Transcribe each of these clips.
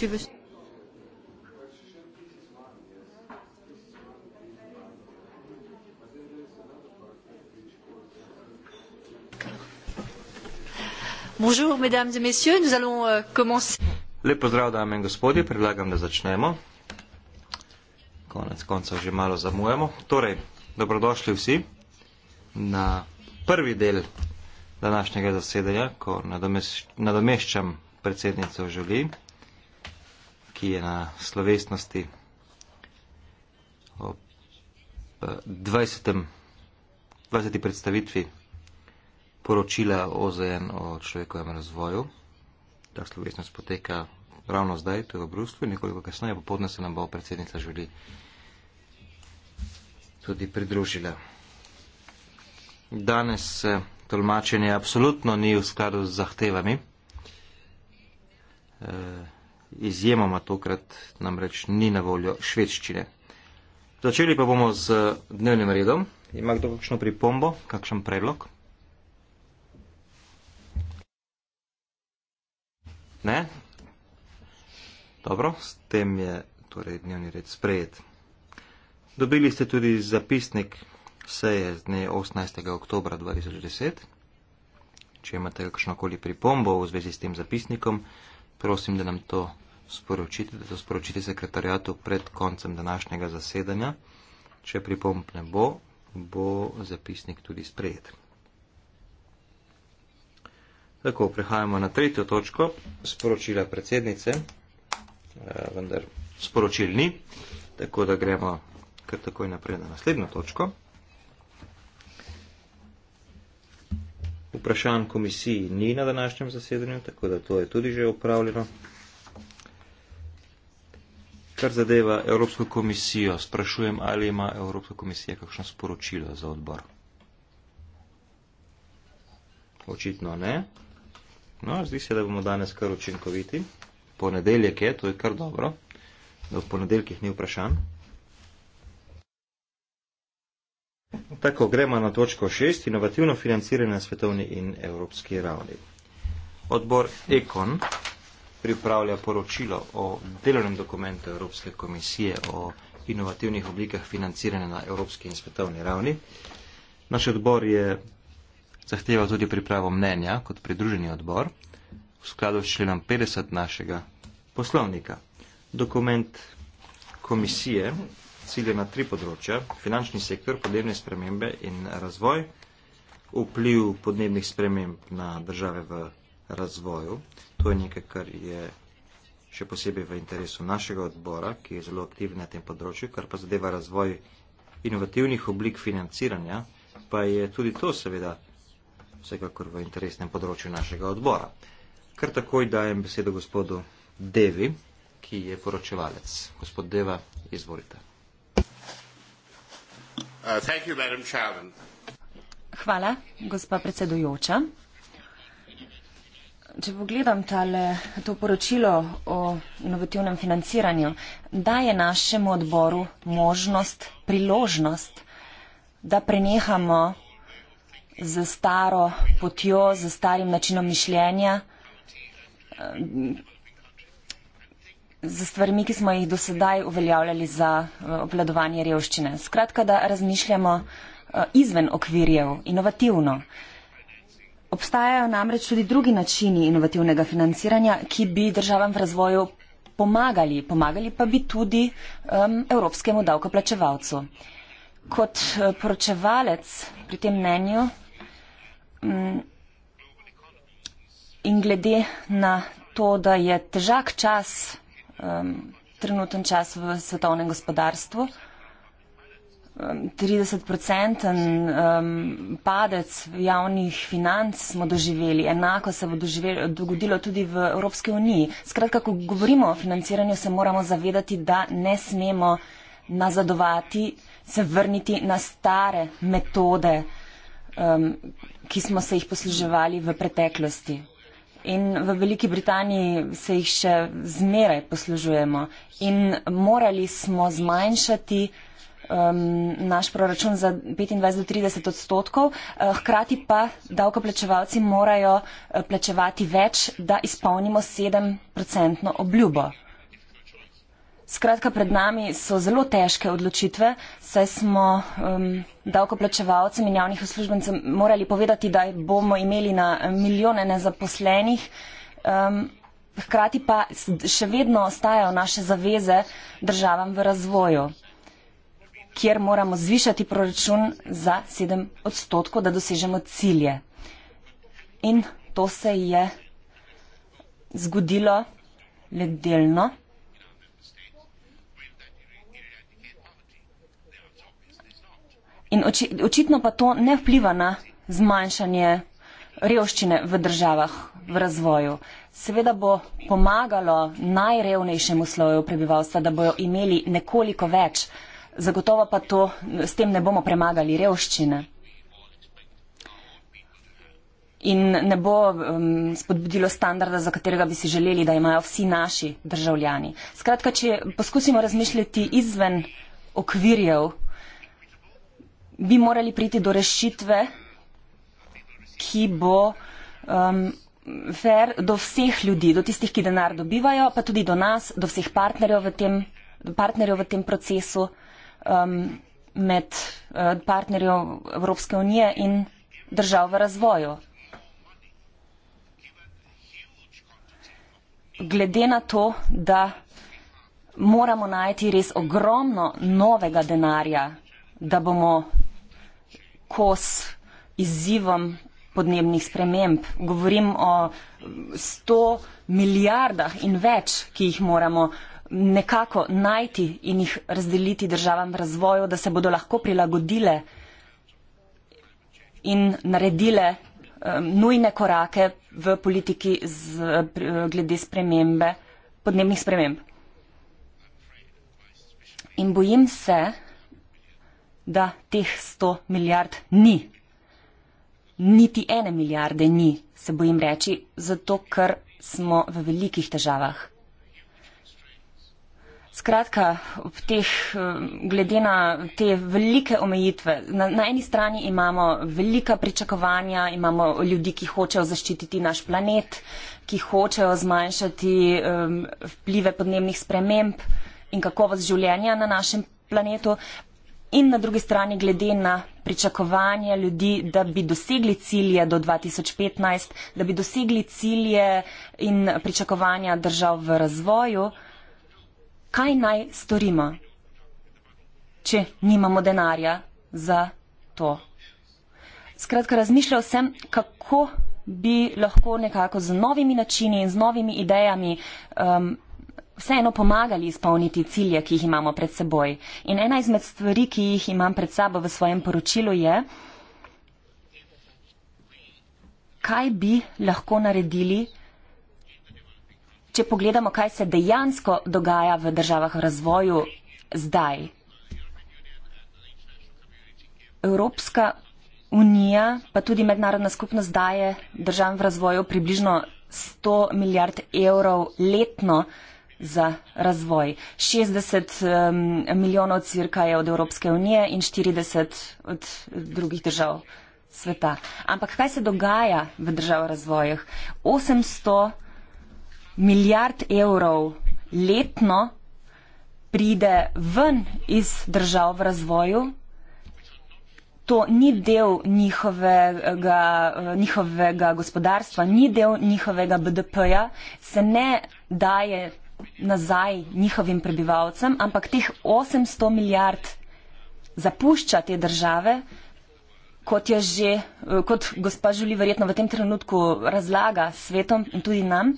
tu veux. Bonjour, mesdames et messieurs, nous allons euh, commencer. Le pozdrav, dame in gospodje, predlagam, da začnemo. Konec koncev že malo zamujamo. Torej, dobrodošli vsi na prvi del današnjega zasedanja, ko nadomeščam predsednico Žuli, ki je na slovesnosti ob 20. Eh, 20. predstavitvi poročila OZN o človekovem razvoju. Ta slovesnost poteka ravno zdaj, to je v Bruslju, nekoliko kasneje popodne se nam bo predsednica Žuli tudi pridružila. Danes eh, tolmačenje absolutno ni v skladu z zahtevami. E, izjemoma tokrat namreč ni na voljo švedščine. Začeli pa bomo z dnevnim redom. Ima kdo kakšno pripombo, kakšen predlog? Ne? Dobro, s tem je torej dnevni red sprejet. Dobili ste tudi zapisnik seje z dne 18. oktober 2010. Če imate kakšnokoli pripombo v zvezi s tem zapisnikom, prosim, da nam to sporočite, da to sporočite sekretarjatu pred koncem današnjega zasedanja. Če pripomp ne bo, bo zapisnik tudi sprejet. Tako, prehajamo na tretjo točko, sporočila predsednice, eh, vendar sporočil ni, tako da gremo kar takoj naprej na naslednjo točko. vprašanj komisiji ni na današnjem zasedanju, tako da to je tudi že upravljeno. Kar zadeva Evropsko komisijo, sprašujem, ali ima Evropska komisija kakšno sporočilo za odbor. Očitno ne. No, zdi se, da bomo danes kar učinkoviti. Ponedeljek je, to je kar dobro, da v ponedeljkih ni vprašanj. Tako, gremo na točko 6, inovativno financiranje na svetovni in evropski ravni. Odbor Ekon pripravlja poročilo o delovnem dokumentu Evropske komisije o inovativnih oblikah financiranja na evropski in svetovni ravni. Naš odbor je zahteval tudi pripravo mnenja kot pridruženi odbor v skladu s členom 50 našega poslovnika. Dokument komisije cilje na tri področja, finančni sektor, podnebne spremembe in razvoj, vpliv podnebnih sprememb na države v razvoju. To je nekaj, kar je še posebej v interesu našega odbora, ki je zelo aktiven na tem področju, kar pa zadeva razvoj inovativnih oblik financiranja, pa je tudi to seveda vsekakor v interesnem področju našega odbora. Kar takoj dajem besedo gospodu Devi, ki je poročevalec. Gospod Deva, izvolite. Uh, Hvala, gospa predsedujoča. Če pogledam tale, to poročilo o inovativnem financiranju, daje našemu odboru možnost, priložnost, da prenehamo z staro potjo, z starim načinom mišljenja, za stvarmi, ki smo jih do sedaj uveljavljali za eh, obladovanje revščine. Skratka, da razmišljamo eh, izven okvirjev, inovativno. Obstajajo namreč tudi drugi načini inovativnega financiranja, ki bi državam v razvoju pomagali, pomagali pa bi tudi um, evropskemu davkoplačevalcu. Kot eh, poročevalec pri tem mnenju um, in glede na to, da je težak čas um, trenuten čas v svetovnem gospodarstvu. Um, 30-odstoten um, padec javnih financ smo doživeli, enako se bo doživeli, dogodilo tudi v Evropski uniji. Skratka, ko govorimo o financiranju, se moramo zavedati, da ne smemo nazadovati, se vrniti na stare metode, um, ki smo se jih posluževali v preteklosti. In v Veliki Britaniji se jih še zmeraj poslužujemo. In morali smo zmanjšati um, naš proračun za 25 do 30 odstotkov, eh, hkrati pa davkoplačevalci morajo eh, plačevati več, da izpolnimo 7-procentno obljubo. Skratka, pred nami so zelo težke odločitve, saj smo um, davkoplačevalcem in javnih uslužbencem morali povedati, da bomo imeli na milijone nezaposlenih. Um, hkrati pa še vedno ostajajo naše zaveze državam v razvoju, kjer moramo zvišati proračun za 7 odstotkov, da dosežemo cilje. In to se je zgodilo le delno. In oči, očitno pa to ne vpliva na zmanjšanje revščine v državah v razvoju. Seveda bo pomagalo najrevnejšemu sloju prebivalstva, da bojo imeli nekoliko več. Zagotovo pa to, s tem ne bomo premagali revščine. In ne bo um, spodbudilo standarda, za katerega bi si želeli, da imajo vsi naši državljani. Skratka, če poskusimo razmišljati izven okvirjev, bi morali priti do rešitve, ki bo um, fair do vseh ljudi, do tistih, ki denar dobivajo, pa tudi do nas, do vseh partnerjev v tem, partnerjev v tem procesu, um, med uh, partnerjev Evropske unije in držav v razvoju. Glede na to, da moramo najti res ogromno novega denarja, da bomo kos izzivom podnebnih sprememb. Govorim o 100 milijardah in več, ki jih moramo nekako najti in jih razdeliti državam v razvoju, da se bodo lahko prilagodile in naredile um, nujne korake v politiki z, glede spremembe, podnebnih sprememb. In bojim se, da teh 100 milijard ni. Niti ene milijarde ni, se bojim reči, zato ker smo v velikih težavah. Skratka, teh, eh, glede na te velike omejitve, na, na eni strani imamo velika pričakovanja, imamo ljudi, ki hočejo zaščititi naš planet, ki hočejo zmanjšati um, vplive podnebnih sprememb in kakovost življenja na našem planetu, in na drugi strani glede na pričakovanja ljudi, da bi dosegli cilje do 2015, da bi dosegli cilje in pričakovanja držav v razvoju, kaj naj storimo, če nimamo denarja za to? Skratka, razmišljal sem, kako bi lahko nekako z novimi načini in z novimi idejami um, vseeno pomagali izpolniti cilje, ki jih imamo pred seboj. In ena izmed stvari, ki jih imam pred sabo v svojem poročilu, je, kaj bi lahko naredili, če pogledamo, kaj se dejansko dogaja v državah v razvoju zdaj. Evropska unija, pa tudi mednarodna skupnost daje državam v razvoju približno 100 milijard evrov letno za razvoj. 60 um, milijonov cirka je od Evropske unije in 40 od drugih držav sveta. Ampak kaj se dogaja v držav razvojih? 800 milijard evrov letno pride ven iz držav v razvoju. To ni del njihovega, eh, njihovega gospodarstva, ni del njihovega BDP-ja, se ne daje nazaj njihovim prebivalcem, ampak teh 800 milijard zapušča te države, kot je že, eh, kot gospa Žuli verjetno v tem trenutku razlaga svetom in tudi nam.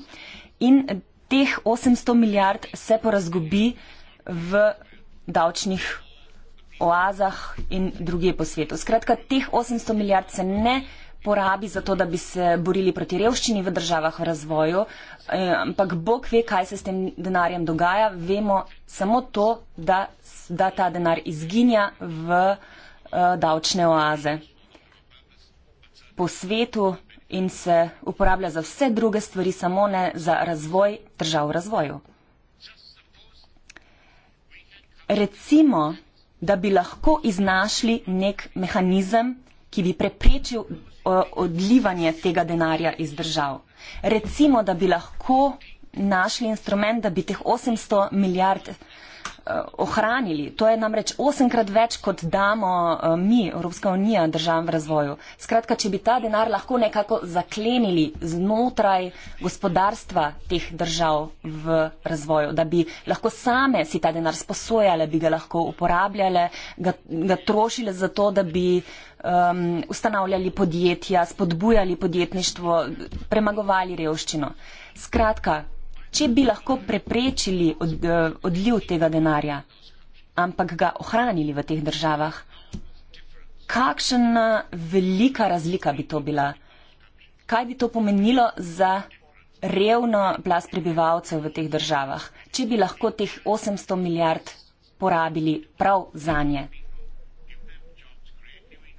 In teh 800 milijard se porazgobi v davčnih oazah in druge po svetu. Skratka, teh 800 milijard se ne porabi za to, da bi se borili proti revščini v državah v razvoju, eh, ampak Bog ve, kaj se s tem denarjem dogaja. Vemo samo to, da, da ta denar izginja v eh, davčne oaze po svetu in se uporablja za vse druge stvari, samo ne za razvoj držav v razvoju. Recimo, da bi lahko iznašli nek mehanizem, ki bi preprečil odlivanje tega denarja iz držav. Recimo, da bi lahko našli instrument, da bi teh 800 milijard Eh, ohranili. To je namreč osemkrat več, kot damo eh, mi, Evropska unija, državam v razvoju. Skratka, če bi ta denar lahko nekako zaklenili znotraj gospodarstva teh držav v razvoju, da bi lahko same si ta denar sposojale, bi ga lahko uporabljale, ga, ga trošile za to, da bi um, ustanavljali podjetja, spodbujali podjetništvo, premagovali revščino. Skratka, če bi lahko preprečili od, eh, odliv tega denarja, ampak ga ohranili v teh državah. Kakšna velika razlika bi to bila? Kaj bi to pomenilo za revno plas prebivalcev v teh državah, če bi lahko teh 800 milijard porabili prav za nje?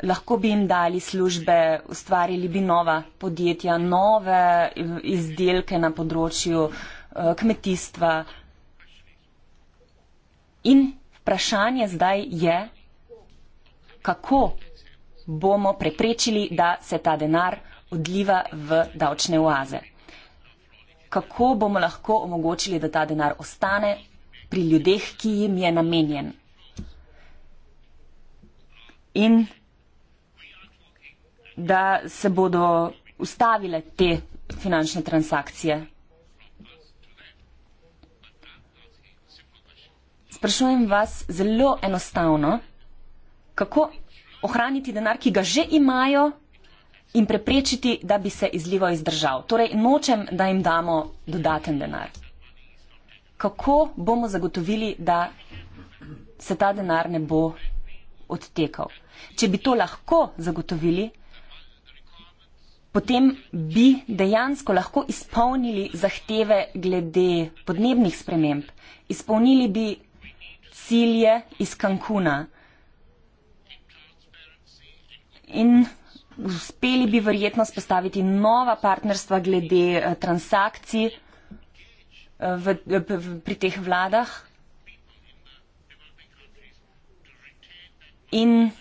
Lahko bi jim dali službe, ustvarili bi nova podjetja, nove izdelke na področju uh, Eh, kmetijstva. In vprašanje zdaj je, kako bomo preprečili, da se ta denar odliva v davčne oaze. Kako bomo lahko omogočili, da ta denar ostane pri ljudeh, ki jim je namenjen. In da se bodo ustavile te finančne transakcije. sprašujem vas zelo enostavno, kako ohraniti denar, ki ga že imajo in preprečiti, da bi se izlival iz držav. Torej, nočem, da jim damo dodaten denar. Kako bomo zagotovili, da se ta denar ne bo odtekal? Če bi to lahko zagotovili, potem bi dejansko lahko izpolnili zahteve glede podnebnih sprememb, izpolnili bi cilje iz Cancuna. In uspeli bi verjetno spostaviti nova partnerstva glede eh, transakcij eh, v, pri teh vladah. In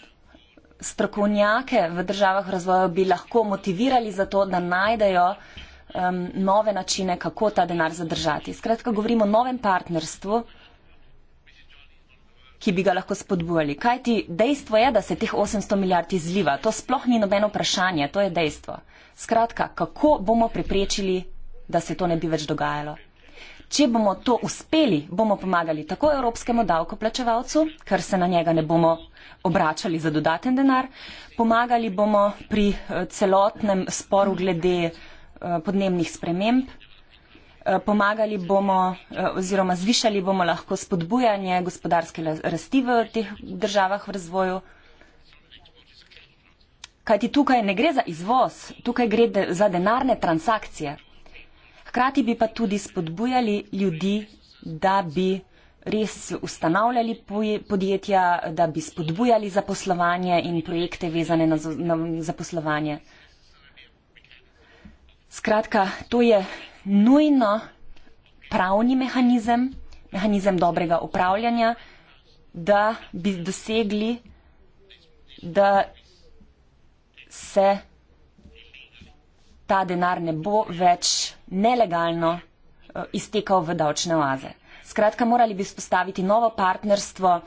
strokovnjake v državah razvoja bi lahko motivirali za to, da najdejo um, nove načine, kako ta denar zadržati. Skratka, govorimo o novem partnerstvu ki bi ga lahko spodbujali. Kaj ti dejstvo je, da se teh 800 milijard izliva? To sploh ni nobeno vprašanje, to je dejstvo. Skratka, kako bomo preprečili, da se to ne bi več dogajalo? Če bomo to uspeli, bomo pomagali tako evropskemu davkoplačevalcu, ker se na njega ne bomo obračali za dodaten denar, pomagali bomo pri eh, celotnem sporu glede eh, podnebnih sprememb, Eh, pomagali bomo eh, oziroma zvišali bomo lahko spodbujanje gospodarske rasti v teh državah v razvoju. Kajti tukaj ne gre za izvoz, tukaj gre de, za denarne transakcije. Hkrati bi pa tudi spodbujali ljudi, da bi res ustanavljali podjetja, da bi spodbujali zaposlovanje in projekte vezane na, na zaposlovanje. Skratka, to je nujno pravni mehanizem, mehanizem dobrega upravljanja, da bi dosegli, da se ta denar ne bo več nelegalno uh, iztekal v davčne oaze. Skratka, morali bi spostaviti novo partnerstvo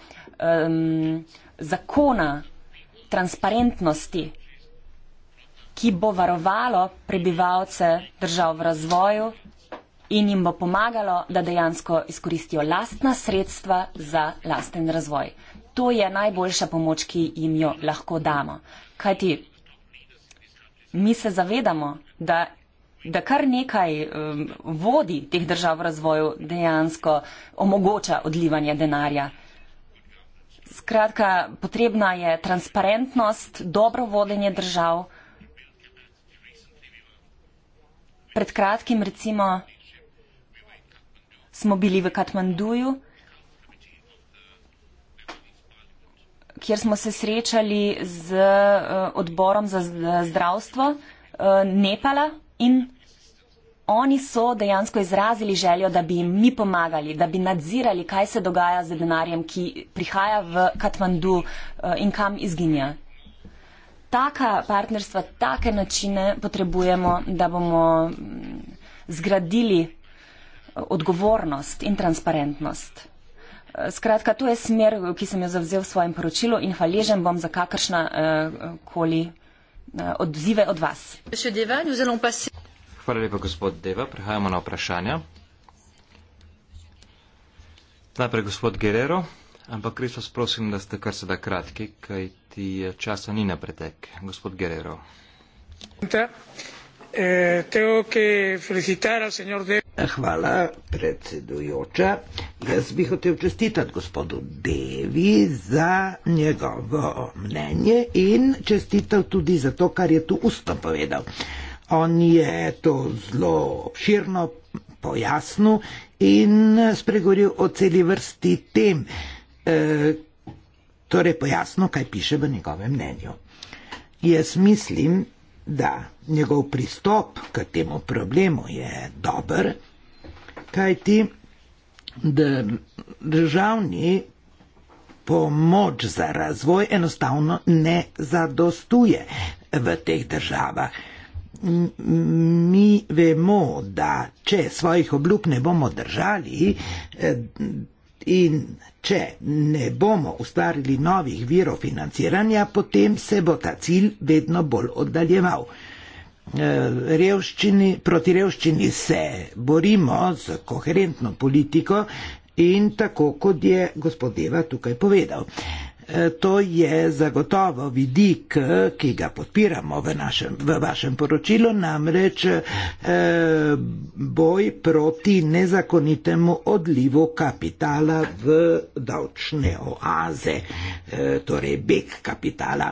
um, zakona transparentnosti ki bo varovalo prebivalce držav v razvoju in jim bo pomagalo, da dejansko izkoristijo lastna sredstva za lasten razvoj. To je najboljša pomoč, ki jim jo lahko damo. Kajti mi se zavedamo, da, da kar nekaj um, vodi teh držav v razvoju dejansko omogoča odlivanje denarja. Skratka, potrebna je transparentnost, dobro vodenje držav. pred kratkim recimo smo bili v Katmanduju, kjer smo se srečali z eh, odborom za zdravstvo eh, Nepala in oni so dejansko izrazili željo, da bi jim mi pomagali, da bi nadzirali, kaj se dogaja z denarjem, ki prihaja v Katmandu eh, in kam izginja taka partnerstva, take načine potrebujemo, da bomo mm, zgradili eh, odgovornost in transparentnost. Eh, skratka, to je smer, ki sem jo zavzel v svojem poročilu in hvaležen bom za kakršna eh, koli odzive od vas. Hvala lepa, gospod Deva. Prehajamo na vprašanja. Najprej gospod Guerrero. Ampak res vas prosim, da ste kar se da kratki, kaj ti eh, časa ni na pretek. Gospod Guerrero. Eh, Hvala, predsedujoča. Jaz bi hotel čestitati gospodu Devi za njegovo mnenje in čestital tudi za to, kar je tu ustno povedal. On je to zelo obširno pojasnil in spregovoril o celi vrsti tem. Eh, torej pojasnil, kaj piše v njegovem mnenju. Jaz mislim, da njegov pristop k temu problemu je dober, kajti državni pomoč za razvoj enostavno ne zadostuje v teh državah. Mi vemo, da če svojih obljub ne bomo držali eh, in Če ne bomo ustvarili novih virov financiranja, potem se bo ta cilj vedno bolj oddaljeval. E, revščini, proti revščini se borimo z koherentno politiko in tako, kot je gospod Deva tukaj povedal. E, to je zagotovo vidik, ki ga podpiramo v, našem, v vašem poročilu, namreč e, boj proti nezakonitemu odlivu kapitala v davčne oaze, e, torej beg kapitala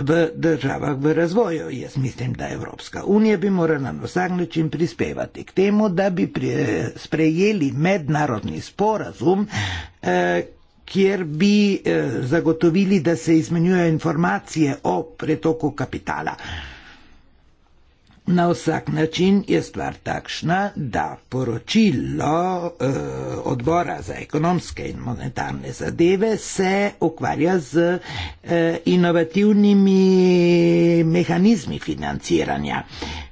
v državah v razvoju. Jaz mislim, da Evropska unija bi morala na vsak način prispevati k temu, da bi sprejeli mednarodni sporazum, kjer bi eh, zagotovili, da se izmenjujejo informacije o pretoku kapitala. Na vsak način je stvar takšna, da poročilo eh, odbora za ekonomske in monetarne zadeve se ukvarja z eh, inovativnimi mehanizmi financiranja.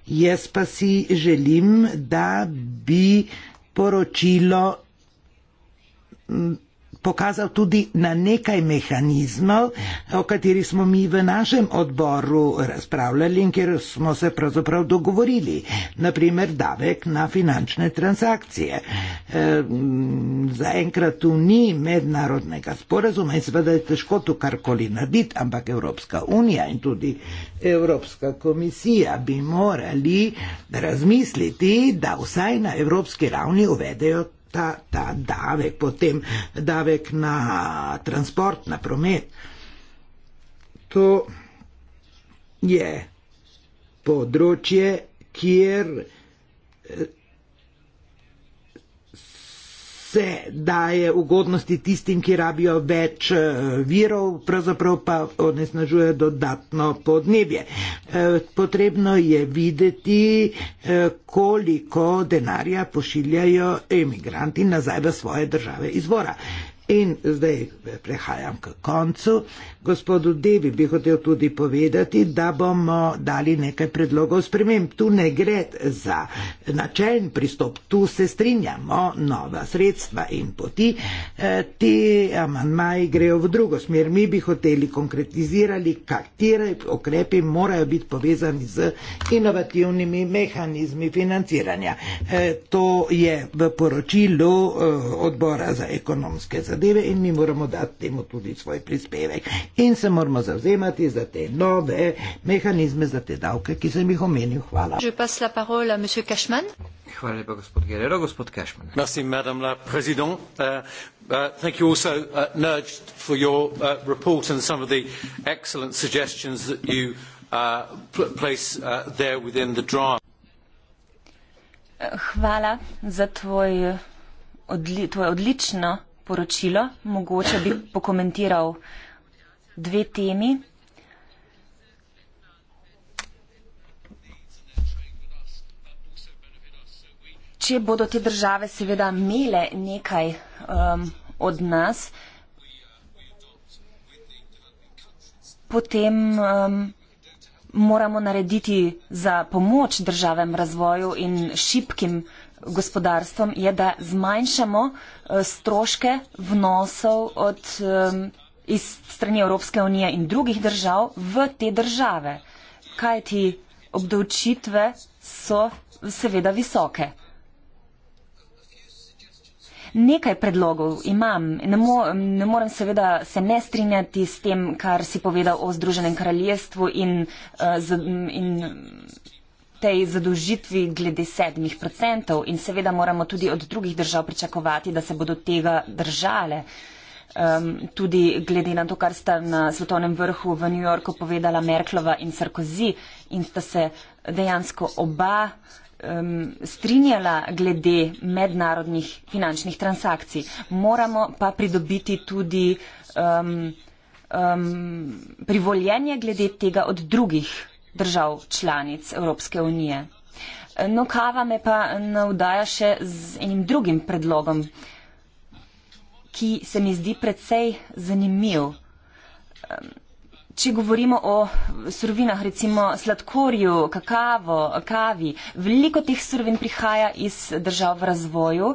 Jaz pa si želim, da bi poročilo pokazal tudi na nekaj mehanizmov, o katerih smo mi v našem odboru razpravljali in kjer smo se pravzaprav dogovorili, naprimer davek na finančne transakcije. E, Zaenkrat tu ni mednarodnega sporazuma in seveda je težko tu karkoli narediti, ampak Evropska unija in tudi Evropska komisija bi morali razmisliti, da vsaj na evropski ravni uvedejo ta, ta davek, potem davek na transport, na promet. To je področje, kjer se daje ugodnosti tistim, ki rabijo več eh, virov, pravzaprav pa onesnažuje dodatno podnebje. Eh, potrebno je videti, eh, koliko denarja pošiljajo emigranti nazaj v svoje države izvora. In zdaj prehajam k koncu. Gospodu Devi bi hotel tudi povedati, da bomo dali nekaj predlogov sprememb. Tu ne gre za načeljen pristop, tu se strinjamo, nova sredstva in poti. Eh, ti amanmaji grejo v drugo smer. Mi bi hoteli konkretizirati, katere okrepi morajo biti povezani z inovativnimi mehanizmi financiranja. Eh, to je v poročilu eh, odbora za ekonomske zadeve zadeve in mi moramo dati temu tudi svoj prispevek in se moramo zauzemati za te nove mehanizme, za te davke, ki sem jih omenil. Hvala. Hvala lepa, gospod Gerero. Gospod Kešman. Merci, madam la president. Uh, uh, thank you also, uh, Nerge, for your uh, report and some of the excellent suggestions that you uh, place uh, there within the draft. Hvala za tvoj, odli, tvoj odlično poročilo. Mogoče bi pokomentiral dve temi. Če bodo te države seveda imele nekaj um, od nas, potem um, moramo narediti za pomoč državam razvoju in šipkim uh, gospodarstvom, je, da zmanjšamo eh, stroške vnosov od, iz strani Evropske unije in drugih držav v te države. Kaj ti obdavčitve so seveda visoke? Nekaj predlogov imam. Ne, mo ne morem seveda se ne strinjati s tem, kar si povedal o Združenem kraljestvu in, uh, z, in tej zadožitvi glede sedmih procentov in seveda moramo tudi od drugih držav pričakovati, da se bodo tega držale. Um, tudi glede na to, kar sta na svetovnem vrhu v New Yorku povedala Merklova in Sarkozy in sta se dejansko oba um, strinjala glede mednarodnih finančnih transakcij. Moramo pa pridobiti tudi um, um, privoljenje glede tega od drugih držav članic Evropske unije. No, kava me pa navdaja še z enim drugim predlogom, ki se mi zdi precej zanimiv če govorimo o surovinah, recimo sladkorju, kakavo, kavi, veliko teh surovin prihaja iz držav v razvoju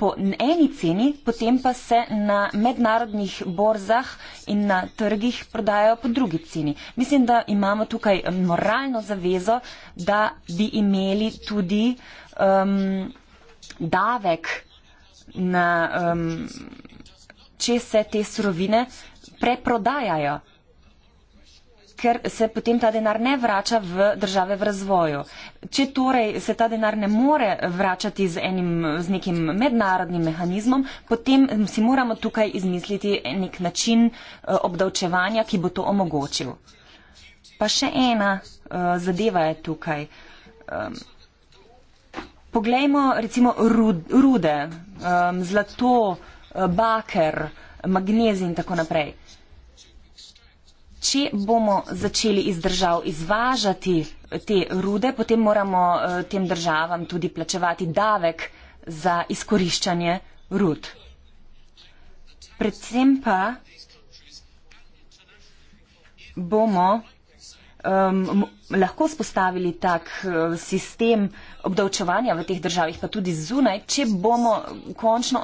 po eni ceni, potem pa se na mednarodnih borzah in na trgih prodajajo po drugi ceni. Mislim, da imamo tukaj moralno zavezo, da bi imeli tudi um, davek na um, če se te surovine preprodajajo ker se potem ta denar ne vrača v države v razvoju. Če torej se ta denar ne more vračati z, enim, z nekim mednarodnim mehanizmom, potem si moramo tukaj izmisliti nek način eh, obdavčevanja, ki bo to omogočil. Pa še ena uh, zadeva je tukaj. Um, poglejmo recimo rude, um, zlato, eh, baker, magnezi in tako naprej če bomo začeli iz držav izvažati te rude, potem moramo eh, tem državam tudi plačevati davek za izkoriščanje rud. Predvsem pa bomo um, lahko spostavili tak eh, sistem obdavčevanja v teh državah, pa tudi zunaj, če bomo končno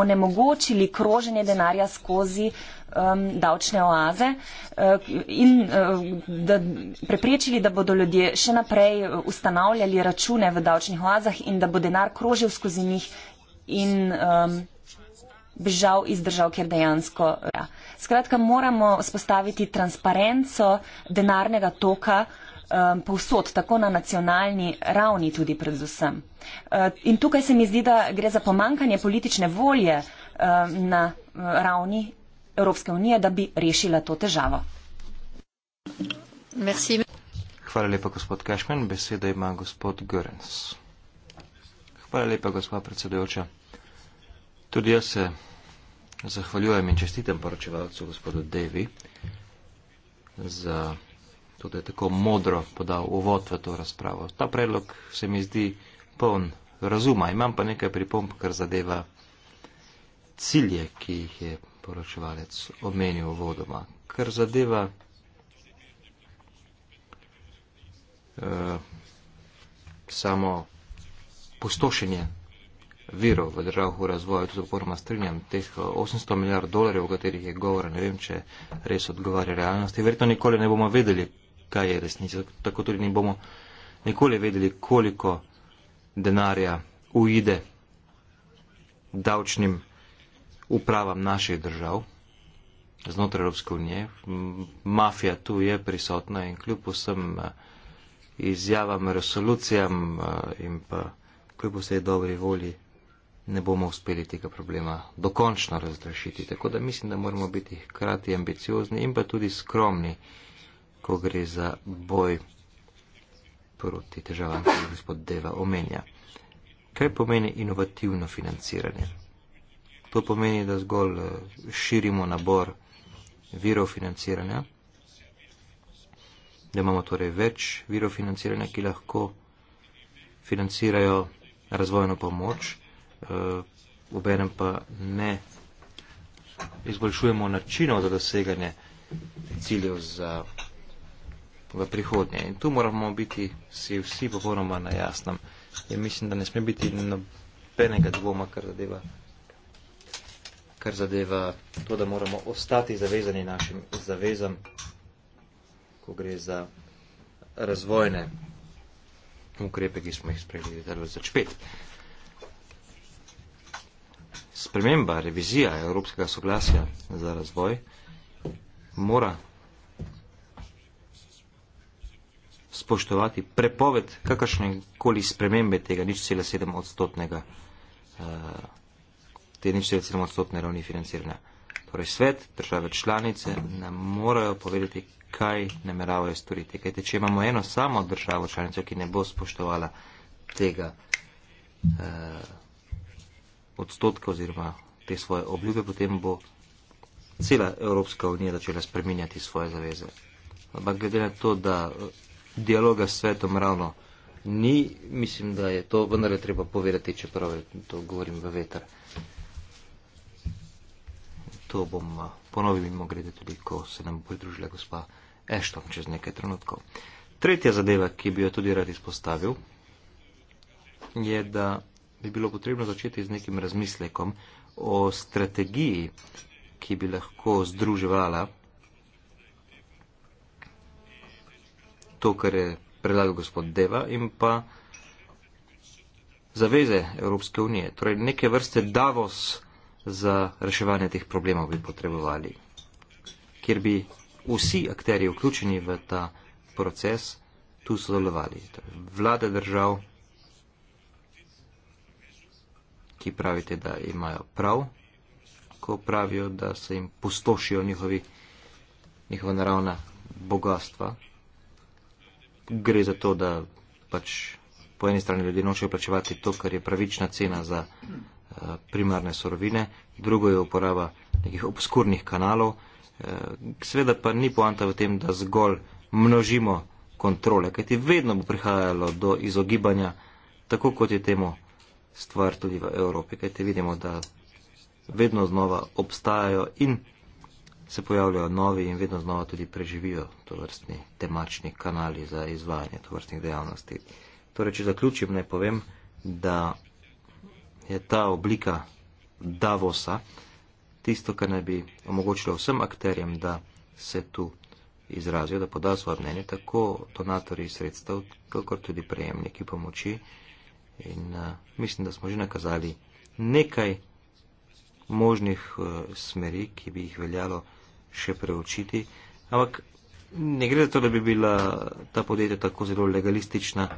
onemogočili kroženje denarja skozi uh, um, davčne oaze uh, in uh, da preprečili, da bodo ljudje še naprej ustanavljali račune v davčnih oazah in da bo denar krožil skozi njih in um, bežal iz držav, kjer dejansko. Ja. Skratka, moramo spostaviti transparenco denarnega toka um, povsod, tako na nacionalni ravni tudi predvsem. Uh, in tukaj se mi zdi, da gre za pomankanje politične volje um, uh, na ravni Evropske unije, da bi rešila to težavo. Merci. Hvala lepa, gospod Kašmen. Besedo ima gospod Görens. Hvala lepa, gospod predsedujoča. Tudi jaz se zahvaljujem in čestitem poročevalcu, gospodu Devi, za to, da je tako modro podal uvod v to razpravo. Ta predlog se mi zdi poln razuma. Imam pa nekaj pripomp, kar zadeva cilje, ki jih je poročevalec omenil vodoma. Kar zadeva eh, samo postošenje virov v državah v razvoju, tudi oporoma strinjam, teh 800 milijard dolarjev, o katerih je govora, ne vem, če res odgovarja realnosti. Verjetno nikoli ne bomo vedeli, kaj je resnica, tako tudi ne bomo nikoli vedeli, koliko denarja ujde davčnim upravam naših držav znotraj Evropske unije. Mafija tu je prisotna in kljub vsem eh, izjavam, resolucijam eh, in pa kljub vsej dobri volji ne bomo uspeli tega problema dokončno razrešiti. Tako da mislim, da moramo biti hkrati ambiciozni in pa tudi skromni, ko gre za boj proti težavam, ki jih gospod Deva omenja. Kaj pomeni inovativno financiranje? To pomeni, da zgolj eh, širimo nabor virov financiranja, da imamo torej več virov financiranja, ki lahko financirajo razvojno pomoč, eh, obenem pa ne izboljšujemo načinov za doseganje ciljev za v prihodnje. In tu moramo biti si vsi popolnoma na jasnem. In mislim, da ne sme biti nobenega dvoma, kar zadeva kar zadeva to, da moramo ostati zavezani našim zavezam, ko gre za razvojne ukrepe, ki smo jih sprejeli leta 2005. Sprememba, revizija Evropskega soglasja za razvoj mora spoštovati prepoved kakršnekoli spremembe tega nič cela sedem odstotnega uh, te ničele celo odstotne ravni financiranja. Torej svet, države članice ne morajo povedati, kaj nameravajo storiti. Kajte, če imamo eno samo državo članico, ki ne bo spoštovala tega eh, odstotka oziroma te svoje obljube, potem bo cela Evropska unija začela spreminjati svoje zaveze. Ampak glede na to, da eh, dialoga s svetom ravno ni, mislim, da je to vendarle treba povedati, čeprav je, to govorim v veter. Eh, To bom eh, ponovil, mimo grede, tudi ko se nam bo pridružila gospa Ešton čez nekaj trenutkov. Tretja zadeva, ki bi jo tudi rad izpostavil, je, da bi bilo potrebno začeti z nekim razmislekom o strategiji, ki bi lahko združevala to, kar je predlagal gospod Deva in pa zaveze Evropske unije. Torej neke vrste Davos za reševanje teh problemov bi potrebovali, kjer bi vsi akteri vključeni v ta proces tu sodelovali. Vlade držav, ki pravite, da imajo prav, ko pravijo, da se jim postošijo njihovi, njihova naravna bogatstva. Gre za to, da pač po eni strani ljudje nočejo plačevati to, kar je pravična cena za primarne sorovine, drugo je uporaba nekih obskurnih kanalov. Sveda pa ni poanta v tem, da zgolj množimo kontrole, kajti vedno bo prihajalo do izogibanja, tako kot je temu stvar tudi v Evropi, kajti vidimo, da vedno znova obstajajo in se pojavljajo novi in vedno znova tudi preživijo to vrstni temačni kanali za izvajanje to vrstnih dejavnosti. Torej, če zaključim, naj povem, da je ta oblika Davosa tisto, kar naj bi omogočilo vsem akterjem, da se tu izrazijo, da podajo svoje mnenje, tako donatori sredstev, kakor tudi prejemniki pomoči. In uh, mislim, da smo že nakazali nekaj možnih uh, smeri, ki bi jih veljalo še preučiti. Ampak ne gre za to, da bi bila ta podjetja tako zelo legalistična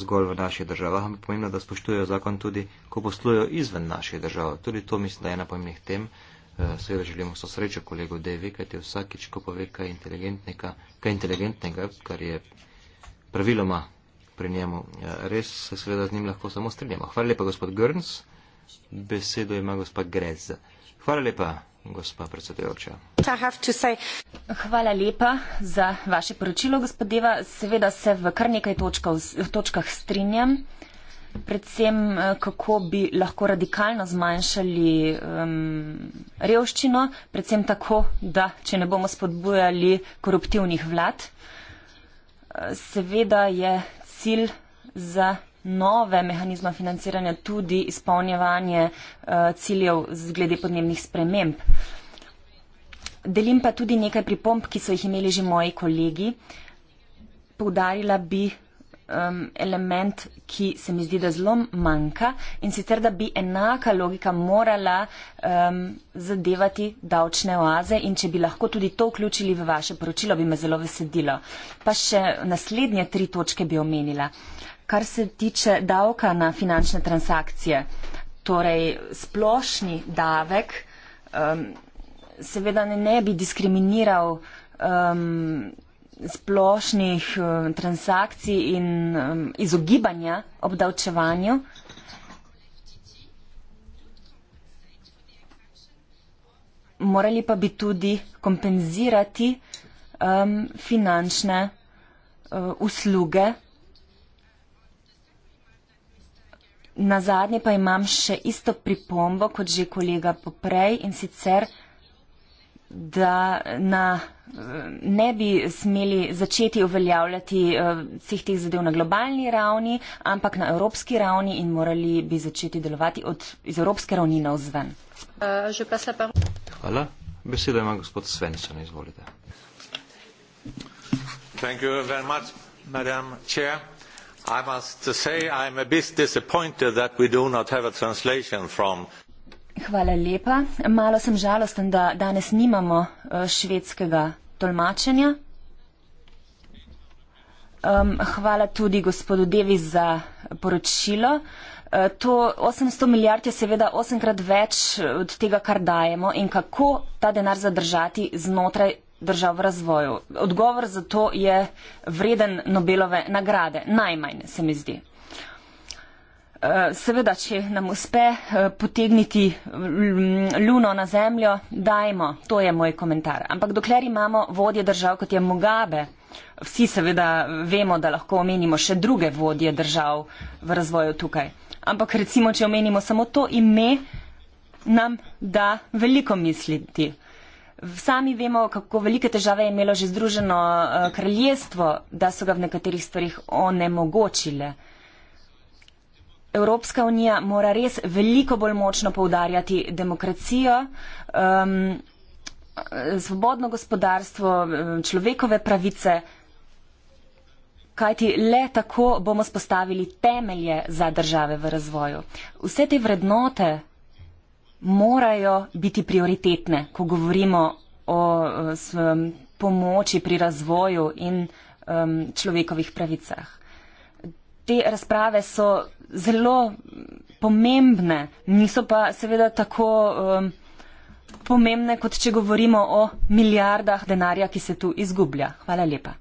zgolj v naših državah, ampak pomembno, da spoštujejo zakon tudi, ko poslujejo izven naših držav. Tudi to mislim, da je ena pomembnih tem. Seveda želimo so srečo kolegu Devi, kaj te vsakič, ko pove kaj, kaj inteligentnega, kar je praviloma pri njemu, res se seveda z njim lahko samo strinjamo. Hvala lepa, gospod Grns. Besedo ima gospod Grez. Hvala lepa gospa predsedujoča. Hvala lepa za vaše poročilo, gospodeva. Seveda se v kar nekaj točkah strinjam, predvsem eh, kako bi lahko radikalno zmanjšali um, revščino, predvsem tako, da če ne bomo spodbujali koruptivnih vlad. Eh, seveda je cilj za nove mehanizme financiranja tudi izpolnjevanje uh, ciljev glede podnebnih sprememb. Delim pa tudi nekaj pripomb, ki so jih imeli že moji kolegi. Poudarila bi um, element, ki se mi zdi, da zelo manjka in sicer, da bi enaka logika morala um, zadevati davčne oaze in če bi lahko tudi to vključili v vaše poročilo, bi me zelo veselilo. Pa še naslednje tri točke bi omenila kar se tiče davka na finančne transakcije, torej splošni davek, um, seveda ne, ne bi diskriminiral um, splošnih um, transakcij in um, izogibanja obdavčevanju. Morali pa bi tudi kompenzirati um, finančne uh, usluge. Na zadnje pa imam še isto pripombo, kot že kolega poprej in sicer, da na, eh, ne bi smeli začeti uveljavljati eh, vseh teh zadev na globalni ravni, ampak na evropski ravni in morali bi začeti delovati od, iz evropske ravni navzven. Eh, Hvala. Beseda ima gospod Svensson, izvolite. Thank you very much, madam chair. I must say I am a bit disappointed that we do not have a translation from Hvala lepa. Malo sem žalosten, da danes nimamo eh, švedskega tolmačenja. Um, hvala tudi gospodu Devi za poročilo. Eh, to 800 milijard je seveda osemkrat več eh, od tega, kar dajemo in kako ta denar zadržati znotraj držav v razvoju. Odgovor za to je vreden Nobelove nagrade, najmanj se mi zdi. Eh, seveda, če nam uspe eh, potegniti mm, luno na zemljo, dajmo, to je moj komentar. Ampak dokler imamo vodje držav, kot je Mugabe, vsi seveda vemo, da lahko omenimo še druge vodje držav v razvoju tukaj. Ampak recimo, če omenimo samo to ime, nam da veliko misliti. Sami vemo, kako velike težave je imelo že združeno eh, kraljestvo, da so ga v nekaterih stvarih onemogočile. Evropska unija mora res veliko bolj močno poudarjati demokracijo, um, svobodno gospodarstvo, človekove pravice, kajti le tako bomo spostavili temelje za države v razvoju. Vse te vrednote morajo biti prioritetne, ko govorimo o eh, s, pomoči pri razvoju in um, človekovih pravicah. Te razprave so zelo pomembne, niso pa seveda tako um, pomembne, kot če govorimo o milijardah denarja, ki se tu izgublja. Hvala lepa.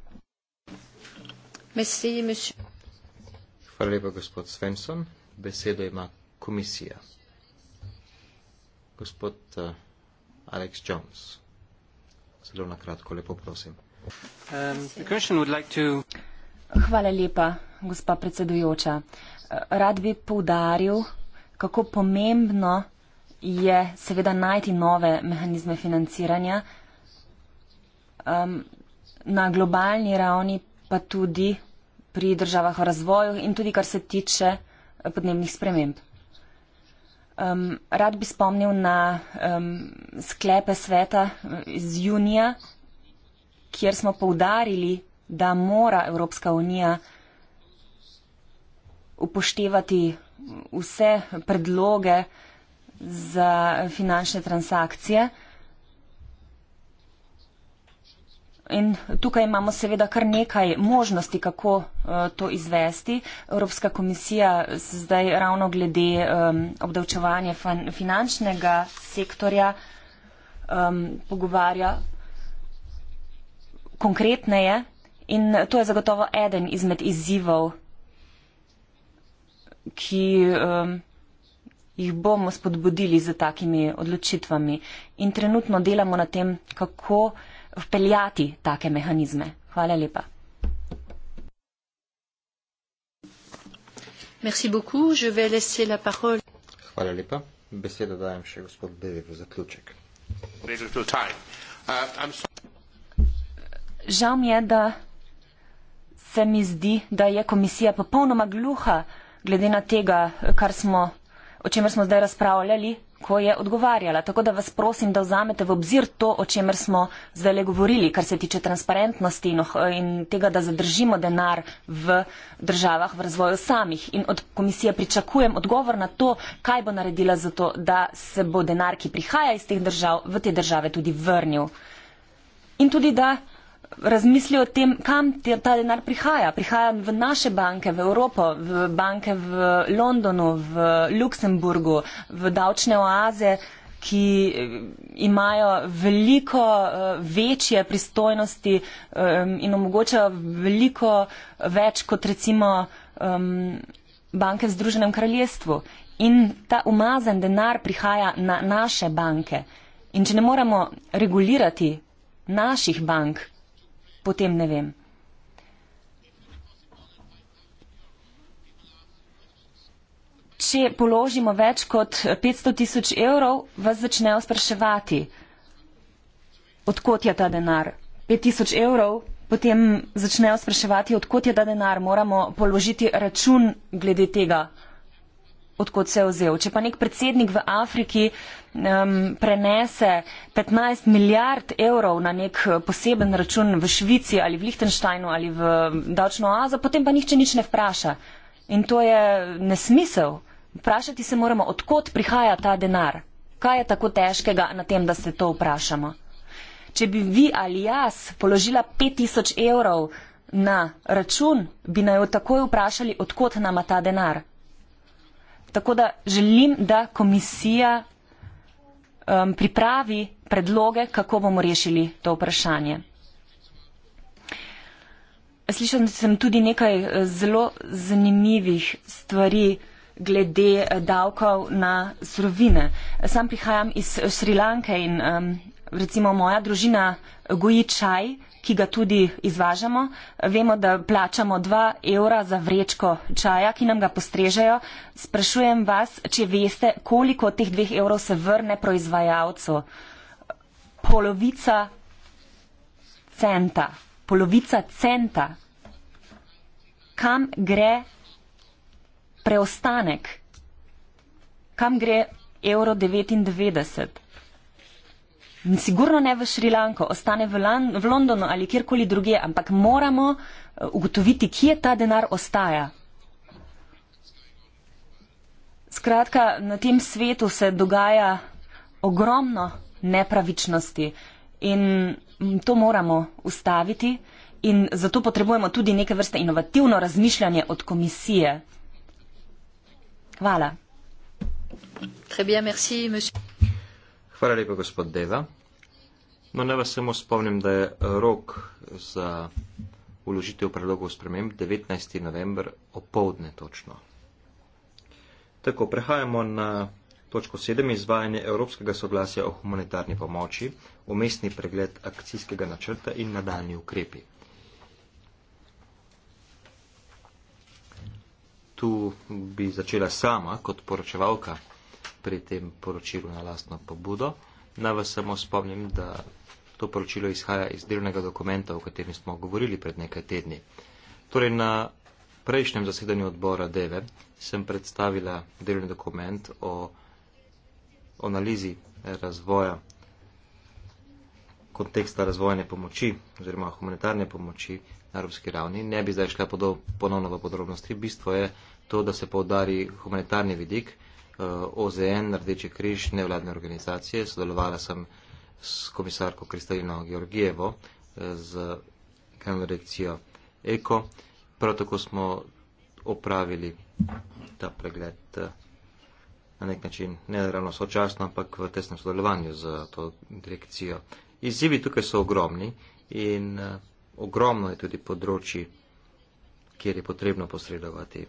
Hvala lepa, gospod Svensson. Besedo ima komisija gospod uh, Alex Jones. Zelo na kratko, lepo prosim. Um, Hvala lepa, gospa predsedujoča. Rad bi poudaril, kako pomembno je seveda najti nove mehanizme financiranja um, na globalni ravni, pa tudi pri državah v razvoju in tudi kar se tiče eh, podnebnih sprememb. Um, rad bi spomnil na um, sklepe sveta eh, iz junija, kjer smo povdarili, da mora Evropska unija upoštevati vse predloge za finančne transakcije. In tukaj imamo seveda kar nekaj možnosti, kako eh, to izvesti. Evropska komisija zdaj ravno glede obdavčevanja finančnega sektorja pogovarja konkretneje in to je zagotovo eden izmed izzivov, ki jih bomo spodbudili z takimi odločitvami. In trenutno delamo na tem, kako izvesti vpeljati take mehanizme. Hvala lepa. Hvala lepa. Besedo dajem še gospod Bevi v zaključek. Uh, Žal mi je, da se mi zdi, da je komisija popolnoma gluha glede na tega, o čemer smo zdaj razpravljali, ko je odgovarjala. Tako da vas prosim, da vzamete v obzir to, o čemer smo zdaj le govorili, kar se tiče transparentnosti in, in tega, da zadržimo denar v državah v razvoju samih. In od komisije pričakujem odgovor na to, kaj bo naredila za to, da se bo denar, ki prihaja iz teh držav, v te države tudi vrnil. In tudi, da razmisli o tem, kam ta denar prihaja. Prihaja v naše banke, v Evropo, v banke v Londonu, v Luksemburgu, v davčne oaze, ki eh, imajo veliko eh, večje pristojnosti eh, in omogočajo veliko več kot recimo banke v Združenem kraljestvu. In ta umazen denar prihaja na naše banke. In če ne moremo regulirati naših bank, potem ne vem. Če položimo več kot 500 tisoč evrov, vas začnejo spraševati, odkot je ta denar. 5 tisoč evrov, potem začnejo spraševati, odkot je ta denar. Moramo položiti račun glede tega, odkot se je vzel. Če pa nek predsednik v Afriki uh, um, prenese 15 milijard evrov na nek eh, poseben račun v Švici ali v Lihtenštajnu ali v davčno oazo, potem pa nihče nič ne vpraša. In to je eh, nesmisel. Vprašati se moramo, odkot prihaja ta denar. Kaj je tako težkega na tem, da se to vprašamo? Če bi vi ali jaz položila 5000 evrov na račun, bi naj jo takoj vprašali, odkot nama ta denar. Tako da želim, da komisija um, pripravi predloge, kako bomo rešili to vprašanje. Slišal sem tudi nekaj eh, zelo zanimivih stvari glede eh, davkov na surovine. Sam prihajam iz Šrilanke in um, recimo moja družina goji čaj ki ga tudi izvažamo. Vemo, da plačamo 2 evra za vrečko čaja, ki nam ga postrežejo. Sprašujem vas, če veste, koliko od teh 2 evrov se vrne proizvajalcu. Polovica centa. Polovica centa. Kam gre preostanek? Kam gre evro 99? Sigurno ne v Šrilanko, ostane v, Lan v Londonu ali kjerkoli druge, ampak moramo eh, ugotoviti, kje ta denar ostaja. Skratka, na tem svetu se dogaja ogromno nepravičnosti in mm, to moramo ustaviti in zato potrebujemo tudi neke vrste inovativno razmišljanje od komisije. Hvala. Très bien, merci, monsieur. Hvala lepa, gospod Deva. No, ne vas samo spomnim, da je rok za uložitev predlogov sprememb 19. november opovdne točno. Tako, prehajamo na točko 7, izvajanje Evropskega soglasja o humanitarni pomoči, umestni pregled akcijskega načrta in nadaljni ukrepi. Tu bi začela sama kot poročevalka pri tem poročilu na lastno pobudo. Naj vas samo spomnim, da to poročilo izhaja iz delnega dokumenta, o katerem smo govorili pred nekaj tedni. Torej, na prejšnjem zasedanju odbora DEVE sem predstavila delni dokument o analizi razvoja, konteksta razvojne pomoči oziroma humanitarne pomoči na evropski ravni. Ne bi zdaj šla podo, ponovno v podrobnosti. Bistvo je to, da se povdari humanitarni vidik. Eh, OZN, Rdeče križ, nevladne organizacije. Sodelovala sem s komisarko Kristalino Georgijevo eh, z kanalorekcijo ECO. Prav tako smo opravili ta pregled eh, na nek način, ne ravno sočasno, ampak v tesnem sodelovanju z to direkcijo. Izzivi tukaj so ogromni in ogromno je tudi področji, kjer je potrebno posredovati.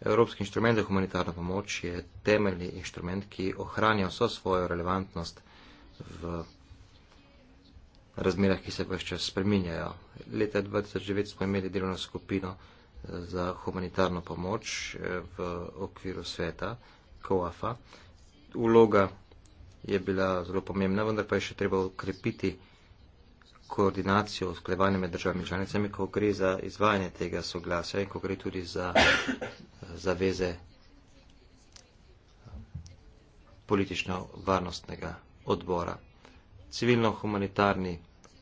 Evropski inštrument za humanitarno pomoč je temeljni inštrument, ki ohranja vso svojo relevantnost v razmerah, ki se pač čas spreminjajo. Leta 2009 smo imeli delovno skupino eh, za humanitarno pomoč eh, v okviru sveta, COAF-a. Uloga je bila zelo pomembna, vendar pa je še treba ukrepiti koordinacijo, usklajevanje med državami članicami, ko gre za izvajanje tega soglasja in ko gre tudi za zaveze politično-varnostnega odbora. Civilno-humanitarni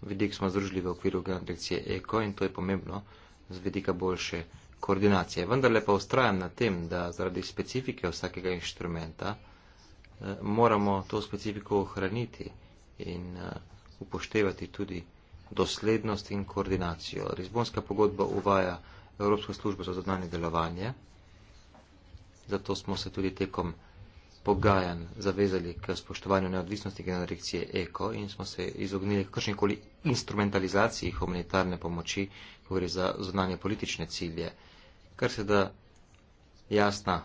vidik smo združili v okviru agencije ECO in to je pomembno z vidika boljše koordinacije. Vendar lepa ustrajam na tem, da zaradi specifike vsakega inštrumenta eh, moramo to specifiko ohraniti in eh, upoštevati tudi doslednost in koordinacijo. Lizbonska pogodba uvaja Evropsko službo za zadnje delovanje, zato smo se tudi tekom pogajanj zavezali k spoštovanju neodvisnosti generacije ECO in smo se izognili kakršnikoli instrumentalizaciji humanitarne pomoči, govori za zadnje politične cilje, kar se da jasna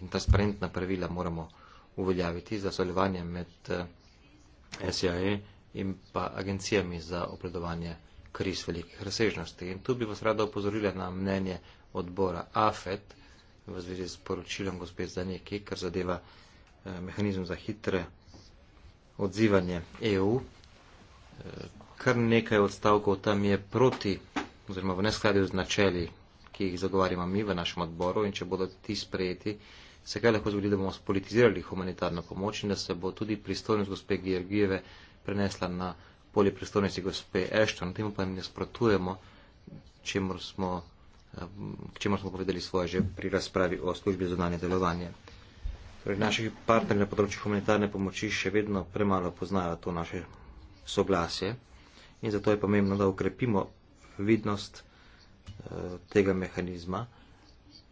in transparentna pravila moramo uveljaviti za sodelovanje med SJA-e. Eh, in pa agencijami za opredovanje kriz velikih razsežnosti. In tu bi vas rada opozorila na mnenje odbora AFET v zvezi s poročilom gospod Zaneki, kar zadeva eh, mehanizem za hitre odzivanje EU. Eh, kar nekaj odstavkov tam je proti oziroma v neskladju z načeli, ki jih zagovarjamo mi v našem odboru in če bodo ti sprejeti, se kaj lahko zgodi, da bomo spolitizirali humanitarno pomoč in da se bo tudi pristojnost gospe Georgijeve prenesla na polje pristojnosti gospe Ashton, temu pa ne sprotujemo, k eh, čemu smo povedali svoje že pri razpravi o službi zunanje delovanje. Torej, naši partnerji na področju humanitarne pomoči še vedno premalo poznajo to naše soglasje in zato je pomembno, da ukrepimo vidnost eh, tega mehanizma,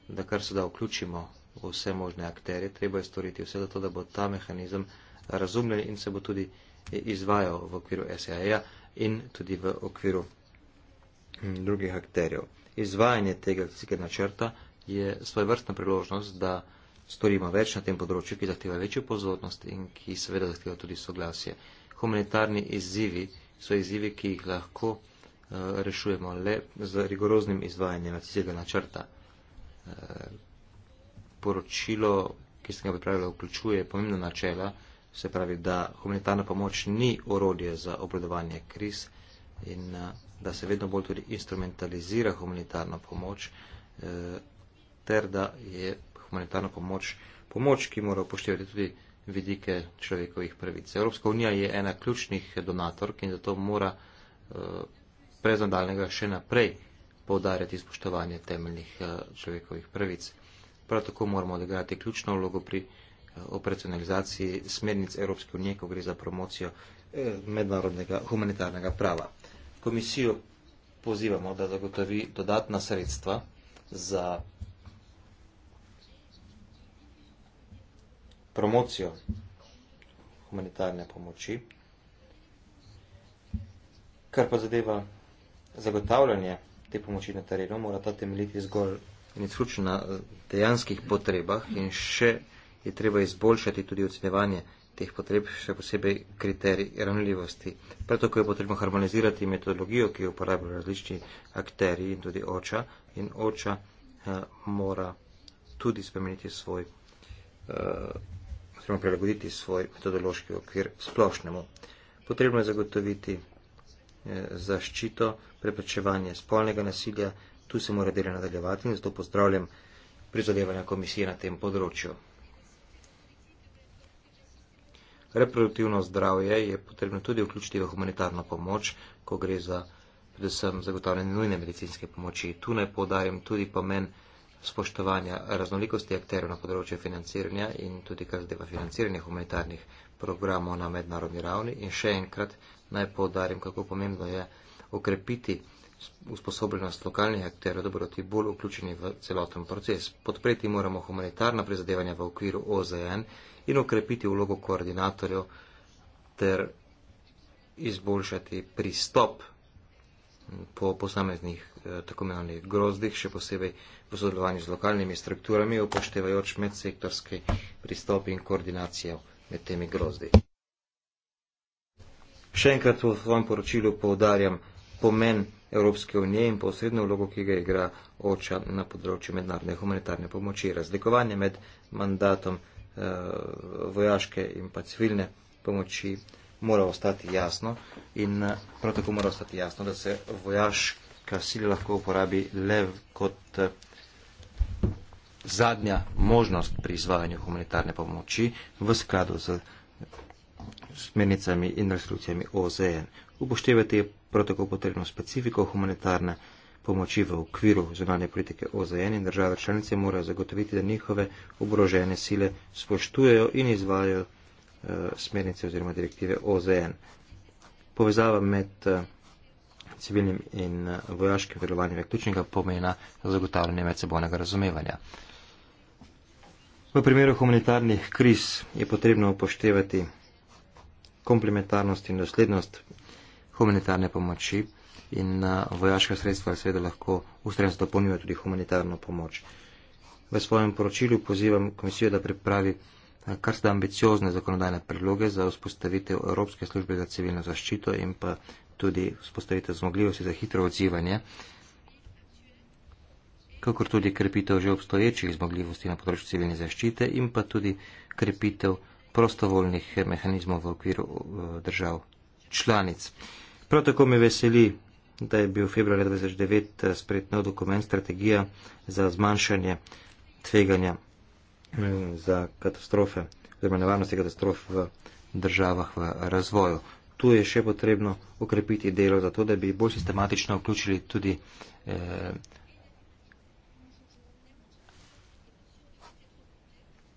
da kar se da vključimo vse možne akterje, treba je storiti vse za to, da bo ta mehanizem razumljen in se bo tudi izvajal v okviru SAE-ja in tudi v okviru mm, drugih akterjev. Izvajanje tega akcijskega načrta je svoj vrstna priložnost, da storimo več na tem področju, ki zahteva večjo pozornost in ki seveda zahteva tudi soglasje. Humanitarni izzivi so izzivi, ki jih lahko eh, rešujemo le z rigoroznim izvajanjem akcijskega načrta. Eh, poročilo, ki sem ga pripravila, vključuje pomembna načela, se pravi, da humanitarna pomoč ni orodje za obvladovanje kriz in eh, da se vedno bolj tudi instrumentalizira humanitarna pomoč, eh, ter da je humanitarna pomoč pomoč, ki mora upoštevati tudi vidike človekovih pravic. Evropska unija je ena ključnih donatork in zato mora prez eh, nadaljnega še naprej povdarjati spoštovanje temeljnih človekovih pravic. Prav tako moramo odigrati ključno vlogo pri operacionalizaciji smernic Evropske unije, ko gre za promocijo eh, mednarodnega humanitarnega prava. Komisijo pozivamo, da zagotovi dodatna sredstva za promocijo humanitarne pomoči, kar pa zadeva zagotavljanje te pomoči na terenu, mora ta temeljiti zgolj in izključno na eh, dejanskih potrebah in še je treba izboljšati tudi ocenevanje teh potreb, še posebej kriterij ranljivosti. Prav tako je potrebno harmonizirati metodologijo, ki jo uporabljajo različni akterji in tudi oča in oča uh, mora tudi spremeniti svoj, uh, prilagoditi svoj metodološki okvir splošnemu. Potrebno je zagotoviti uh, zaščito, preprečevanje spolnega nasilja, tu se mora delo nadaljevati in zato pozdravljam prizadevanja komisije na tem področju reproduktivno zdravje je potrebno tudi vključiti v humanitarno pomoč, ko gre za predvsem zagotavljanje nujne medicinske pomoči. Tu naj podarim tudi pomen spoštovanja raznolikosti akterjev na področju financiranja in tudi kar zadeva financiranje humanitarnih programov na mednarodni ravni. In še enkrat naj podarim, kako pomembno je okrepiti usposobljenost lokalnih akterjev, da bodo ti bolj vključeni v celoten proces. Podpreti moramo humanitarna prizadevanja v okviru OZN in okrepiti vlogo koordinatorjev ter izboljšati pristop po posameznih eh, tako imenovanih grozdih, še posebej v sodelovanju z lokalnimi strukturami, upoštevajoč medsektorske pristope in koordinacijo med temi grozdi. Še enkrat v svojem poročilu poudarjam pomen Evropske unije in posredno vlogo, ki ga igra oča na področju mednarodne humanitarne pomoči. Razlikovanje med mandatom Eh, vojaške in pa civilne pomoči mora ostati jasno in eh, prav tako mora ostati jasno, da se vojaška sila lahko uporabi le kot eh, zadnja možnost pri izvajanju humanitarne pomoči v skladu z smernicami in resolucijami OZN. Upoštevati je prav tako potrebno specifiko humanitarne pomoči pomoči v okviru zunanje politike OZN in države članice morajo zagotoviti, da njihove obrožene sile spoštujejo in izvajo eh, smernice oziroma direktive OZN. Povezava med eh, civilnim in eh, vojaškim delovanjem je ključnega pomena za zagotavljanje medsebojnega razumevanja. V primeru humanitarnih kriz je potrebno upoštevati komplementarnost in doslednost humanitarne pomoči in uh, vojaška sredstva seveda lahko ustrezno dopolnjuje tudi humanitarno pomoč. V svojem poročilju pozivam komisijo, da pripravi uh, kar sta ambiciozne zakonodajne predloge za vzpostavitev Evropske službe za civilno zaščito in pa tudi vzpostavitev zmogljivosti za hitro odzivanje, kakor tudi krepitev že obstoječih zmogljivosti na področju civilne zaščite in pa tudi krepitev prostovoljnih mehanizmov v okviru uh, držav članic. Prav tako me veseli da je bil februarja 2009 eh, sprejet nov dokument strategija za zmanjšanje tveganja mm, za katastrofe, oziroma nevarnosti katastrof v državah v razvoju. Tu je še potrebno okrepiti delo za to, da bi bolj sistematično vključili tudi eh,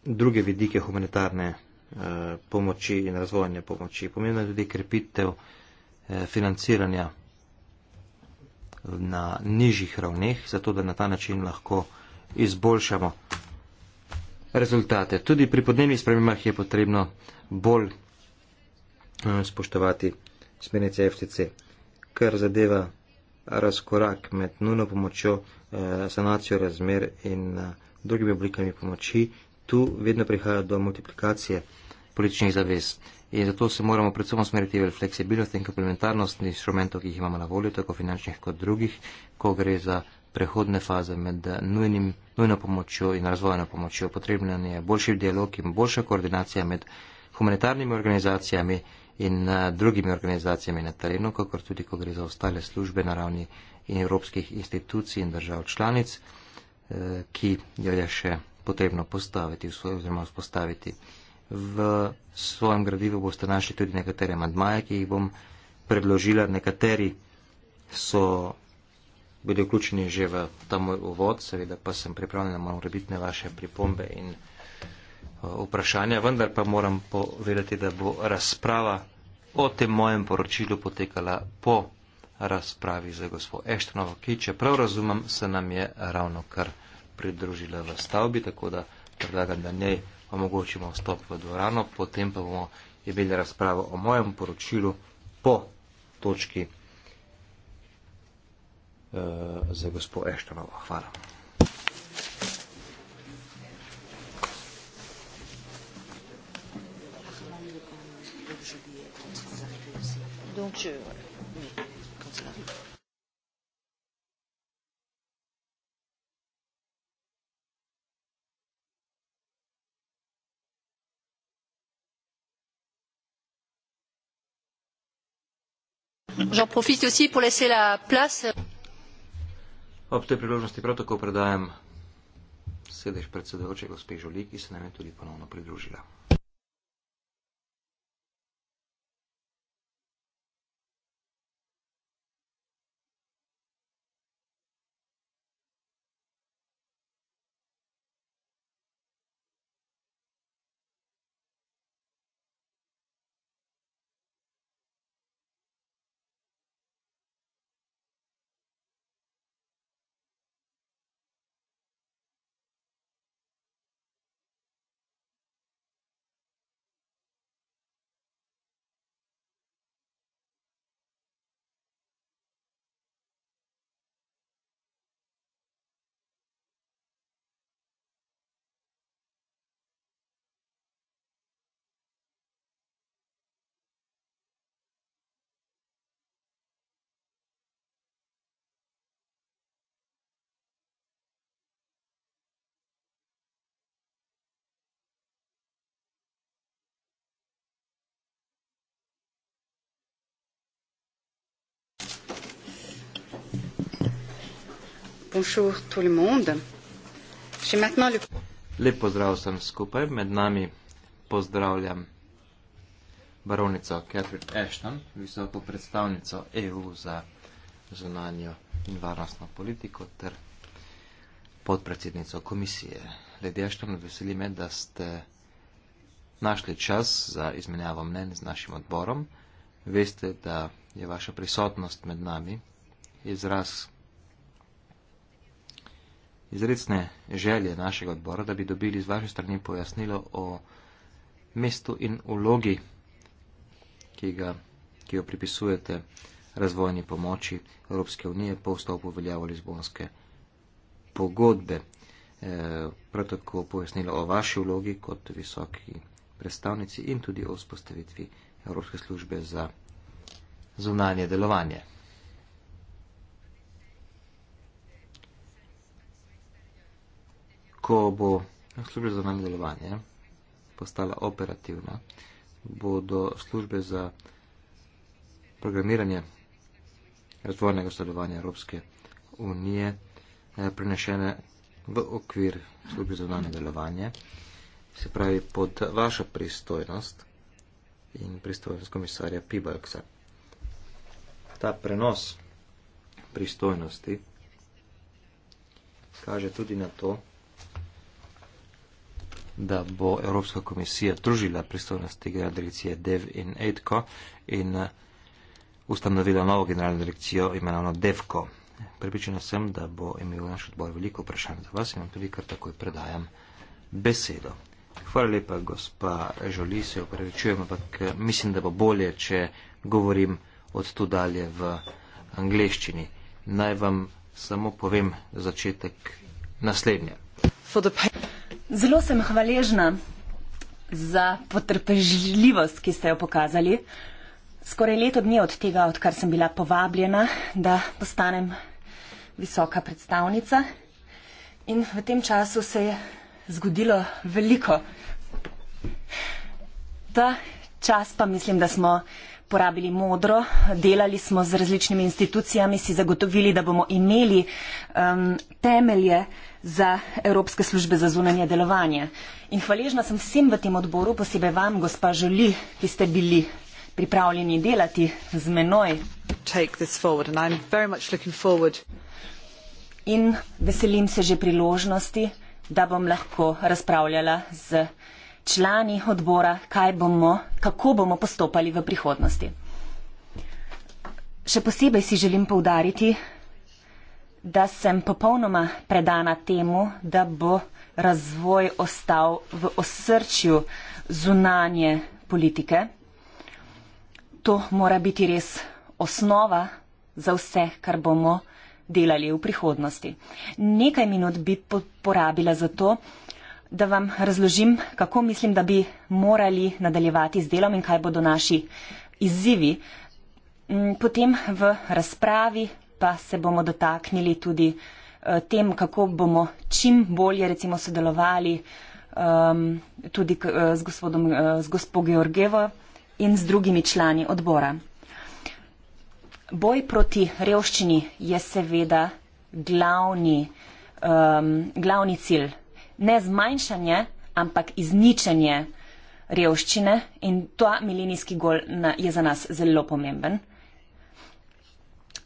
druge vidike humanitarne eh, pomoči in razvojne pomoči. Pomembno je tudi krepitev eh, financiranja na nižjih ravneh, zato da na ta način lahko izboljšamo rezultate. Tudi pri podnebnih spremembah je potrebno bolj eh, spoštovati smernice FCC, kar zadeva razkorak med nujno pomočjo, eh, sanacijo razmer in eh, drugimi oblikami pomoči. Tu vedno prihaja do multiplikacije političnih zavez in zato se moramo predvsem usmeriti v fleksibilnost in komplementarnost inštrumentov, ki jih imamo na voljo, tako finančnih kot drugih, ko gre za prehodne faze med nujnim, nujno pomočjo in razvojno pomočjo. Potreben je boljši dialog in boljša koordinacija med humanitarnimi organizacijami in eh, drugimi organizacijami na terenu, kakor tudi, ko gre za ostale službe na ravni in evropskih institucij in držav članic, eh, ki jo je še potrebno postaviti v svoj oziroma vzpostaviti v svojem gradivu boste našli tudi nekatere amadmaje, ki jih bom predložila. Nekateri so bili vključeni že v ta moj uvod, seveda pa sem pripravljen na morebitne vaše pripombe in eh, vprašanja, vendar pa moram povedati, da bo razprava o tem mojem poročilu potekala po razpravi za gospod Eštonov, ki, če prav razumem, se nam je ravno kar pridružila v stavbi, tako da predlagam, da njej omogočimo vstop v dvorano, potem pa bomo imeli razpravo o mojem poročilu po točki uh, za gospod Eštonovo. Hvala. Donc, euh, j'en profite aussi pour laisser la place Ob tej priložnosti prav tako predajam sedež predsedujoče gospe Žoli, ki se nam je tudi ponovno pridružila. Bonjour tout le monde. Še maintenant le... Lep pozdrav sem skupaj. Med nami pozdravljam baronico Catherine Ashton, visoko predstavnico EU za zunanjo in varnostno politiko ter podpredsednico komisije. Lady Ashton, veseli me, da ste našli čas za izmenjavo mnen z našim odborom. Veste, da je vaša prisotnost med nami izraz izredne želje našega odbora, da bi dobili z vaše strani pojasnilo o mestu in ulogi, ki, ga, ki jo pripisujete razvojni pomoči Evropske unije po vstopu veljavo Lizbonske pogodbe. E, prav tako pojasnilo o vaši vlogi kot visoki predstavnici in tudi o vzpostavitvi Evropske službe za zunanje delovanje. ko bo služba za zunanje delovanje postala operativna, bodo službe za programiranje razvojnega sodelovanja Evropske unije eh, prenešene v okvir službe za zunanje delovanje, se pravi pod vašo pristojnost in pristojnost komisarja Pibalksa. Ta prenos pristojnosti kaže tudi na to, da bo Evropska komisija družila pristojnost tega direkcije DEV in EDKO in eh, ustanovila novo generalno direkcijo imenovano DEVKO. Pripričana sem, da bo imel naš odbor veliko vprašanj za vas in vam tudi kar takoj predajam besedo. Hvala lepa, gospa Žoli, se opravičujem, ampak eh, mislim, da bo bolje, če govorim od tu dalje v angleščini. Naj vam samo povem začetek naslednje. For the pay- Zelo sem hvaležna za potrpežljivost, ki ste jo pokazali. Skoraj leto dni od tega, odkar sem bila povabljena, da postanem visoka predstavnica. In v tem času se je zgodilo veliko. Ta čas pa mislim, da smo porabili modro, delali smo z različnimi institucijami, si zagotovili, da bomo imeli um, temelje, za Evropske službe za zunanje delovanje. In hvaležna sem vsem v tem odboru, posebej vam, gospa Žoli, ki ste bili pripravljeni delati z menoj. In veselim se že priložnosti, da bom lahko razpravljala z člani odbora, kaj bomo, kako bomo postopali v prihodnosti. Še posebej si želim poudariti, da sem popolnoma predana temu, da bo razvoj ostal v osrčju zunanje politike. To mora biti res osnova za vse, kar bomo delali v prihodnosti. Nekaj minut bi porabila za to, da vam razložim, kako mislim, da bi morali nadaljevati z delom in kaj bodo naši izzivi. Mm, potem v razpravi pa se bomo dotaknili tudi eh, tem, kako bomo čim bolje recimo sodelovali um, tudi k, eh, z gospodom, eh, z gospod Georgevo in z drugimi člani odbora. Boj proti revščini je seveda glavni, um, glavni cilj. Ne zmanjšanje, ampak izničenje revščine in ta milenijski gol na, je za nas zelo pomemben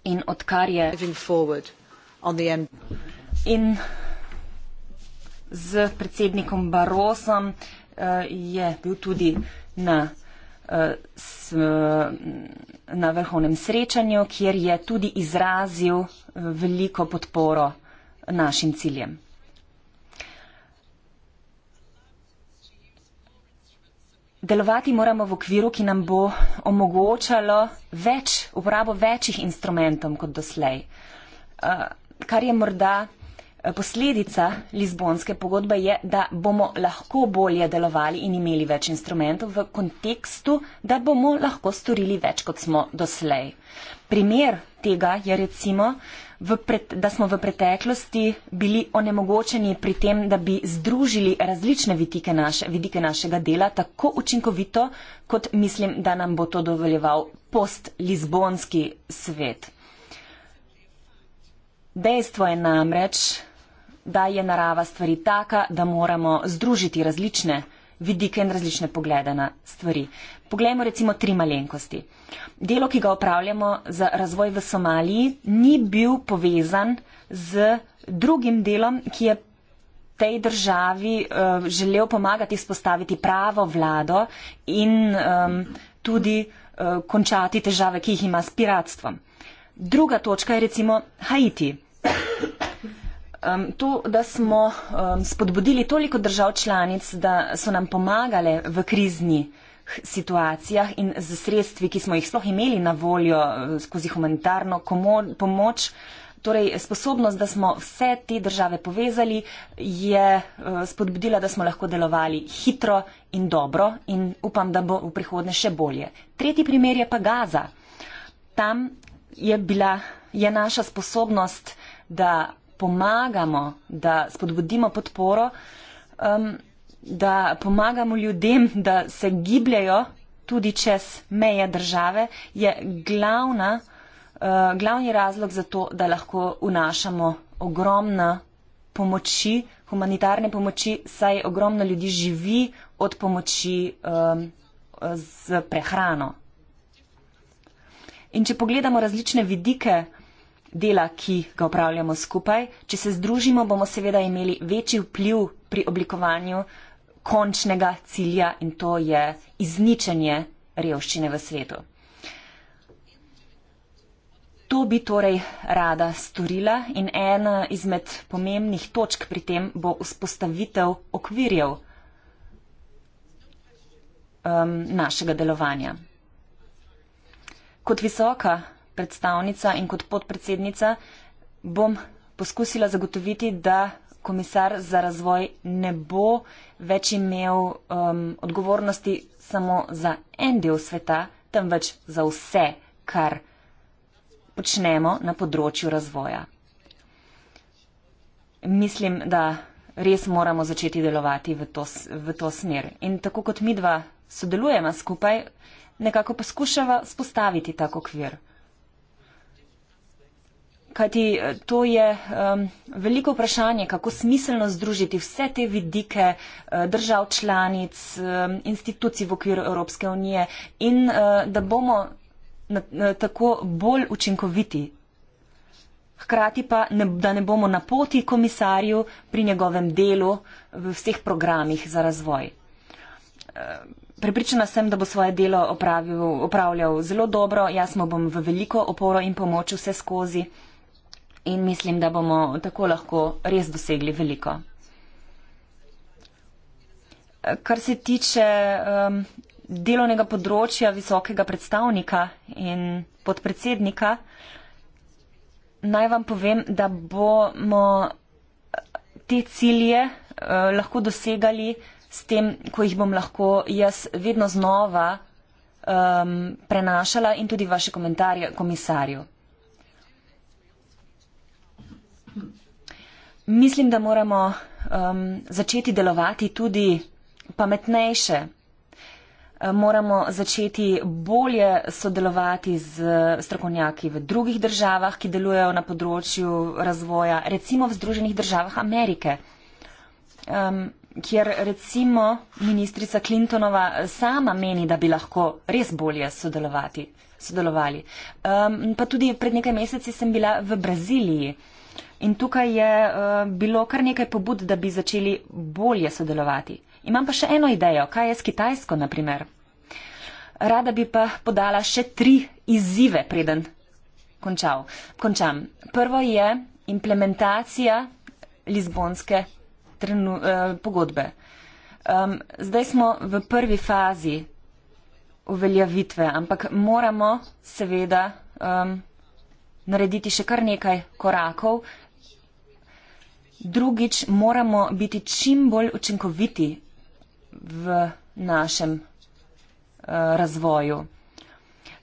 in odkar je in z predsednikom Barosom eh, je bil tudi na, eh, eh, na vrhovnem srečanju, kjer je tudi izrazil veliko podporo našim ciljem. delovati moramo v okviru, ki nam bo omogočalo več, uporabo večjih instrumentov kot doslej. Eh, kar je morda eh, posledica Lizbonske pogodbe, je, da bomo lahko bolje delovali in imeli več instrumentov v kontekstu, da bomo lahko storili več, kot smo doslej. Primer tega je recimo, pret, da smo v preteklosti bili onemogočeni pri tem, da bi združili različne vidike, naše, vidike našega dela tako učinkovito, kot mislim, da nam bo to dovoljeval post-lizbonski svet. Dejstvo je namreč, da je narava stvari taka, da moramo združiti različne vidike in različne poglede na stvari. Poglejmo recimo tri malenkosti. Delo, ki ga upravljamo za razvoj v Somaliji, ni bil povezan z drugim delom, ki je tej državi uh, želel pomagati spostaviti pravo vlado in um, tudi uh, končati težave, ki jih ima s piratstvom. Druga točka je recimo Haiti. Um, to, da smo um, spodbudili toliko držav članic, da so nam pomagale v krizni uh, situacijah in z sredstvi, ki smo jih sploh imeli na voljo eh, skozi humanitarno pomoč. Torej, sposobnost, da smo vse te države povezali, je eh, spodbudila, da smo lahko delovali hitro in dobro in upam, da bo v prihodnje še bolje. Tretji primer je pa Gaza. Tam je bila je naša sposobnost, da pomagamo, da spodbudimo podporo. Um, da pomagamo ljudem, da se gibljajo tudi čez meje države, je glavna, uh, glavni razlog za to, da lahko vnašamo ogromna pomoči, humanitarne pomoči, saj ogromno ljudi živi od pomoči um, z prehrano. In če pogledamo različne vidike dela, ki ga upravljamo skupaj, če se združimo, bomo seveda imeli večji vpliv pri oblikovanju uh, končnega cilja in to je izničenje revščine v svetu. To bi torej rada storila in ena izmed pomembnih točk pri tem bo vzpostavitev okvirjev um, našega delovanja. Kot visoka predstavnica in kot podpredsednica bom poskusila zagotoviti, da komisar za razvoj ne bo več imel um, odgovornosti samo za en del sveta, temveč za vse, kar počnemo na področju razvoja. Mislim, da res moramo začeti delovati v to, v to smer. In tako kot mi dva sodelujemo skupaj, nekako poskušava spostaviti tak okvir. Kajti eh, to je um, veliko vprašanje, kako smiselno združiti vse te vidike eh, držav članic, institucij v okviru Evropske unije in uh, da bomo na, na, tako bolj učinkoviti. Hkrati pa, ne, da ne bomo na poti komisarju pri njegovem delu v vseh programih za razvoj. Pripričana sem, da bo svoje delo opravil, opravljal zelo dobro, jaz mu bom v veliko oporo in pomoč vse skozi in mislim, da bomo tako lahko res dosegli veliko. Kar se tiče um, delovnega področja visokega predstavnika in podpredsednika, naj vam povem, da bomo te cilje uh, lahko dosegali s tem, ko jih bom lahko jaz vedno znova um, prenašala in tudi vaše komentarje komisarju. Mislim, da moramo um, začeti delovati tudi pametnejše. Eh, moramo začeti bolje sodelovati z strokovnjaki v drugih državah, ki delujejo na področju razvoja, recimo v Združenih državah Amerike, um, kjer recimo ministrica Clintonova sama meni, da bi lahko res bolje sodelovali. Um, pa tudi pred nekaj meseci sem bila v Braziliji. In tukaj je uh, bilo kar nekaj pobud, da bi začeli bolje sodelovati. Imam pa še eno idejo, kaj je s Kitajsko, naprimer. Rada bi pa podala še tri izzive, preden končal. končam. Prvo je implementacija Lizbonske trenu, uh, pogodbe. Um, zdaj smo v prvi fazi uveljavitve, ampak moramo seveda um, narediti še kar nekaj korakov, Drugič, moramo biti čim bolj učinkoviti v našem eh, razvoju.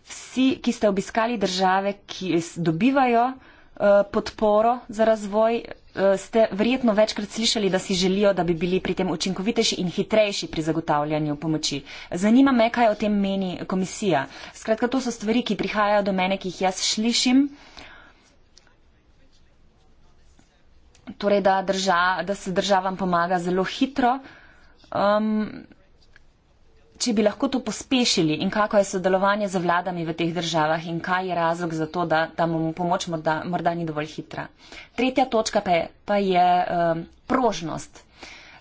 Vsi, ki ste obiskali države, ki dobivajo eh, podporo za razvoj, eh, ste verjetno večkrat slišali, da si želijo, da bi bili pri tem učinkovitejši in hitrejši pri zagotavljanju pomoči. Zanima me, kaj o tem meni komisija. Skratka, to so stvari, ki prihajajo do mene, ki jih jaz slišim. Uh, torej, da, drža, da se državam pomaga zelo hitro. Um, če bi lahko to pospešili in kako je sodelovanje z vladami v teh državah in kaj je razlog za to, da, da mu pomoč morda, morda ni dovolj hitra. Tretja točka pa je, pa je um, prožnost.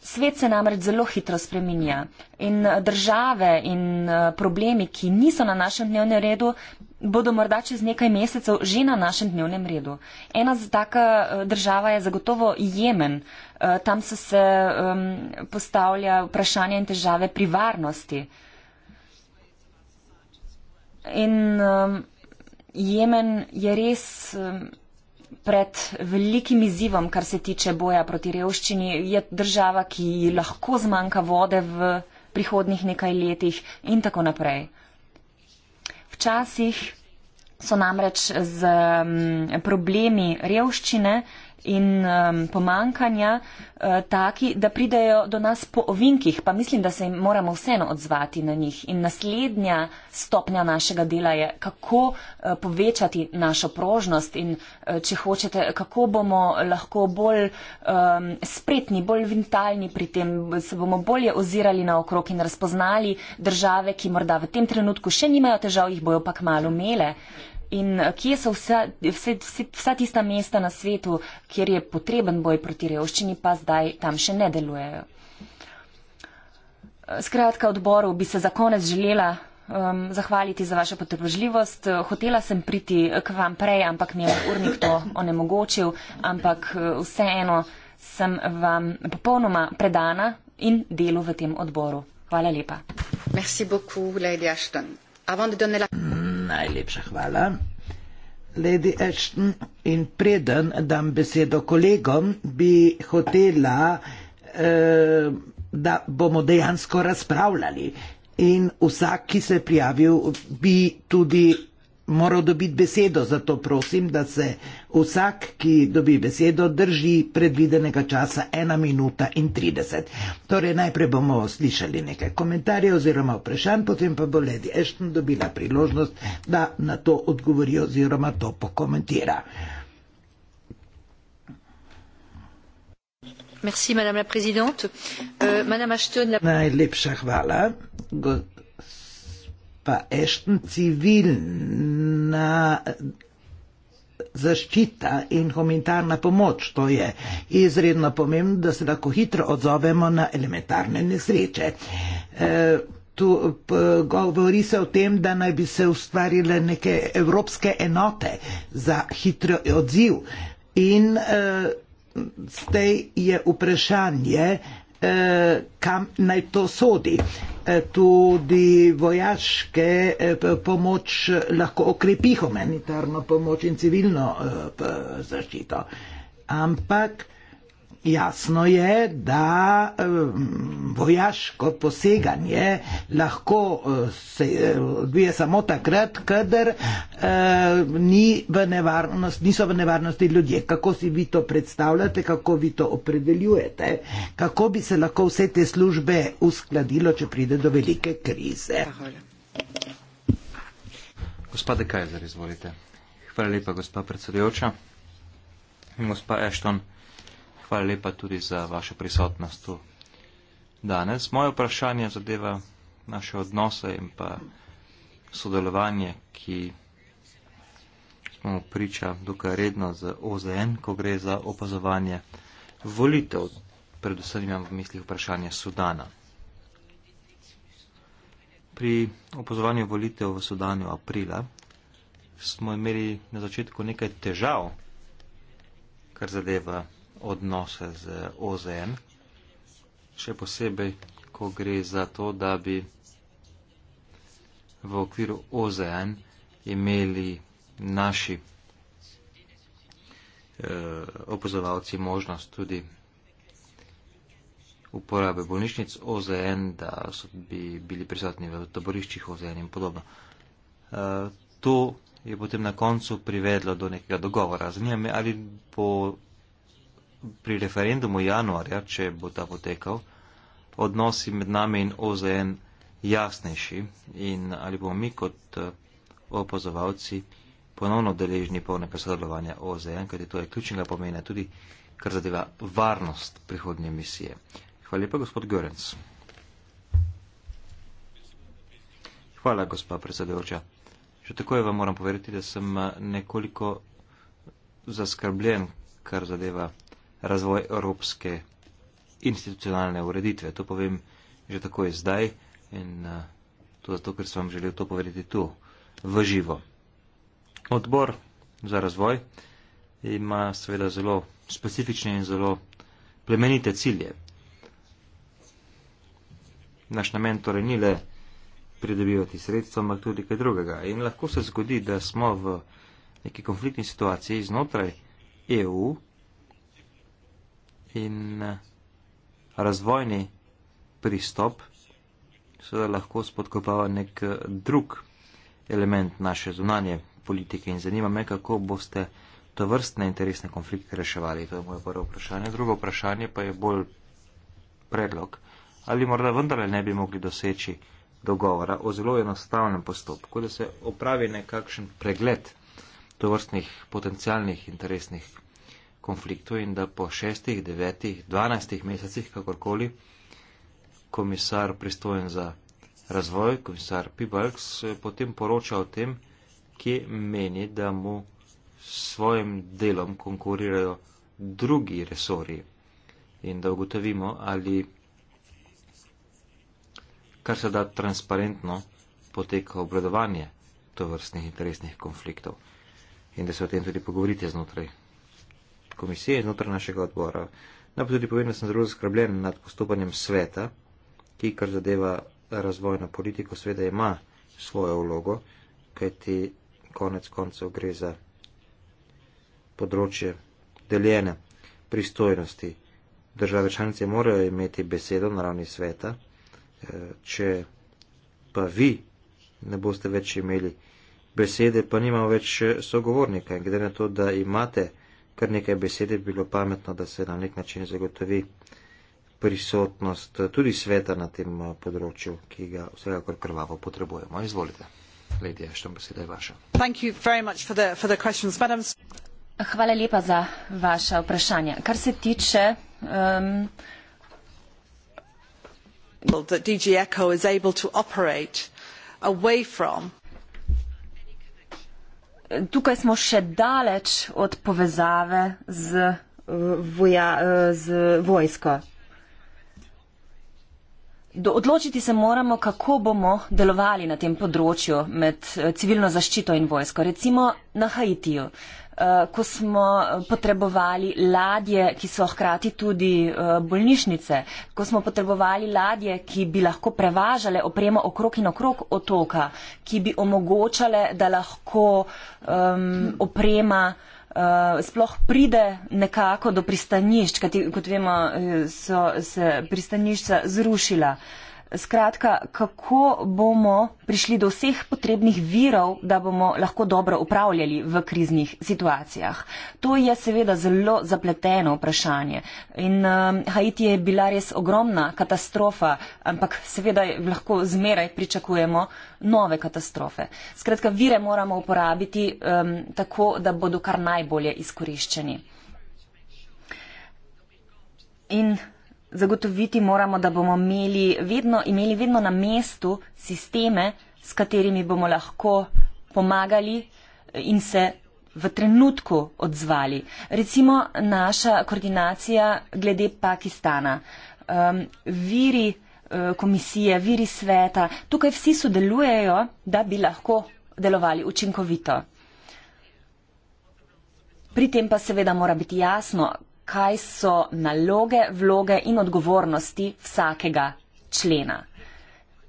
Svet se namreč zelo hitro spreminja in države in uh, problemi, ki niso na našem dnevnem redu, bodo morda čez nekaj mesecev že na našem dnevnem redu. Ena taka eh, država je zagotovo Jemen. Eh, tam so se um, postavlja vprašanja in težave pri varnosti. In um, Jemen je res um, pred velikim izzivom, kar se tiče boja proti revščini. Je država, ki lahko zmanjka vode v prihodnih nekaj letih in tako naprej. Včasih so namreč z um, problemi revščine in um, pomankanja uh, taki, da pridejo do nas po ovinkih, pa mislim, da se moramo vseeno odzvati na njih. In naslednja stopnja našega dela je, kako uh, povečati našo prožnost in, uh, če hočete, kako bomo lahko bolj um, spretni, bolj vitalni pri tem, se bomo bolje ozirali na okrog in razpoznali države, ki morda v tem trenutku še nimajo težav, jih bojo pa k malu mele. In eh, kje so vsa, vse, vse, vsa tista mesta na svetu, kjer je potreben boj proti revščini, pa zdaj tam še ne delujejo. Eh, skratka, odboru bi se za konec želela um, zahvaliti za vašo potrpežljivost. Eh, hotela sem priti k vam prej, ampak mi je urnik to onemogočil, ampak vseeno sem vam popolnoma predana in delu v tem odboru. Hvala lepa. Merci beaucoup, Lady Ashton avant de donner la... Najlepša hvala. Lady Ashton, in preden dam besedo kolegom, bi hotela, eh, da bomo dejansko razpravljali. In vsak, ki se je prijavil, bi tudi moral dobiti besedo, zato prosim, da se vsak, ki dobi besedo, drži predvidenega časa 1 minuta in 30. Torej, najprej bomo slišali nekaj komentarjev oziroma vprašanj, potem pa bo Lady Ashton dobila priložnost, da na to odgovori oziroma to pokomentira. Merci, la euh, Ashton, la... Najlepša hvala, pa ešten civilna zaščita in humanitarna pomoč. To je izredno pomembno, da se lahko hitro odzovemo na elementarne nesreče. E, tu govori se o tem, da naj bi se ustvarile neke evropske enote za hitro odziv. In e, zdaj je vprašanje, Eh, kam naj to sodi. Eh, tudi vojaške eh, pomoč lahko okrepi humanitarno pomoč in civilno zaščito. Ampak Jasno je, da vojaško poseganje lahko eh, se eh, odvije samo takrat, kadar eh, ni niso v nevarnosti ljudje. Kako si vi to predstavljate, kako vi to opredeljujete, kako bi se lahko vse te službe uskladilo, če pride do velike krize? Gospod Kajzer, izvolite. Hvala lepa, gospod predsedujoča in gospod Ešton. Hvala lepa tudi za vašo prisotnost tu danes. Moje vprašanje zadeva naše odnose in pa sodelovanje, ki smo priča dokaj redno z OZN, ko gre za opazovanje volitev. Predvsem imam v mislih vprašanje Sudana. Pri opazovanju volitev v Sudanju aprila smo imeli na začetku nekaj težav, kar zadeva odnose z OZN, še posebej, ko gre za to, da bi v okviru OZN imeli naši eh, opozovalci možnost tudi uporabe bolnišnic OZN, da so bi bili prisotni v taboriščih OZN in podobno. Eh, to je potem na koncu privedlo do nekega dogovora z njimi, ali po pri referendumu januarja, če bo ta potekal, odnosi med nami in OZN jasnejši in ali bomo mi kot eh, opozovalci ponovno deležni polnega sodelovanja OZN, kajti to je ključnega pomena tudi, kar zadeva varnost prihodnje misije. Hvala lepa, gospod Görenc. Hvala, gospa predsedujoča. Že tako je vam moram povedati, da sem eh, nekoliko zaskrbljen, kar zadeva razvoj evropske institucionalne ureditve. To povem že tako je zdaj in eh, to zato, ker sem vam želel to povedati tu, v živo. Odbor za razvoj ima seveda zelo specifične in zelo plemenite cilje. Naš namen torej ni le pridobivati sredstva, ampak tudi kaj drugega. In lahko se zgodi, da smo v neki konfliktni situaciji znotraj EU, in eh, razvojni pristop seveda lahko spodkopava nek eh, drug element naše zunanje politike in zanima me, kako boste to vrstne interesne konflikte reševali. To je moje prvo vprašanje. Drugo vprašanje pa je bolj predlog. Ali morda vendarle ne bi mogli doseči dogovora o zelo enostavnem postopku, da se opravi nekakšen pregled to vrstnih potencialnih interesnih konfliktu in da po šestih, devetih, dvanajstih mesecih, kakorkoli, komisar pristojen za razvoj, komisar Pibalks, eh, potem poroča o tem, ki meni, da mu svojim delom konkurirajo drugi resori in da ugotovimo, ali kar se da transparentno poteka obredovanje tovrstnih interesnih konfliktov in da se o tem tudi pogovorite znotraj komisije znotraj našega odbora. Naj pa tudi povem, da sem zelo zaskrbljen nad postopanjem sveta, ki kar zadeva razvojno politiko, sveda ima svojo vlogo, kajti konec koncev gre za področje deljene pristojnosti. Države članice morajo imeti besedo na ravni sveta, eh, če pa vi ne boste več imeli besede, pa nimamo več eh, sogovornika. In glede na to, da imate kar nekaj besed je bilo pametno, da se na nek način zagotovi prisotnost tudi sveta na tem eh, področju, ki ga vsekakor krvavo potrebujemo. Izvolite. Lidija, što beseda je vaša? Hvala lepa za vaša vprašanja. Kar se tiče. Um, that DG ECHO is able to operate away from tukaj smo še daleč od povezave z, eh, voja, eh, z vojsko. Do odločiti se moramo, kako bomo delovali na tem področju med eh, civilno zaščito in vojsko. Recimo na Haitiju. Eh, ko smo potrebovali ladje, ki so hkrati tudi eh, bolnišnice, ko smo potrebovali ladje, ki bi lahko prevažale opremo okrog in okrog otoka, ki bi omogočale, da lahko um, oprema eh, sploh pride nekako do pristanišč, kot vemo, so se pristanišča zrušila. Skratka, kako bomo prišli do vseh potrebnih virov, da bomo lahko dobro upravljali v kriznih situacijah? To je seveda zelo zapleteno vprašanje. In um, Haiti je bila res ogromna katastrofa, ampak seveda lahko zmeraj pričakujemo nove katastrofe. Skratka, vire moramo uporabiti um, tako, da bodo kar najbolje izkoriščeni. In Zagotoviti moramo, da bomo imeli vedno, imeli vedno na mestu sisteme, s katerimi bomo lahko pomagali eh, in se v trenutku odzvali. Recimo naša koordinacija glede Pakistana. Um, viri eh, komisije, viri sveta, tukaj vsi sodelujejo, da bi lahko delovali učinkovito. Pri tem pa seveda mora biti jasno, kaj so naloge, vloge in odgovornosti vsakega člena.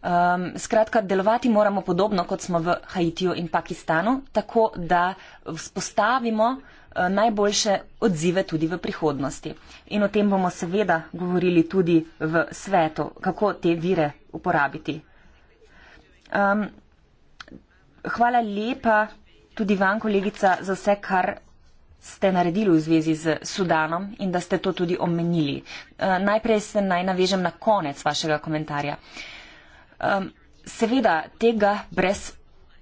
Um, skratka, delovati moramo podobno, kot smo v Haitiju in Pakistanu, tako da vzpostavimo uh, najboljše odzive tudi v prihodnosti. In o tem bomo seveda govorili tudi v svetu, kako te vire uporabiti. Um, hvala lepa tudi vam, kolegica, za vse, kar ste naredili v zvezi z Sudanom in da ste to tudi omenili. Eh, najprej se naj navežem na konec vašega komentarja. Seveda tega brez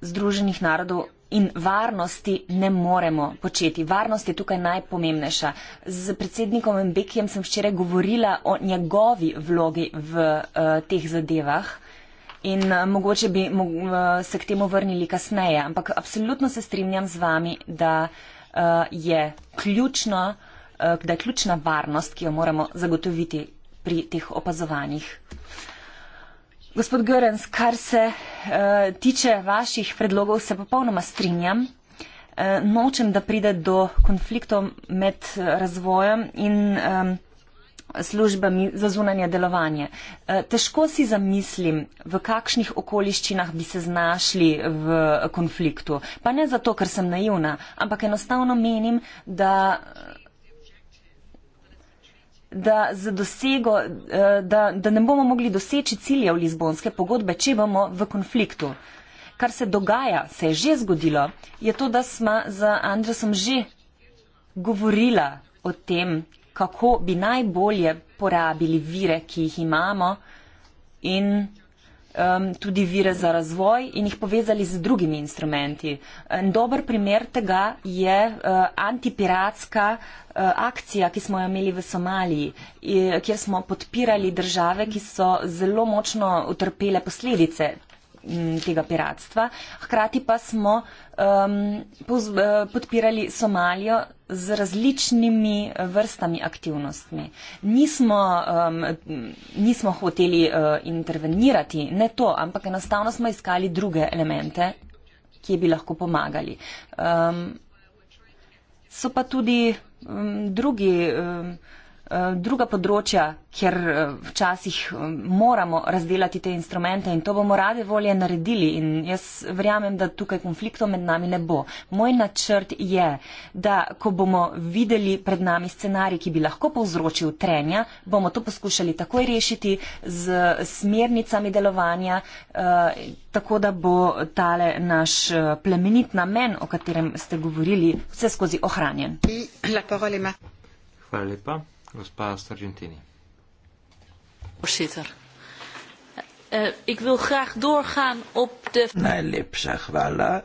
Združenih narodov in varnosti ne moremo početi. Varnost je tukaj najpomembnejša. Z predsednikom Mbekijem sem včeraj govorila o njegovi vlogi v uh, teh zadevah in uh, mogoče bi uh, se k temu vrnili kasneje, ampak absolutno se strinjam z vami, da uh, uh, je ključno, uh, da je ključna varnost, ki jo moramo zagotoviti pri teh opazovanjih. Gospod Görens, kar se uh, tiče vaših predlogov, se popolnoma strinjam. Uh, nočem, da pride do konfliktov med razvojem in um, službami za zunanje delovanje. E, težko si zamislim, v kakšnih okoliščinah bi se znašli v konfliktu. Pa ne zato, ker sem naivna, ampak enostavno menim, da Da, dosego, e, da, da ne bomo mogli doseči ciljev Lizbonske pogodbe, če bomo v konfliktu. Kar se dogaja, se je že zgodilo, je to, da sva z Andresom že govorila o tem, kako bi najbolje porabili vire, ki jih imamo in um, tudi vire za razvoj in jih povezali z drugimi instrumenti. En dober primer tega je uh, antipiratska uh, akcija, ki smo jo imeli v Somaliji, kjer smo podpirali države, ki so zelo močno utrpele posledice Mm, tega piratstva. Hkrati pa smo um, poz, eh, podpirali Somalijo z različnimi eh, vrstami aktivnostmi. Nismo, um, nismo hoteli uh, intervenirati, ne to, ampak enostavno smo iskali druge elemente, ki bi lahko pomagali. Um, so pa tudi um, drugi. Um, Eh, druga področja, kjer eh, včasih eh, moramo razdelati te instrumente in to bomo rade volje naredili in jaz verjamem, da tukaj konfliktov med nami ne bo. Moj načrt je, da ko bomo videli pred nami scenarij, ki bi lahko povzročil trenja, bomo to poskušali takoj rešiti z smernicami delovanja, tako da bo tale naš plemenit namen, o katerem ste govorili, vse skozi ohranjen. Hvala lepa. Gospa Sargentini. Voorzitter. Uh, ik wil graag doorgaan op de. Najlepša hvala,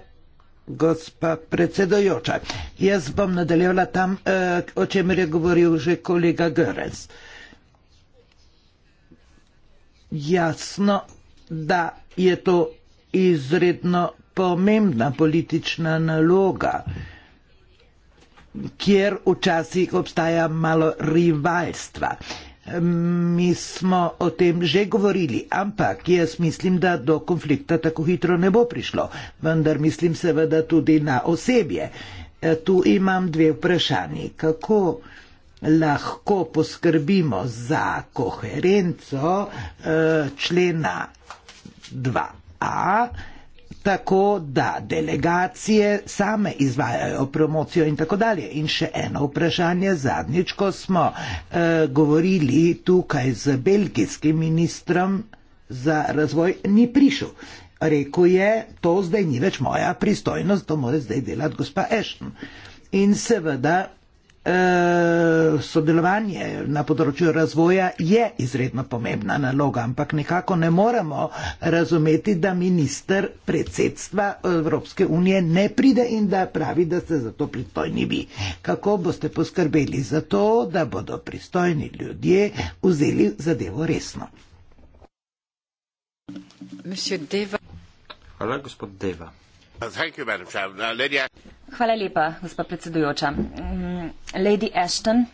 gospa predsedojoča. Jaz bom nadaljevala tam, uh, o čemer je govoril že kolega Görens. Jasno, da je to izredno pomembna politična naloga. Uh, kjer včasih obstaja malo rivalstva. Mi smo o tem že govorili, ampak jaz mislim, da do konflikta tako hitro ne bo prišlo, vendar mislim seveda tudi na osebje. E, tu imam dve vprašanji. Kako lahko poskrbimo za koherenco e, člena 2a? tako da delegacije same izvajajo promocijo in tako dalje. In še eno vprašanje, zadnjič, ko smo eh, govorili tukaj z belgijskim ministrom za razvoj, ni prišel. Rekl je, to zdaj ni več moja pristojnost, to mora zdaj delati gospa Ešn. In seveda Eh, sodelovanje na področju razvoja je izredno pomembna naloga, ampak nekako ne moremo razumeti, da minister predsedstva Evropske unije ne pride in da pravi, da ste za to pristojni vi. Kako boste poskrbeli za to, da bodo pristojni ljudje vzeli zadevo resno? Hvala, gospod Deva. Hvala lepa, gospod predsedujoča. Mm, Lady Ashton,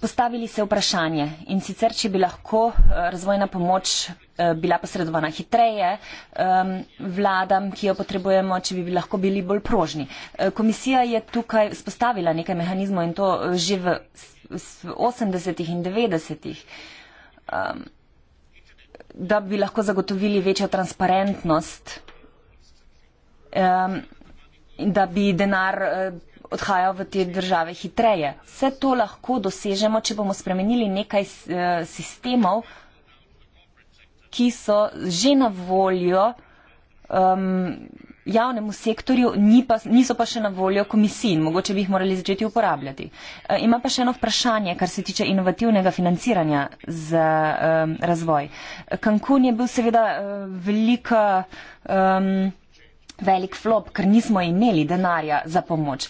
postavili se vprašanje in sicer, če bi lahko eh, razvojna pomoč eh, bila posredovana hitreje vladam, ki jo potrebujemo, če bi lahko bili bolj prožni. Eh, komisija je tukaj spostavila nekaj mehanizmov in to že v 80-ih in 90-ih da bi lahko zagotovili večjo transparentnost um, in da bi denar eh, odhajal v te države hitreje. Vse to lahko dosežemo, če bomo spremenili nekaj eh, sistemov, ki so že na voljo um, javnemu sektorju, ni pa, niso pa še na voljo komisiji in mogoče bi jih morali začeti uporabljati. E, ima pa še eno vprašanje, kar se tiče inovativnega financiranja za um, razvoj. Cancun je bil seveda uh, velika. Um, velik flop, ker nismo imeli denarja za pomoč.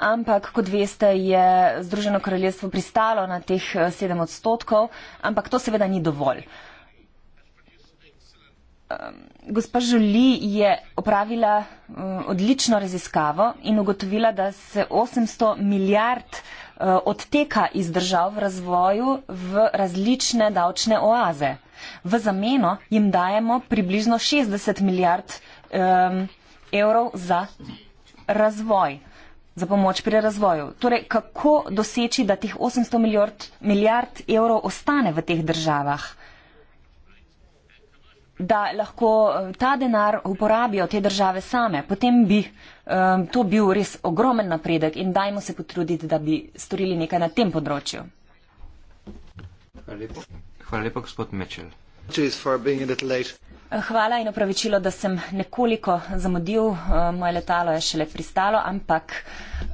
Ampak, kot veste, je Združeno kraljestvo pristalo na teh 7 eh, odstotkov, ampak to seveda ni dovolj. Gospa Žuli je opravila mm, odlično raziskavo in ugotovila, da se 800 milijard eh, odteka iz držav v razvoju v različne davčne oaze. V zameno jim dajemo približno 60 milijard um, evrov za razvoj, za pomoč pri razvoju. Torej, kako doseči, da teh 800 milijard, milijard evrov ostane v teh državah? da lahko ta denar uporabijo te države same, potem bi um, to bil res ogromen napredek in dajmo se potruditi, da bi storili nekaj na tem področju. Hvala lepa. Hvala lepa, gospod Mečel. Hvala in opravičilo, da sem nekoliko zamudil. Eh, moje letalo je šele pristalo, ampak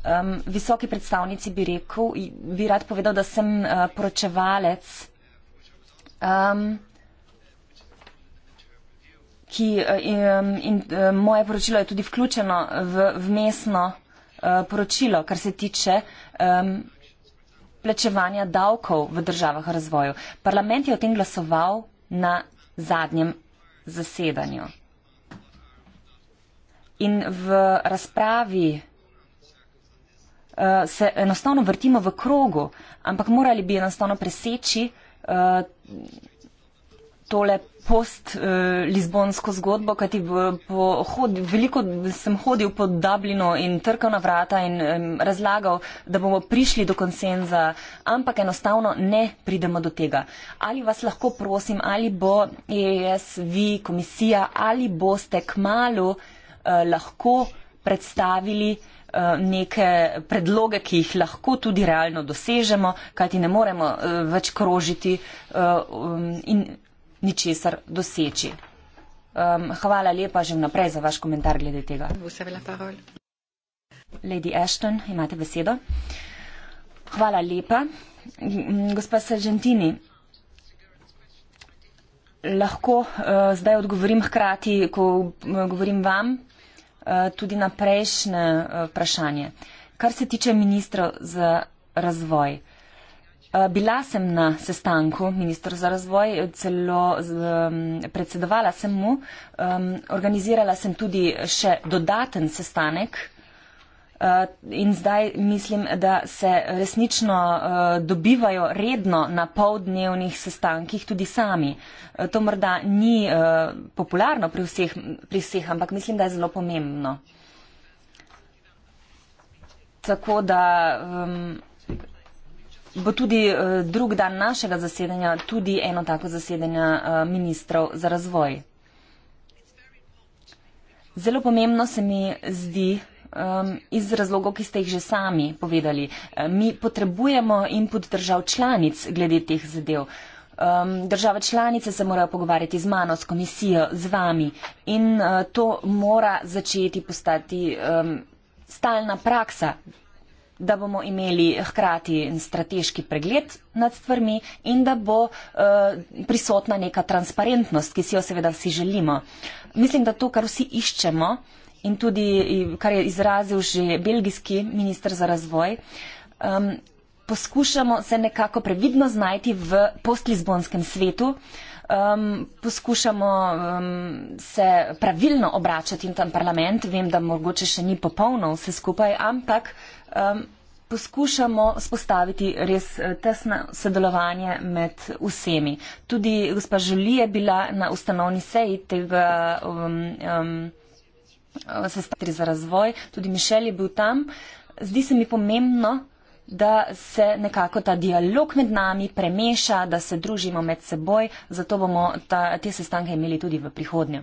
um, visoki predstavnici bi rekel, bi rad povedal, da sem uh, poročevalec, um, ki um, in um, moje poročilo je tudi vključeno v mestno uh, poročilo, kar se tiče. Um, plačevanja davkov v državah razvoju. Parlament je o tem glasoval na zadnjem zasedanju. In v razpravi uh, se enostavno vrtimo v krogu, ampak morali bi enostavno preseči uh, tole post-Lizbonsko zgodbo, kajti veliko sem hodil po Dublinu in trkal na vrata in razlagal, da bomo prišli do konsenza, ampak enostavno ne pridemo do tega. Ali vas lahko prosim, ali bo EES, vi, komisija, ali boste k malu eh, lahko predstavili eh, neke predloge, ki jih lahko tudi realno dosežemo, kajti ne moremo eh, več krožiti eh, um, in ničesar doseči. Um, hvala lepa že vnaprej za vaš komentar glede tega. Lady Ashton, imate besedo. Hvala lepa. Gospa Sargentini, lahko uh, zdaj odgovorim hkrati, ko uh, govorim vam, uh, tudi na prejšnje uh, vprašanje. Kar se tiče ministra za razvoj. Uh, Eh, bila sem na sestanku ministr za razvoj, celo um, predsedovala sem mu, um, organizirala sem tudi še dodaten sestanek uh, in zdaj mislim, da se resnično uh, dobivajo redno na poldnevnih sestankih tudi sami. Uh, to morda ni uh, popularno pri vseh, pri vseh, ampak mislim, da je zelo pomembno. Tako da. Um, bo tudi uh, drug dan našega zasedanja, tudi eno tako zasedanje uh, ministrov za razvoj. Zelo pomembno se mi zdi um, iz razlogov, ki ste jih že sami povedali. Eh, mi potrebujemo input držav članic glede teh zadev. Um, države članice se morajo pogovarjati z mano, s komisijo, z vami in uh, to mora začeti postati um, stalna praksa, da bomo imeli hkrati strateški pregled nad stvarmi in da bo eh, prisotna neka transparentnost, ki si jo seveda vsi želimo. Mislim, da to, kar vsi iščemo in tudi, kar je izrazil že belgijski minister za razvoj, poskušamo se nekako previdno znajti v post-lizbonskem svetu, Um, poskušamo um, se pravilno obračati v tam parlament. Vem, da mogoče še ni popolno vse skupaj, ampak uh, um, poskušamo spostaviti res eh, tesno sodelovanje med vsemi. Tudi gospa Žuli je bila na ustanovni seji tega um, um, eh, sestavitri za razvoj, tudi Mišel je bil tam. Zdi se mi pomembno, da se nekako ta dialog med nami premeša, da se družimo med seboj, zato bomo ta, te sestanke imeli tudi v prihodnje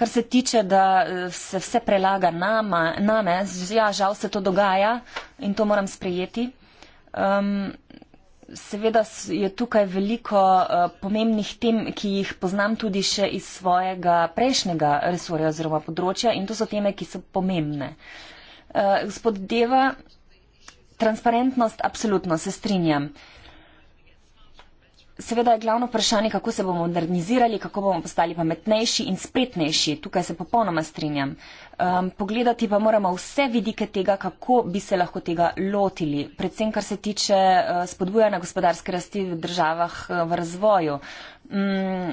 kar se tiče, da eh, se vse prelaga nama, name, ja, žal se to dogaja in to moram sprejeti. Um, Seveda je tukaj veliko uh, pomembnih tem, ki jih poznam tudi še iz svojega prejšnjega resorja oziroma področja in to so teme, ki so pomembne. Uh, gospod Deva, transparentnost, absolutno se strinjam. Uh, Seveda je glavno vprašanje, kako se bomo modernizirali, kako bomo postali pametnejši in spretnejši. Tukaj se popolnoma strinjam. Um, pogledati pa moramo vse vidike tega, kako bi se lahko tega lotili. Predvsem, kar se tiče uh, spodbujanja gospodarske rasti v državah uh, v razvoju. Um,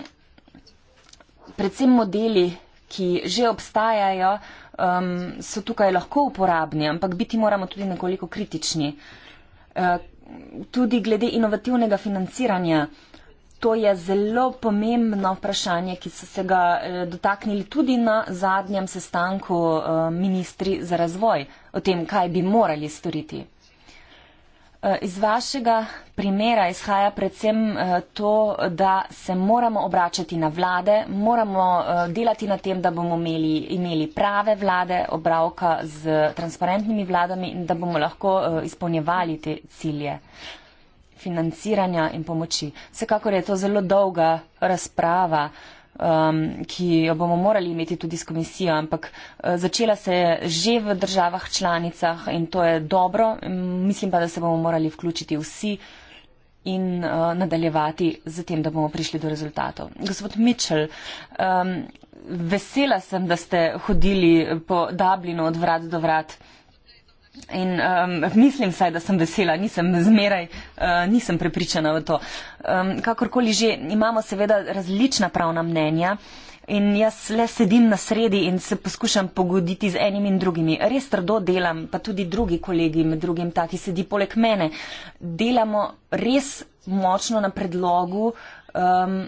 predvsem modeli, ki že obstajajo, um, so tukaj lahko uporabni, ampak biti moramo tudi nekoliko kritični. Uh, tudi glede inovativnega financiranja. To je zelo pomembno vprašanje, ki so se ga eh, dotaknili tudi na zadnjem sestanku eh, ministri za razvoj o tem, kaj bi morali storiti. Eh, iz vašega primera izhaja predvsem eh, to, da se moramo obračati na vlade, moramo eh, delati na tem, da bomo imeli, imeli prave vlade, obravka z transparentnimi vladami in da bomo lahko izpolnjevali te cilje financiranja in pomoči. Vsekakor je to zelo dolga razprava um, ki jo bomo morali imeti tudi s komisijo, ampak uh, začela se je že v državah članicah in to je dobro. Mislim pa, da se bomo morali vključiti vsi in uh, nadaljevati z tem, da bomo prišli do rezultatov. Gospod Mitchell, um, vesela sem, da ste hodili po Dublinu od vrat do vrat. In um, mislim saj, da sem vesela, nisem zmeraj, uh, nisem prepričana v to. Um, kakorkoli že, imamo seveda različna pravna mnenja in jaz le sedim na sredi in se poskušam pogoditi z enim in drugimi. Res trdo delam, pa tudi drugi kolegi med drugim, ta, ki sedi poleg mene. Delamo res močno na predlogu. Um,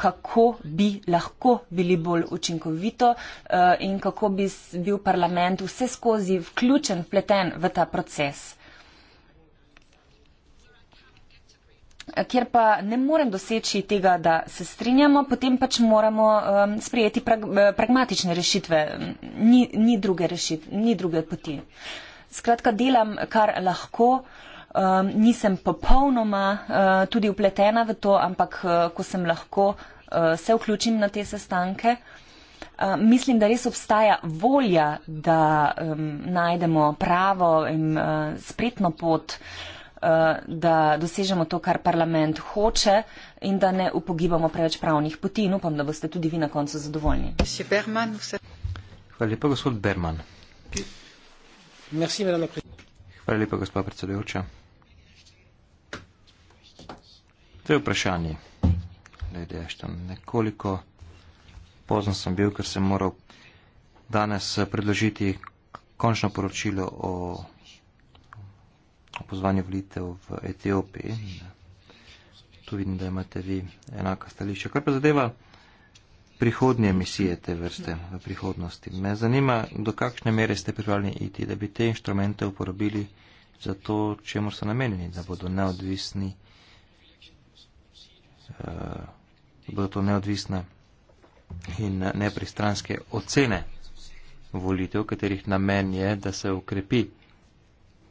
kako bi lahko bili bolj učinkovito uh, in kako bi bil parlament vse skozi vključen, vpleten v ta proces. Eh, Ker pa ne morem doseči tega, da se strinjamo, potem pač moramo um, sprejeti prag eh, pragmatične rešitve. Ni, ni druge rešitve, ni druge poti. Skratka, delam, kar lahko. Uh, um, nisem popolnoma uh, tudi upletena v to, ampak uh, ko sem lahko, uh, se vključim na te sestanke. Uh, mislim, da res obstaja volja, da um, najdemo pravo in uh, spretno pot, uh, da dosežemo to, kar parlament hoče in da ne upogibamo preveč pravnih poti. In upam, da boste tudi vi na koncu zadovoljni. Berman, vse... Hvala lepa, gospod Berman. Merci, Hvala lepa, gospod predsedujoča. To je vprašanje. Glede, ještem, nekoliko pozno sem bil, ker sem moral danes eh, predložiti končno poročilo o, o pozvanju volitev v Etiopiji. Tu vidim, da imate vi enaka stališča. Kar pa zadeva prihodnje misije te vrste v prihodnosti. Me zanima, do kakšne mere ste pripravljeni iti, da bi te inštrumente uporabili za to, čemu so namenjeni, da bodo neodvisni Eh, bodo to neodvisne in nepristranske ocene volitev, katerih namen je, da se ukrepi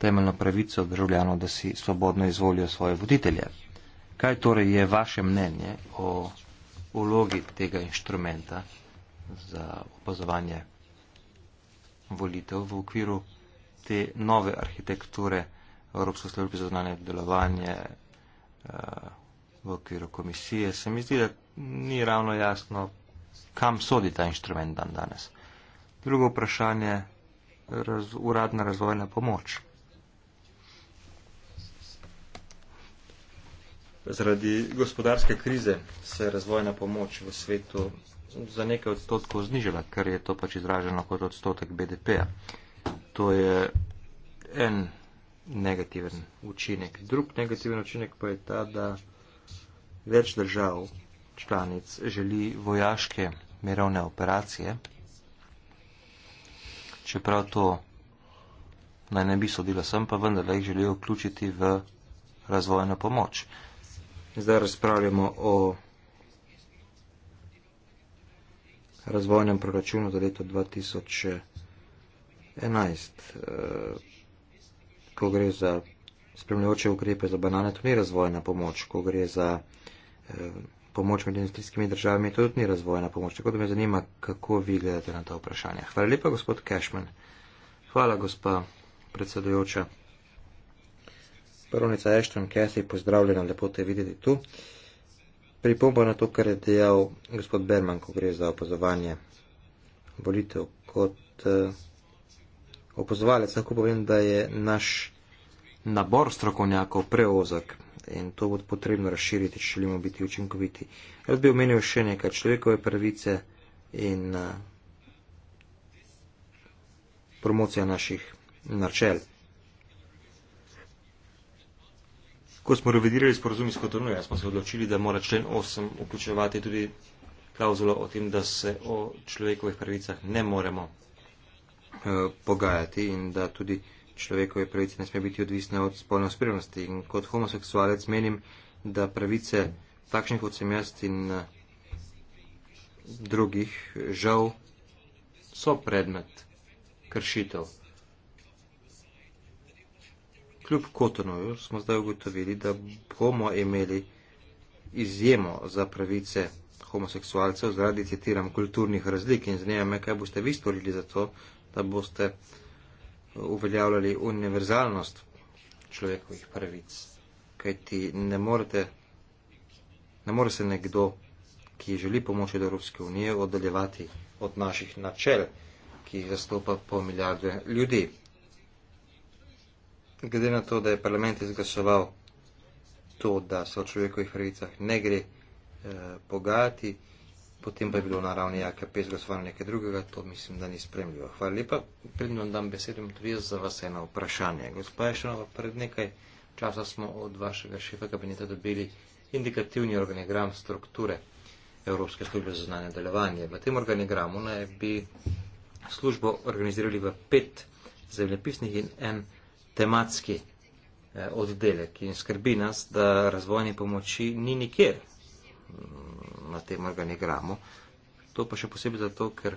temeljno pravico državljanov, da si svobodno izvolijo svoje voditelje. Kaj torej je vaše mnenje o vlogi tega inštrumenta za opazovanje volitev v okviru te nove arhitekture Evropske službe za znanje delovanje, eh, v okviru komisije, se mi zdi, da ni ravno jasno, kam sodi ta inštrument dan danes. Drugo vprašanje, raz, uradna razvojna pomoč. Zaradi gospodarske krize se je razvojna pomoč v svetu za nekaj odstotkov znižala, ker je to pač izraženo kot odstotek BDP-a. To je en negativen učinek. Drug negativen učinek pa je ta, da Več držav članic želi vojaške mirovne operacije, čeprav to naj ne bi sodila sem, pa vendar jih želijo vključiti v razvojno pomoč. Zdaj razpravljamo o razvojnem proračunu za leto 2011. Ko gre za spremljajoče ukrepe za banane, to ni razvojna pomoč, ko gre za pomoč med industrijskimi državami, to tudi ni razvojna pomoč. Tako da me zanima, kako vi gledate na ta vprašanja. Hvala lepa, gospod Cashman. Hvala, gospa predsedujoča. Prvnica Ashton Cathy, pozdravljena, lepo te videti tu. Pripomba na to, kar je dejal gospod Berman, ko gre za opazovanje volitev kot eh, opazovalec. Lahko povem, da je naš nabor strokovnjakov preozak in to bo potrebno razširiti, če želimo biti učinkoviti. Jaz bi omenil še nekaj človekove pravice in eh, promocija naših načel. Ko smo revidirali sporozum iz Kotonuja, smo se odločili, da mora člen 8 vključevati tudi klauzulo o tem, da se o človekovih pravicah ne moremo eh, pogajati in da tudi eh, človekove pravice ne sme biti odvisne od spolne uspravnosti. In kot homoseksualec menim, da pravice takšnih kot sem jaz in drugih žal so predmet kršitev. Kljub kotonoju smo zdaj ugotovili, da bomo imeli izjemo za pravice homoseksualcev zaradi, citiram, kulturnih razlik in zanima me, kaj boste vi storili za to, da boste uveljavljali univerzalnost človekovih pravic. Kaj ti ne morete, ne more se nekdo, ki želi pomoč od Evropske unije, oddaljevati od naših načel, ki jih zastopa po milijarde ljudi. Glede na to, da je parlament izglasoval to, da se o človekovih pravicah ne gre eh, pogajati, potem pa je bilo na ravni AKP izglasovano nekaj drugega, to mislim, da ni spremljivo. Hvala lepa, predno dam besedo, tudi jaz za vas eno vprašanje. Gospa Ješanova, pred nekaj časa smo od vašega šefa kabineta dobili indikativni organigram strukture Evropske službe za znanje delovanje. V tem organigramu naj bi službo organizirali v pet zemljepisnih in en tematski eh, oddelek in skrbi nas, da razvojni pomoči ni nikjer na tem organigramu. To pa še posebej zato, ker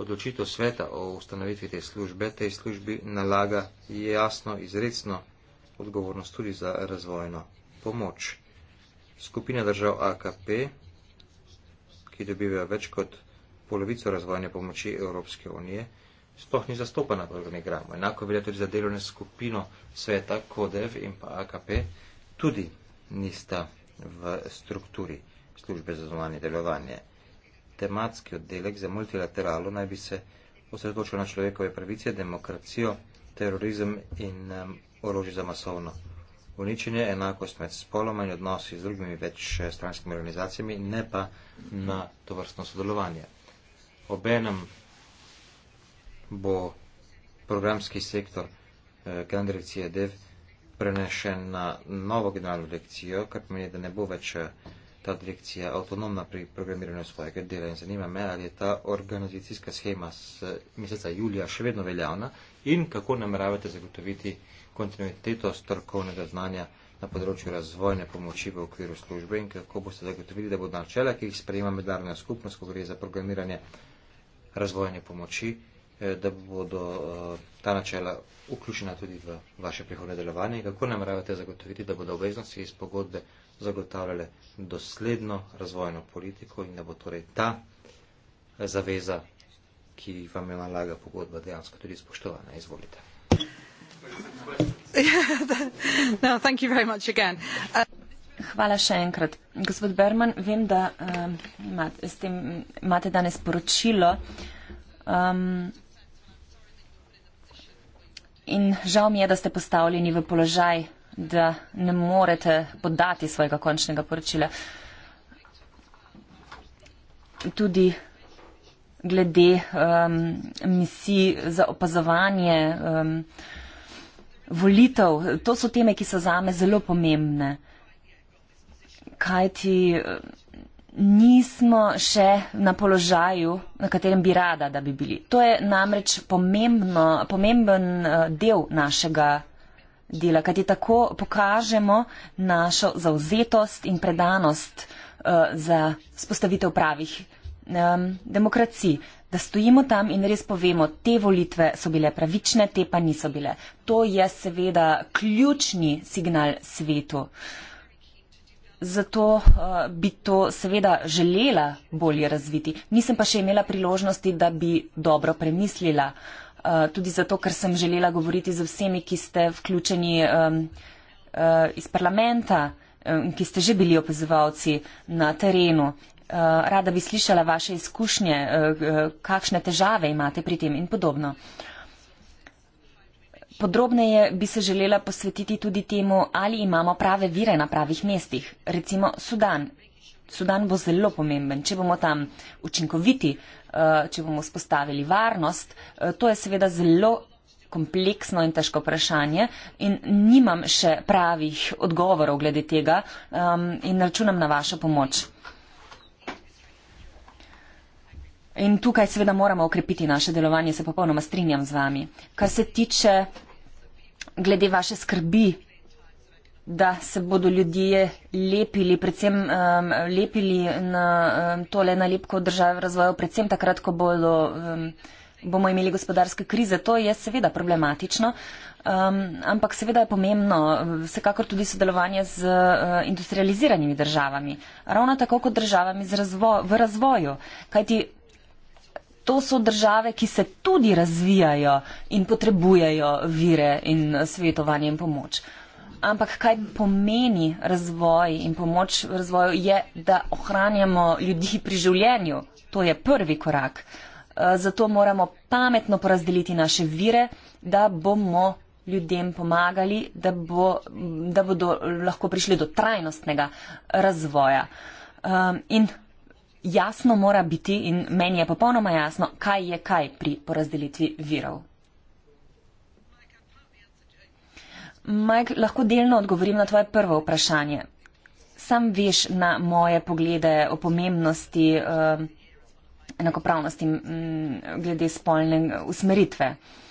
odločitev sveta o ustanovitvi te službe, tej službi nalaga jasno, izredno odgovornost tudi za razvojno pomoč. Skupina držav AKP, ki dobivajo več kot polovico razvojne pomoči Evropske unije, sploh ni zastopana v organigramu. Enako velja tudi za delovne skupino sveta, KODEV in pa AKP, tudi nista v strukturi službe za zunanje delovanje. Tematski oddelek za multilateralo naj bi se osredotočil na človekove pravice, demokracijo, terorizem in um, orožje za masovno uničenje, enakost med spoloma in odnosi z drugimi več stranskimi organizacijami, ne pa na tovrstno sodelovanje. Obenem bo programski sektor eh, Gandrevcije Dev prenešen na novo generalno direkcijo, kar pomeni, da ne bo več eh, ta direkcija avtonomna pri programiranju svojega dela. In zanima me, ali je ta organizacijska schema z meseca julija še vedno veljavna in kako nameravate zagotoviti kontinuiteto strokovnega znanja na področju razvojne pomoči v okviru službe in kako boste zagotovili, da bodo načela, ki jih sprejema mednarodna skupnost, ko gre za programiranje razvojne pomoči, Eh, da bodo eh, ta načela vključena tudi v vaše prihodne delovanje in kako nameravate zagotoviti, da bodo obveznosti iz pogodbe zagotavljale dosledno razvojno politiko in da bo torej ta eh, zaveza, ki vam je nalaga pogodba, dejansko tudi spoštovana. Izvolite. no, thank you very much again. Uh... Hvala še enkrat. Gospod Berman, vem, da um, imate danes poročilo. Um, In žal mi je, da ste postavljeni v položaj, da ne morete podati svojega končnega poročila. Tudi glede um, misij za opazovanje um, volitev, to so teme, ki so zame zelo pomembne. Kaj ti nismo še na položaju, na katerem bi rada, da bi bili. To je namreč pomembno, pomemben eh, del našega dela, kajti tako pokažemo našo zauzetost in predanost uh, za spostavitev pravih um, demokracij, da stojimo tam in res povemo, te volitve so bile pravične, te pa niso bile. To je seveda ključni signal svetu. Uh, zato eh, bi to seveda želela bolje razviti. Nisem pa še imela priložnosti, da bi dobro premislila. Eh, tudi zato, ker sem želela govoriti z vsemi, ki ste vključeni eh, iz parlamenta, ki ste že bili opazovalci na terenu. Rada bi slišala vaše izkušnje, kakšne težave imate pri tem in podobno. Podrobneje bi se želela posvetiti tudi temu, ali imamo prave vire na pravih mestih. Recimo Sudan. Sudan bo zelo pomemben. Če bomo tam učinkoviti, eh, če bomo spostavili varnost, eh, to je seveda zelo kompleksno in težko vprašanje in nimam še pravih odgovorov glede tega ehm, in računam na vašo pomoč. In tukaj seveda moramo okrepiti naše delovanje, se popolnoma strinjam z vami. Kar se tiče glede vaše skrbi, da se bodo ljudje lepili, predvsem um, lepili na um, tole nalepko države razvoja, predvsem takrat, ko bodo, um, bomo imeli gospodarske krize. To je seveda problematično, um, ampak seveda je pomembno vsekakor tudi sodelovanje z uh, industrializiranimi državami, ravno tako kot državami razvo v razvoju. Kajti to so države, ki se tudi razvijajo in potrebujejo vire in svetovanje in pomoč. Ampak kaj pomeni razvoj in pomoč razvoju je, da ohranjamo ljudi pri življenju. To je prvi korak. Eh, zato moramo pametno porazdeliti naše vire, da bomo ljudem pomagali, da, bo, da bodo lahko prišli do trajnostnega razvoja. Eh, in jasno mora biti in meni je popolnoma jasno, kaj je kaj pri porazdelitvi virov. Mike, lahko delno odgovorim na tvoje prvo vprašanje. Sam veš na moje poglede o pomembnosti uh, enakopravnosti m, mm, glede spolne usmeritve. Uh,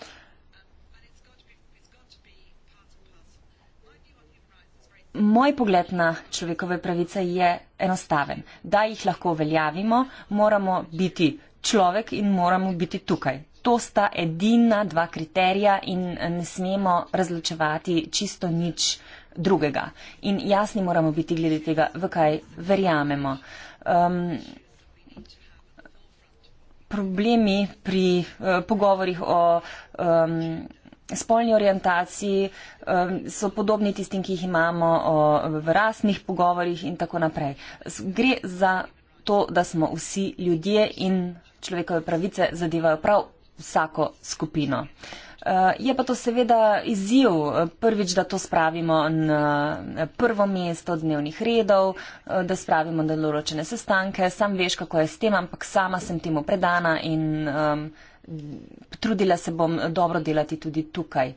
Moj pogled na človekove pravice je enostaven. Da jih lahko uveljavimo, moramo biti človek in moramo biti tukaj. To sta edina dva kriterija in ne smemo razločevati čisto nič drugega. In jasni moramo biti glede tega, v kaj verjamemo. Um, problemi pri uh, pogovorih o. Um, spolni orientaciji, so podobni tistim, ki jih imamo v rasnih pogovorjih in tako naprej. Gre za to, da smo vsi ljudje in človekove pravice zadevajo prav vsako skupino. E, je pa to seveda izziv prvič, da to spravimo na prvo mesto dnevnih redov, e, da spravimo na določene sestanke. Sam veš, kako je s tem, ampak sama sem temu predana in um, trudila se bom dobro delati tudi tukaj.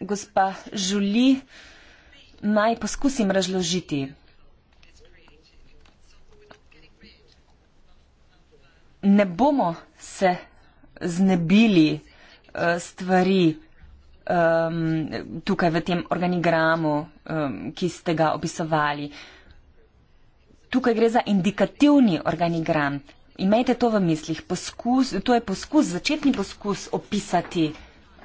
Gospa Žuli, naj poskusim razložiti. Ne bomo se znebili eh, stvari ehm, tukaj v tem organigramu, ehm, ki ste ga opisovali. Tukaj gre za indikativni organigram imejte to v mislih. Poskus, to je poskus, začetni poskus opisati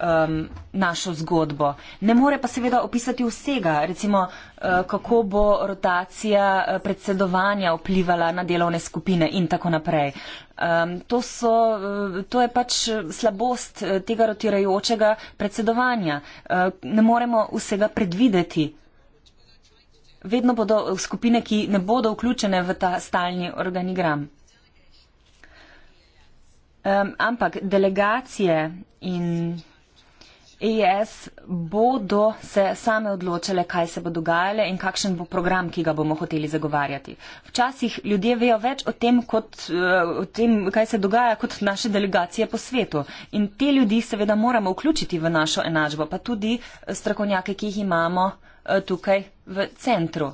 um, našo zgodbo. Ne more pa seveda opisati vsega, recimo uh, kako bo rotacija uh, predsedovanja vplivala na delovne skupine in tako naprej. Um, to, so, uh, to je pač slabost uh, tega rotirajočega predsedovanja. Uh, ne moremo vsega predvideti. Vedno bodo uh, skupine, ki ne bodo vključene v ta stalni organigram. Um, ampak delegacije in ES bodo se same odločale, kaj se bo dogajalo in kakšen bo program, ki ga bomo hoteli zagovarjati. Včasih ljudje vejo več o tem, kot, eh, o tem, kaj se dogaja, kot naše delegacije po svetu. In te ljudi seveda moramo vključiti v našo enačbo, pa tudi eh, strokovnjake, ki jih imamo eh, tukaj v centru.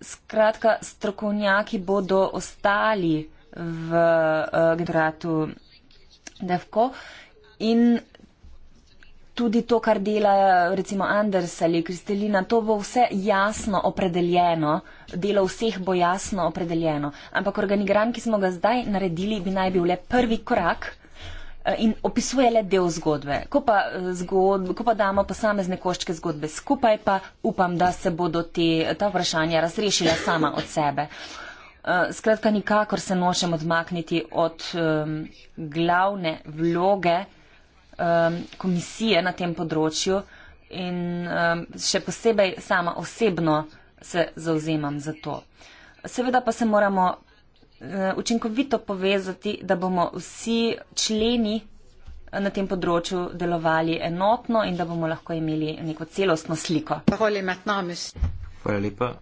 Skratka, strokovnjaki bodo ostali v uh, eh, generatu DevCo. In tudi to, kar dela recimo Anders ali Kristelina, to bo vse jasno opredeljeno, delo vseh bo jasno opredeljeno. Ampak organigram, ki smo ga zdaj naredili, bi naj bil le prvi korak. Eh, in opisuje le del zgodbe. Ko pa, eh, zgod, ko pa damo posamezne koščke zgodbe skupaj, pa upam, da se bodo te, ta vprašanja razrešila sama od sebe. Uh, Eh, skratka, nikakor se nočem odmakniti od um, glavne vloge um, komisije na tem področju in um, še posebej sama osebno se zauzemam za to. Seveda pa se moramo uh, učinkovito povezati, da bomo vsi členi eh, na tem področju delovali enotno in da bomo lahko imeli neko celostno sliko. Hvala lepa.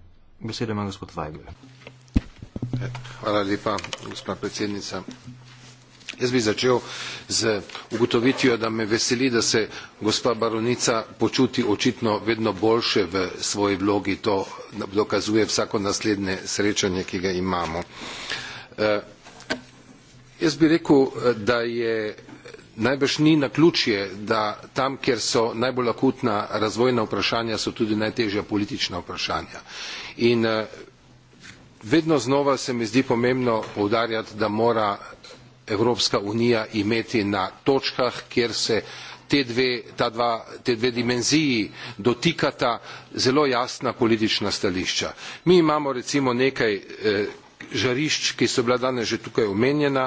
Beseda ima gospod Vajgl. Hvala lepa, gospa predsednica. Jaz bi začel z ugotovitvijo, da me veseli, da se gospa baronica počuti očitno vedno boljše v svoji vlogi. To dokazuje vsako naslednje srečanje, ki ga imamo. Eh, jaz bi rekel, eh, da je najbrž ni na ključje, da tam, kjer so najbolj akutna razvojna vprašanja, so tudi najtežja politična vprašanja. In eh, vedno znova se mi zdi pomembno poudarjati da mora evropska unija imeti na točkah kjer se te dve, ta dva, te dve dimenziji dotikata zelo jasna politična stališča mi imamo recimo nekaj eh, žarišč ki so bila danes že tukaj omenjena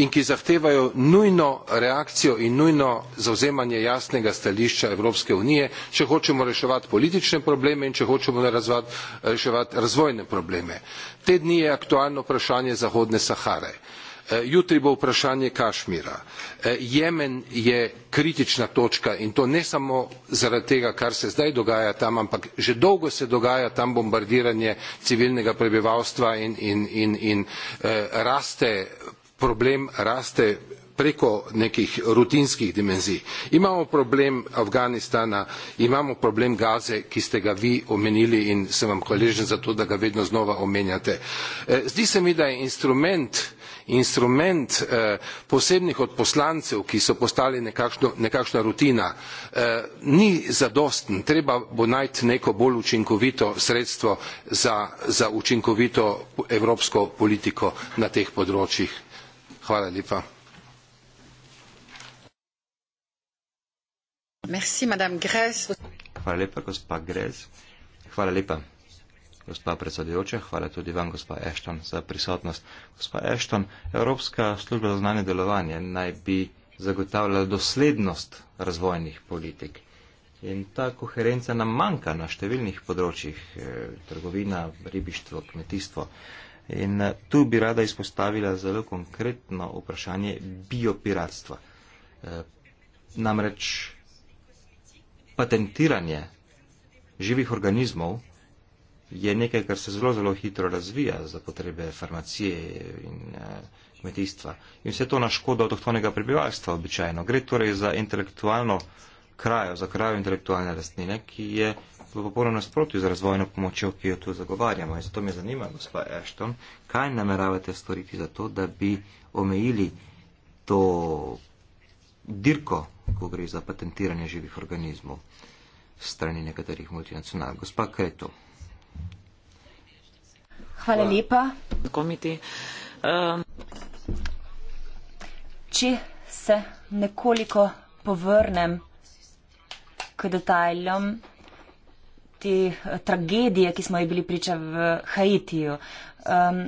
in ki zahtevajo nujno reakcijo in nujno zauzemanje jasnega stališča evropske unije če hočemo reševati politične probleme in če hočemo reševati razvojne probleme. te dni je aktualno vprašanje zahodne sahare. Eh, jutri bo vprašanje kašmira. Eh, jemen je kritična točka in to ne samo zaradi tega kar se zdaj dogaja tam ampak že dolgo se dogaja tam bombardiranje civilnega prebivalstva in, in, in, in eh, raste problem raste preko nekih rutinskih dimenzij. Imamo problem Afganistana, imamo problem Gaze, ki ste ga vi omenili in sem vam hvaležen za to, da ga vedno znova omenjate. Zdi se mi, da je instrument eh, instrument eh, posebnih odposlancev, ki so postali nekakšno, nekakšna rutina, eh, ni zadosten. Treba bo najti neko bolj učinkovito sredstvo za, za učinkovito evropsko politiko na teh področjih. Hvala lepa. Merci, Madame Grez. Hvala lepa, gospa Grez. Hvala lepa. Gospa predsedujoča, hvala tudi vam, gospa Ešton, za prisotnost. Gospa Ešton, Evropska služba za znanje delovanje naj bi zagotavljala doslednost razvojnih politik. In ta koherenca nam manjka na številnih področjih, eh, trgovina, ribištvo, kmetijstvo. In eh, tu bi rada izpostavila zelo konkretno vprašanje biopiratstva. Eh, namreč patentiranje živih organizmov je nekaj, kar se zelo, zelo hitro razvija za potrebe farmacije in eh, kmetijstva. In vse to na škodo avtohtonega prebivalstva običajno. Gre torej za intelektualno krajo, za krajo intelektualne rastline, ki je v popolnem nasprotju z razvojno pomočjo, ki jo tu zagovarjamo. In zato me zanima, gospa Ashton, kaj nameravate storiti za to, da bi omejili to dirko, ko gre za patentiranje živih organizmov strani nekaterih multinacionalk. Gospa Kreto. Hvala lepa. Um, Če se nekoliko povrnem k detajljom te eh, tragedije, ki smo jih bili priča v Haitiju. Um,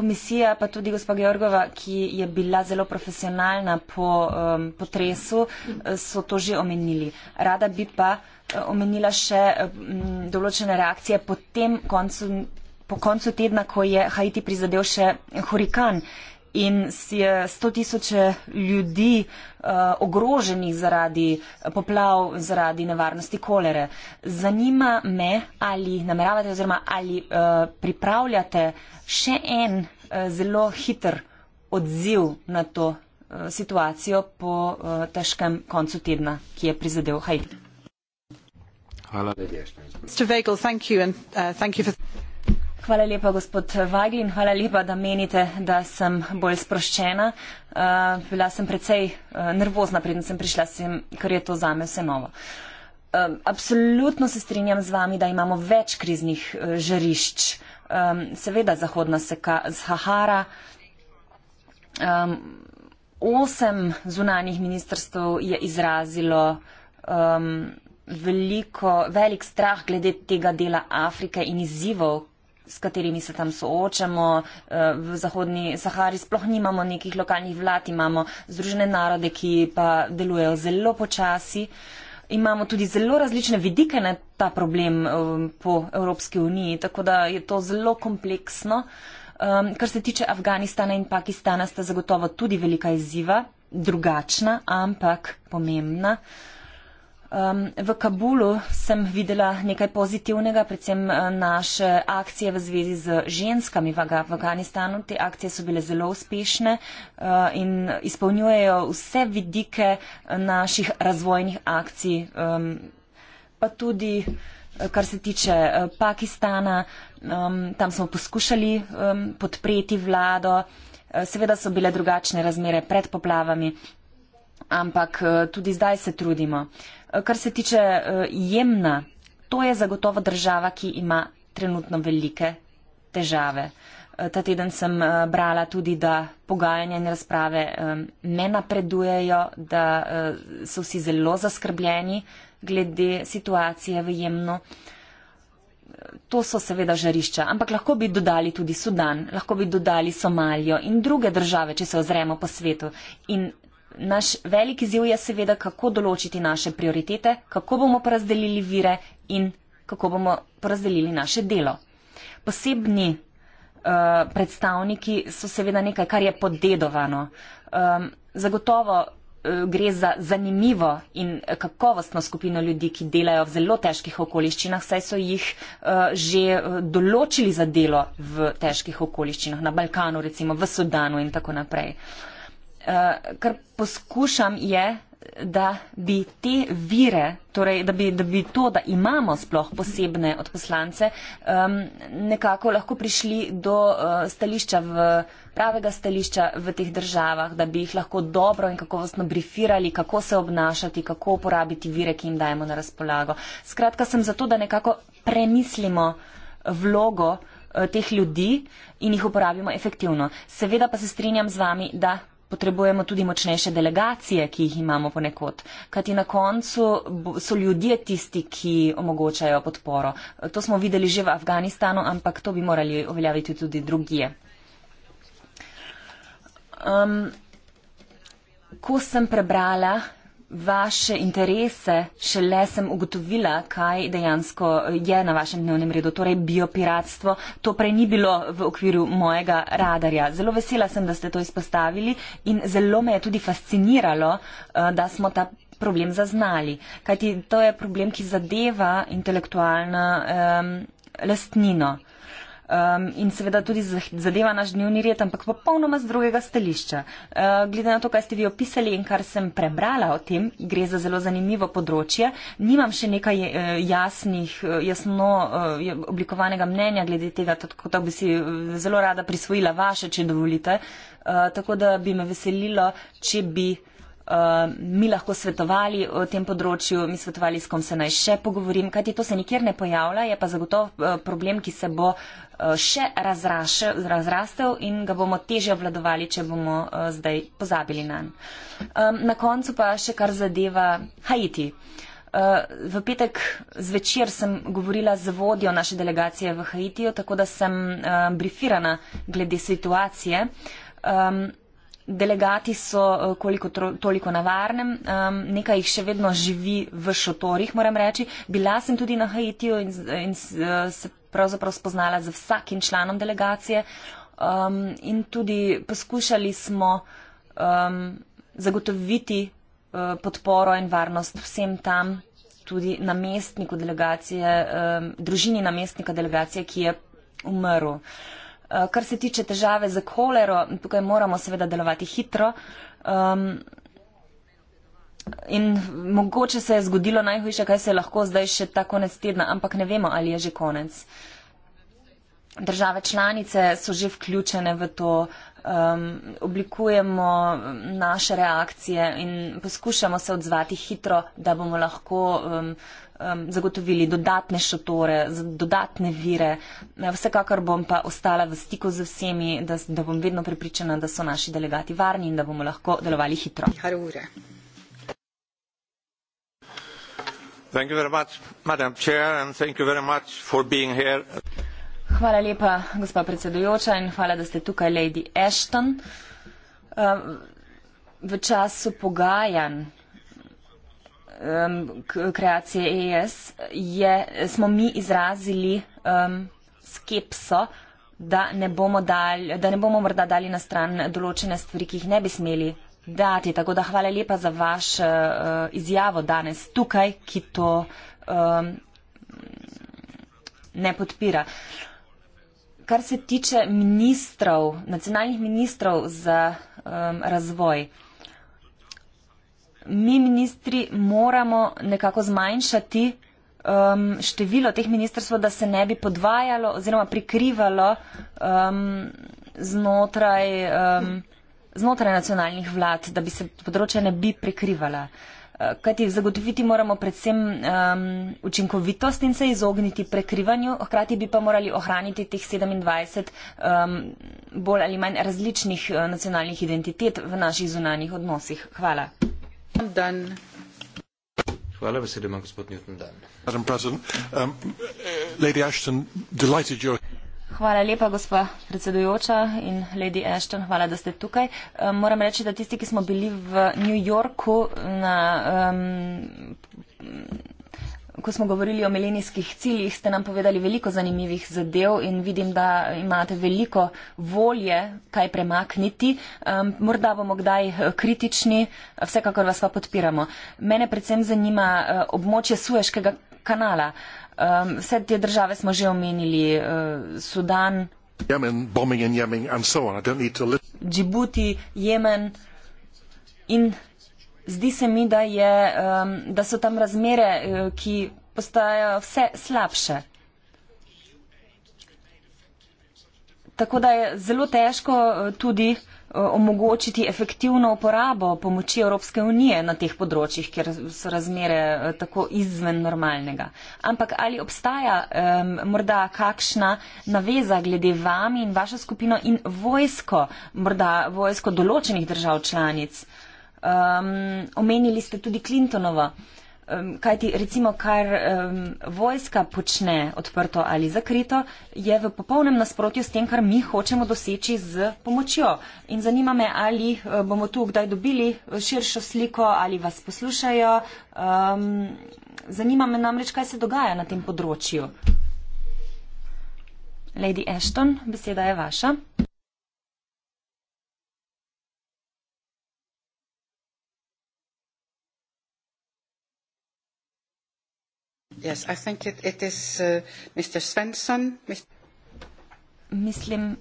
komisija, pa tudi gospa Georgova, ki je bila zelo profesionalna po um, potresu, eh, so to že omenili. Rada bi pa eh, omenila še um, določene reakcije po tem koncu po koncu tedna, ko je Haiti prizadel še hurikan in si je 100 tisoče ljudi uh, ogroženih zaradi poplav, zaradi nevarnosti kolere. Zanima me, ali nameravate oziroma ali uh, pripravljate še en uh, zelo hiter odziv na to uh, situacijo po uh, težkem koncu tedna, ki je prizadel Haiti. Hvala. Mr. Vagel, thank you and uh, thank you for... Hvala lepa, gospod Vagi, in hvala lepa, da menite, da sem bolj sproščena. Uh, bila sem precej uh, nervozna, preden sem prišla sem, ker je to zame vse novo. Uh, absolutno se strinjam z vami, da imamo več kriznih uh, žarišč. Um, seveda, Zahodna Seka Zahara. Um, osem zunanjih ministrstv je izrazilo. Um, Veliko, velik strah glede tega dela Afrike in izzivov, s katerimi se tam soočamo. Eh, v Zahodni Sahari sploh nimamo nekih lokalnih vlad, imamo združene narode, ki pa delujejo zelo počasi. Imamo tudi zelo različne vidike na ta problem um, po Evropski uniji, tako da je to zelo kompleksno. Um, kar se tiče Afganistana in Pakistana, sta zagotovo tudi velika izziva, drugačna, ampak pomembna. Um, v Kabulu sem videla nekaj pozitivnega, predvsem eh, naše akcije v zvezi z ženskami v, v Afganistanu. Te akcije so bile zelo uspešne uh, in izpolnjujejo vse vidike eh, naših razvojnih akcij, um, pa tudi kar se tiče Pakistana. Um, tam smo poskušali um, podpreti vlado. Seveda so bile drugačne razmere pred poplavami, ampak tudi zdaj se trudimo. Uh, kar se tiče eh, jemna, to je zagotovo država, ki ima trenutno velike težave. Eh, ta teden sem eh, brala tudi, da pogajanja in razprave ne napredujejo, da so vsi zelo zaskrbljeni glede situacije v jemnu. To so seveda žarišča, ampak lahko bi dodali tudi Sudan, lahko bi dodali Somalijo in druge države, če se ozremo po svetu. In Naš velik izziv je seveda, kako določiti naše prioritete, kako bomo porazdelili vire in kako bomo porazdelili naše delo. Posebni uh, predstavniki so seveda nekaj, kar je podedovano. Um, zagotovo uh, gre za zanimivo in kakovostno skupino ljudi, ki delajo v zelo težkih okoliščinah, saj so jih uh, že uh, določili za delo v težkih okoliščinah, na Balkanu, recimo v Sudanu in tako naprej. Uh, Uh, kar poskušam je, da bi te vire, torej da bi, da bi to, da imamo sploh posebne odposlance, um, nekako lahko prišli do uh, stališča v pravega stališča v teh državah, da bi jih lahko dobro in kakovostno brifirali, kako se obnašati, kako uporabiti vire, ki jim dajemo na razpolago. Skratka, sem zato, da nekako premislimo vlogo uh, teh ljudi in jih uporabimo efektivno. Seveda pa se strinjam z vami, da potrebujemo tudi močnejše delegacije, ki jih imamo ponekod, kajti na koncu so ljudje tisti, ki omogočajo podporo. To smo videli že v Afganistanu, ampak to bi morali uveljaviti tudi drugje. Um, ko sem prebrala vaše interese, šele sem ugotovila, kaj dejansko je na vašem dnevnem redu, torej biopiratstvo. To prej ni bilo v okviru mojega radarja. Zelo vesela sem, da ste to izpostavili in zelo me je tudi fasciniralo, eh, da smo ta problem zaznali. Kajti to je problem, ki zadeva intelektualno um, lastnino um, in seveda tudi zadeva naš dnevni red, ampak popolnoma z drugega stališča. Uh, glede na to, kaj ste vi opisali in kar sem prebrala o tem, gre za zelo zanimivo področje. Nimam še nekaj eh, jasnih, eh, jasno eh, oblikovanega mnenja glede tega, tako da bi si zelo rada prisvojila vaše, če dovolite. Uh, tako da bi me veselilo, če bi. Uh, mi lahko svetovali o tem področju, mi svetovali, s kom se naj še pogovorim, kajti to se nikjer ne pojavlja, je pa zagotov uh, problem, ki se bo uh, Eh, še razrašel, razrastel in ga bomo težje obvladovali, če bomo eh, zdaj pozabili na njem. Na koncu pa še kar zadeva Haiti. Eh, v petek zvečer sem govorila z vodjo naše delegacije v Haitiju, tako da sem brifirana glede situacije. Delegati so koliko toliko na varnem, um, nekaj jih še vedno živi v šotorih, moram reči. Bila sem tudi na Haitiju in, in se pravzaprav spoznala z vsakim članom delegacije um, in tudi poskušali smo um, zagotoviti uh, podporo in varnost vsem tam, tudi namestniku delegacije, um, družini namestnika delegacije, ki je umrl. Uh, kar se tiče težave za kolero, tukaj moramo seveda delovati hitro. Um, In mogoče se je zgodilo najhujše, kaj se je lahko zdaj še ta konec tedna, ampak ne vemo, ali je že konec. Države članice so že vključene v to, um, oblikujemo naše reakcije in poskušamo se odzvati hitro, da bomo lahko um, um, zagotovili dodatne šotore, dodatne vire. Vsekakor bom pa ostala v stiku z vsemi, da, da bom vedno prepričana, da so naši delegati varni in da bomo lahko delovali hitro. Harure. Thank you very much, madam chair, and thank you very much for being here. Hvala lepa, gospa predsedujoča, in hvala, da ste tukaj, lady Ashton. Ehm, v času pogajanj ehm, kreacije ES je, smo mi izrazili ehm, skepso, da ne bomo dal, da ne bomo morda dali na stran določene stvari, ki jih ne bi smeli dati. Tako da hvala lepa za vaš uh, izjavo danes tukaj, ki to um, ne podpira. Kar se tiče ministrov, nacionalnih ministrov za um, razvoj, mi ministri moramo nekako zmanjšati um, število teh ministrstv, da se ne bi podvajalo oziroma prikrivalo um, znotraj. Um, znotraj nacionalnih vlad, da bi se področje ne bi prekrivala. Eh, kajti zagotoviti moramo predvsem um, učinkovitost in se izogniti prekrivanju, hkrati bi pa morali ohraniti teh 27 um, bolj ali manj različnih eh, nacionalnih identitet v naših zunanjih odnosih. Hvala. Dan. Hvala, besedo ima gospod Newton. Dan. Madam President, um, Lady Ashton, delighted you're. Hvala lepa, gospa predsedujoča in Lady Ashton, hvala, da ste tukaj. Eh, moram reči, da tisti, ki smo bili v New Yorku, na, um, ko smo govorili o milenijskih ciljih, ste nam povedali veliko zanimivih zadev in vidim, da imate veliko volje, kaj premakniti. Um, morda bomo kdaj eh, kritični, vsekakor vas pa podpiramo. Mene predvsem zanima eh, območje Suješkega kanala. Um, vse te države smo že omenili, uh, Sudan, Džibuti, Jemen in zdi se mi, da, je, um, da so tam razmere, uh, ki postajajo vse slabše. Tako da je zelo težko uh, tudi. Eh, omogočiti efektivno uporabo pomoči Evropske unije na teh področjih, kjer so razmere eh, tako izven normalnega. Ampak ali obstaja um, morda kakšna naveza glede vami in vašo skupino in vojsko, morda vojsko določenih držav članic? Um, omenili ste tudi Clintonovo. Um, kaj ti recimo, kar um, vojska počne odprto ali zakrito, je v popolnem nasprotju s tem, kar mi hočemo doseči z pomočjo. In zanima me, ali uh, bomo tu kdaj dobili eh, širšo sliko, ali vas poslušajo. Um, zanima me namreč, kaj se dogaja na tem področju. Lady Ashton, beseda je vaša. Yes, I think it, it is uh, Mr. Svensson. Mislim,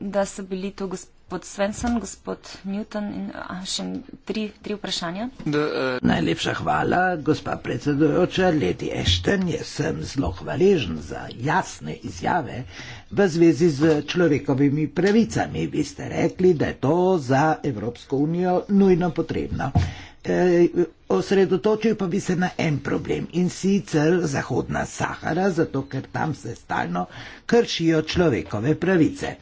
da so bili to gospod Svensson, gospod Newton in a, še tri, tri vprašanja. The, uh... Najlepša hvala, gospa predsedujoča, Lady Ashton. Jaz sem zelo hvaležen za jasne izjave v zvezi z človekovimi pravicami. Vi ste rekli, da je to za Evropsko unijo nujno potrebno. Eh, osredotočil pa bi se na en problem in sicer Zahodna Sahara, zato ker tam se stalno kršijo človekove pravice.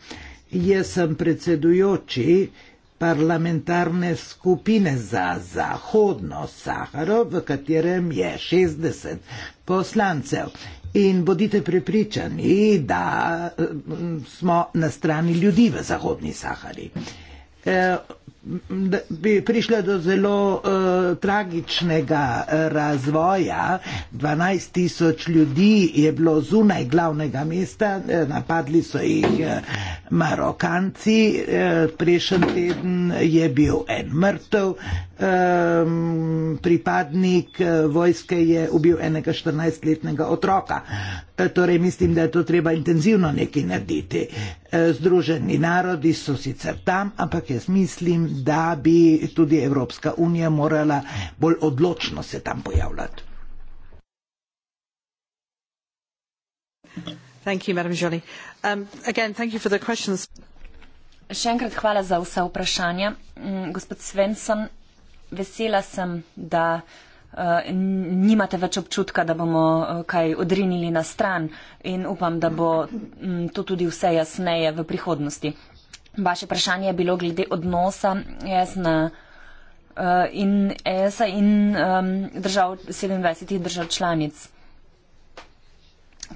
Jaz sem predsedujoči parlamentarne skupine za Zahodno Saharo, v katerem je 60 poslancev. In bodite prepričani, da eh, smo na strani ljudi v Zahodni Sahari. Eh, bi prišlo do zelo uh, tragičnega eh, razvoja. 12 tisoč ljudi je bilo zunaj glavnega mesta, eh, napadli so jih Marokanci, prejšnji teden je bil en mrtev, um, pripadnik vojske je ubil enega 14-letnega otroka. Torej, mislim, da je to treba intenzivno nekaj narediti. Združeni narodi so sicer tam, ampak jaz mislim, da bi tudi Evropska unija morala bolj odločno se tam pojavljati. Thank you, um, again, thank you for the Še enkrat hvala za vsa vprašanja. Mm, gospod Svensson, vesela sem, da uh, nimate več občutka, da bomo uh, kaj odrinili na stran in upam, da bo um, to tudi vse jasneje v prihodnosti. Vaše vprašanje je bilo glede odnosa jaz na uh, in ESA in um, držav 27 držav članic.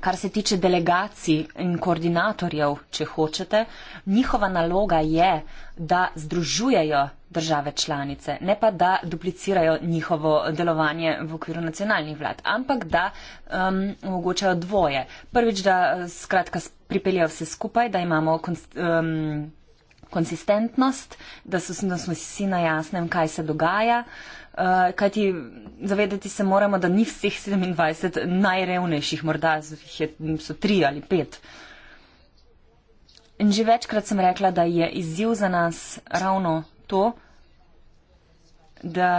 Kar se tiče delegacij in koordinatorjev, če hočete, njihova naloga je, da združujejo države članice, ne pa da duplicirajo njihovo delovanje v okviru nacionalnih vlad, ampak da um, omogočajo dvoje. Prvič, da eh, skratka pripeljejo vse skupaj, da imamo. Um, konsistentnost, da, so, da smo vsi na jasnem, kaj se dogaja. Uh, kajti zavedati se moramo, da ni vseh 27 najrevnejših, morda jih je, so tri ali pet. In že večkrat sem rekla, da je izziv za nas ravno to, da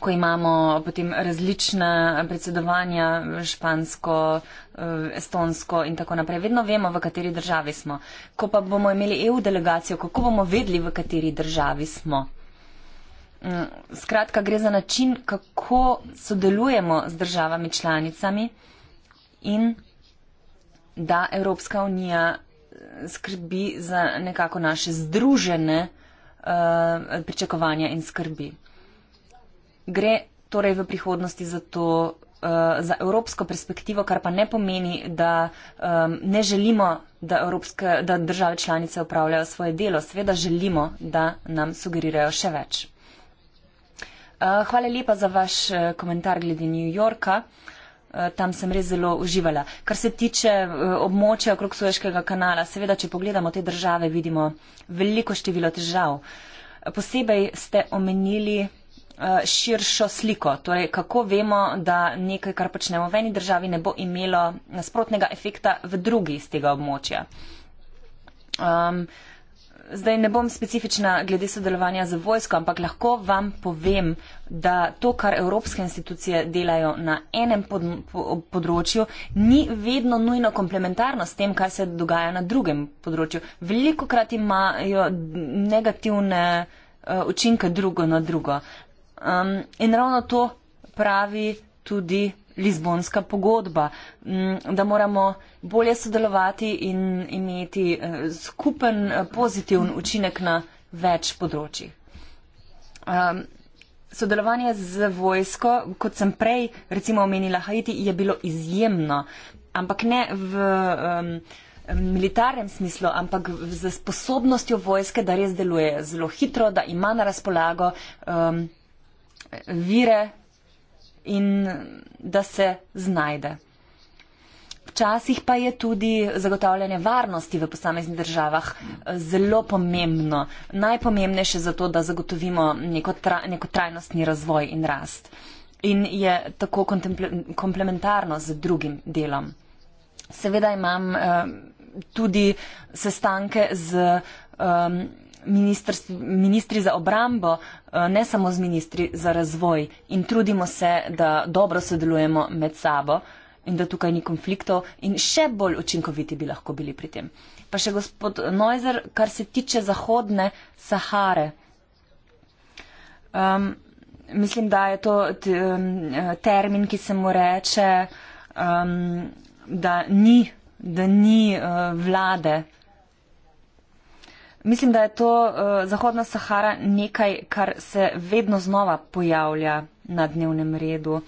ko imamo potem različna predsedovanja, špansko, eh, estonsko in tako naprej. Vedno vemo, v kateri državi smo. Ko pa bomo imeli EU delegacijo, kako bomo vedeli, v kateri državi smo? Mm, skratka, gre za način, kako sodelujemo z državami članicami in da Evropska unija eh, skrbi za nekako naše združene uh, pričakovanja in skrbi. Gre torej v prihodnosti za to, eh, za evropsko perspektivo, kar pa ne pomeni, da um, ne želimo, da, evropske, da države članice upravljajo svoje delo. Sveda želimo, da nam sugerirajo še več. Uh, hvala lepa za vaš eh, komentar glede New Yorka. Uh, tam sem res zelo uživala. Kar se tiče uh, območja okrog Suješkega kanala, seveda, če pogledamo te države, vidimo veliko število težav. Posebej ste omenili. Eh, širšo sliko, torej kako vemo, da nekaj, kar počnemo v eni državi, ne bo imelo nasprotnega efekta v drugi iz tega območja. Um, zdaj ne bom specifična glede sodelovanja z vojsko, ampak lahko vam povem, da to, kar evropske institucije delajo na enem pod, po, področju, ni vedno nujno komplementarno s tem, kar se dogaja na drugem področju. Veliko krat imajo negativne eh, učinke drugo na drugo. Um, in ravno to pravi tudi Lizbonska pogodba, um, da moramo bolje sodelovati in imeti uh, skupen uh, eh, pozitivn učinek na več področji. Um, sodelovanje z vojsko, kot sem prej recimo omenila Haiti, je bilo izjemno, ampak ne v. Um, militarnem smislu, ampak z sposobnostjo vojske, da res deluje zelo hitro, da ima na razpolago um, vire in da se znajde. Včasih pa je tudi zagotavljanje varnosti v posameznih državah eh, zelo pomembno. Najpomembnejše za to, da zagotovimo neko, tra, neko trajnostni razvoj in rast. In je tako komplementarno z drugim delom. Seveda imam eh, tudi sestanke z. Eh, ministri za obrambo, eh, ne samo z ministri za razvoj in trudimo se, da dobro sodelujemo med sabo in da tukaj ni konfliktov in še bolj učinkoviti bi lahko bili pri tem. Pa še gospod Neuser, kar se tiče zahodne Sahare. Um, mislim, da je to termin, ki se mu reče, um, da ni, da ni uh, vlade, Mislim, da je to uh, Zahodna Sahara nekaj, kar se vedno znova pojavlja na dnevnem redu.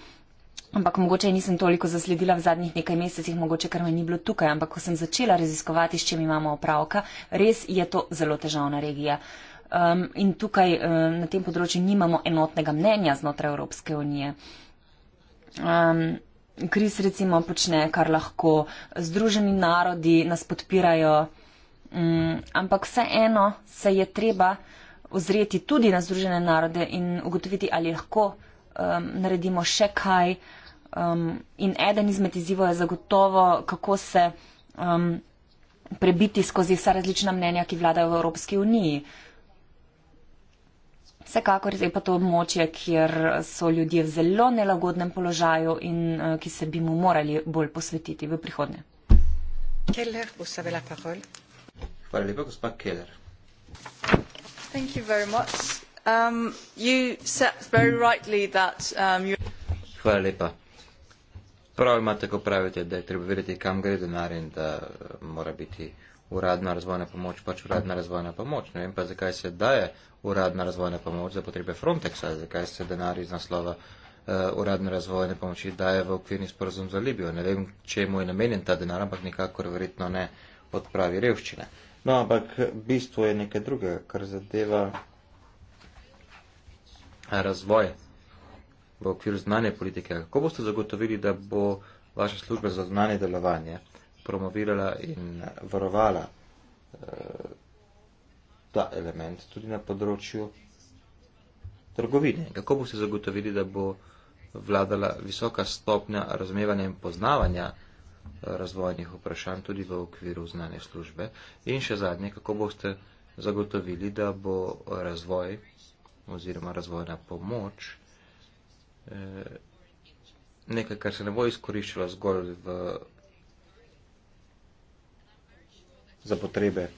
Ampak mogoče nisem toliko zasledila v zadnjih nekaj mesecih, mogoče kar me ni bilo tukaj, ampak ko sem začela raziskovati, s čim imamo opravka, res je to zelo težavna regija. Um, in tukaj uh, na tem področju nimamo enotnega mnenja znotraj Evropske unije. Um, Kris recimo počne, kar lahko. Združeni narodi nas podpirajo. Mm, ampak vseeno se je treba ozreti tudi na Združene narode in ugotoviti, ali lahko um, naredimo še kaj. Um, in eden izmed izzivov je zagotovo, kako se um, prebiti skozi vsa različna mnenja, ki vladajo v Evropski uniji. Vsekakor je pa to območje, kjer so ljudje v zelo nelagodnem položaju in uh, ki se bi mu morali bolj posvetiti v prihodnje. Keller, Hvala lepa, gospa Keller. Thank you very much. Um, you set very rightly that um, you. Hvala lepa. Prav imate, ko pravite, da je treba vedeti, kam gre denar in da uh, mora biti uradna razvojna pomoč, pač uradna razvojna pomoč. Ne vem pa, zakaj se daje uradna razvojna pomoč za potrebe Frontexa, zakaj se denar iz naslova uh, uradne razvojne pomoči daje v okvirni sporozum za Libijo. Ne vem, čemu je namenjen ta denar, ampak nikakor verjetno ne odpravi revščine. Uh, No, ampak bistvo je nekaj drugega, kar zadeva razvoj v okviru znanja politike. Kako boste zagotovili, da bo vaša služba za znanje delovanje promovirala in varovala eh, ta element tudi na področju trgovine? Kako boste zagotovili, da bo vladala visoka stopnja razumevanja in poznavanja razvojnih vprašanj tudi v okviru znanje službe. In še zadnje, kako boste zagotovili, da bo razvoj oziroma razvojna pomoč eh, nekaj, kar se ne bo izkoriščalo zgolj v, za potrebe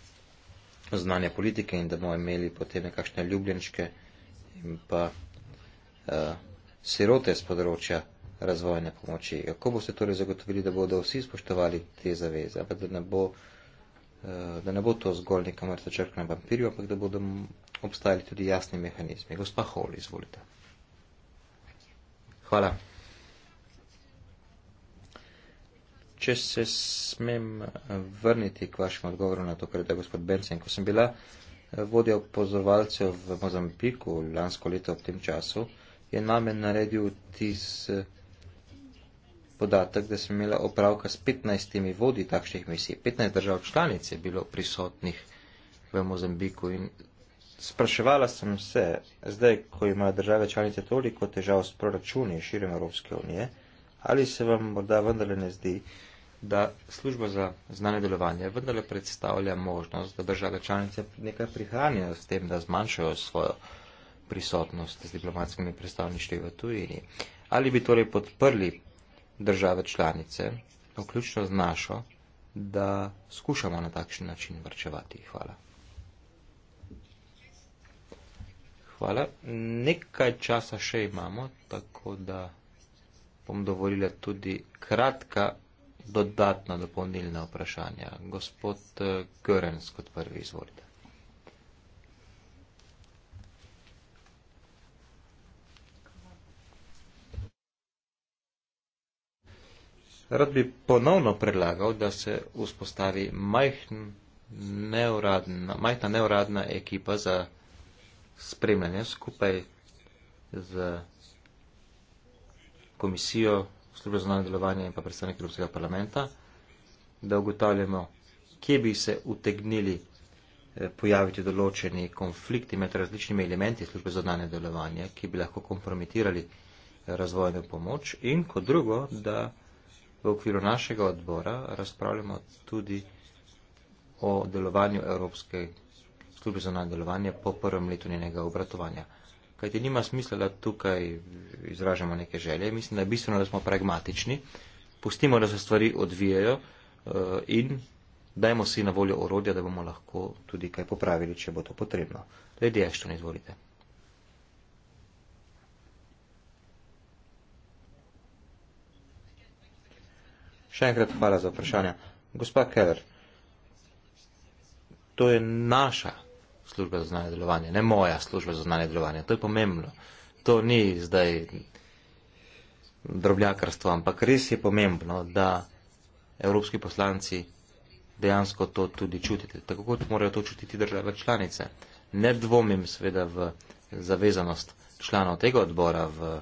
znanja politike in da bomo imeli potem nekakšne ljubljenčke in pa uh, sirote z področja razvojne pomoči. Kako boste torej zagotovili, da bodo vsi spoštovali te zaveze, ampak da ne bo, eh, da ne bo to zgolj neka mrtva črka na vampirju, ampak da bodo obstajali tudi jasni mehanizmi. Gospa Hol, izvolite. Hvala. Če se smem eh, vrniti k vašemu odgovoru na to, kar je da gospod Bensen, ko sem bila eh, vodja opozorovalcev v Mozambiku lansko leto ob tem času, je name naredil tis podatek, da sem imela opravka s 15 vodi takšnih misij. 15 držav članic je bilo prisotnih v Mozambiku in spraševala sem se, zdaj, ko imajo države članice toliko težav s proračuni širom Evropske unije, ali se vam morda vendarle ne zdi, da služba za znane delovanje vendarle predstavlja možnost, da države članice nekaj prihranijo s tem, da zmanjšajo svojo prisotnost z diplomatskimi predstavništvi v tujini. Ali bi torej podprli države članice, vključno z našo, da skušamo na takšen način vrčevati. Hvala. Hvala. Nekaj časa še imamo, tako da bom dovolila tudi kratka dodatna dopolnilna vprašanja. Gospod eh, Görens kot prvi izvolite. Rad bi ponovno predlagal, da se vzpostavi neuradna, majhna neuradna ekipa za spremljanje skupaj z komisijo službe za znanje delovanje in pa predstavnik Evropskega parlamenta, da ugotavljamo, kje bi se utegnili eh, pojaviti določeni konflikti med različnimi elementi službe za znanje delovanje, ki bi lahko kompromitirali razvojno pomoč in kot drugo, da v okviru našega odbora razpravljamo tudi o delovanju Evropske službe za nadelovanje po prvem letu njenega obratovanja. Kajti nima smisla, da tukaj izražamo neke želje. Mislim, da je bistveno, da smo pragmatični. Pustimo, da se stvari odvijajo eh, in dajmo si na voljo orodja, da bomo lahko tudi kaj popravili, če bo to potrebno. Lady Ashton, izvolite. Še enkrat hvala za vprašanje. Gospa Keller, to je naša služba za znanje delovanje, ne moja služba za znanje delovanje. To je pomembno. To ni zdaj drobnjakarstvo, ampak res je pomembno, da evropski poslanci dejansko to tudi čutite, tako kot morajo to čutiti države članice. Ne dvomim seveda v zavezanost članov tega odbora v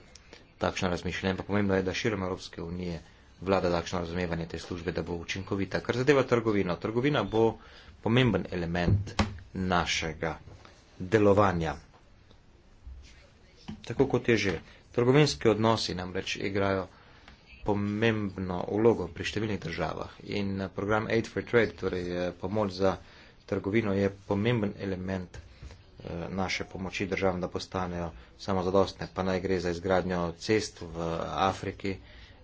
takšno razmišljanje, ampak pomembno je, da širom Evropske unije vlada takšno razumevanje te službe, da bo učinkovita. Kar zadeva trgovino, trgovina bo pomemben element našega delovanja. Tako kot je že. Trgovinski odnosi namreč igrajo pomembno vlogo pri številnih državah in program Aid for Trade, torej eh, pomoč za trgovino, je pomemben element eh, naše pomoči državam, da postanejo samozadostne, pa naj gre za izgradnjo cest v Afriki,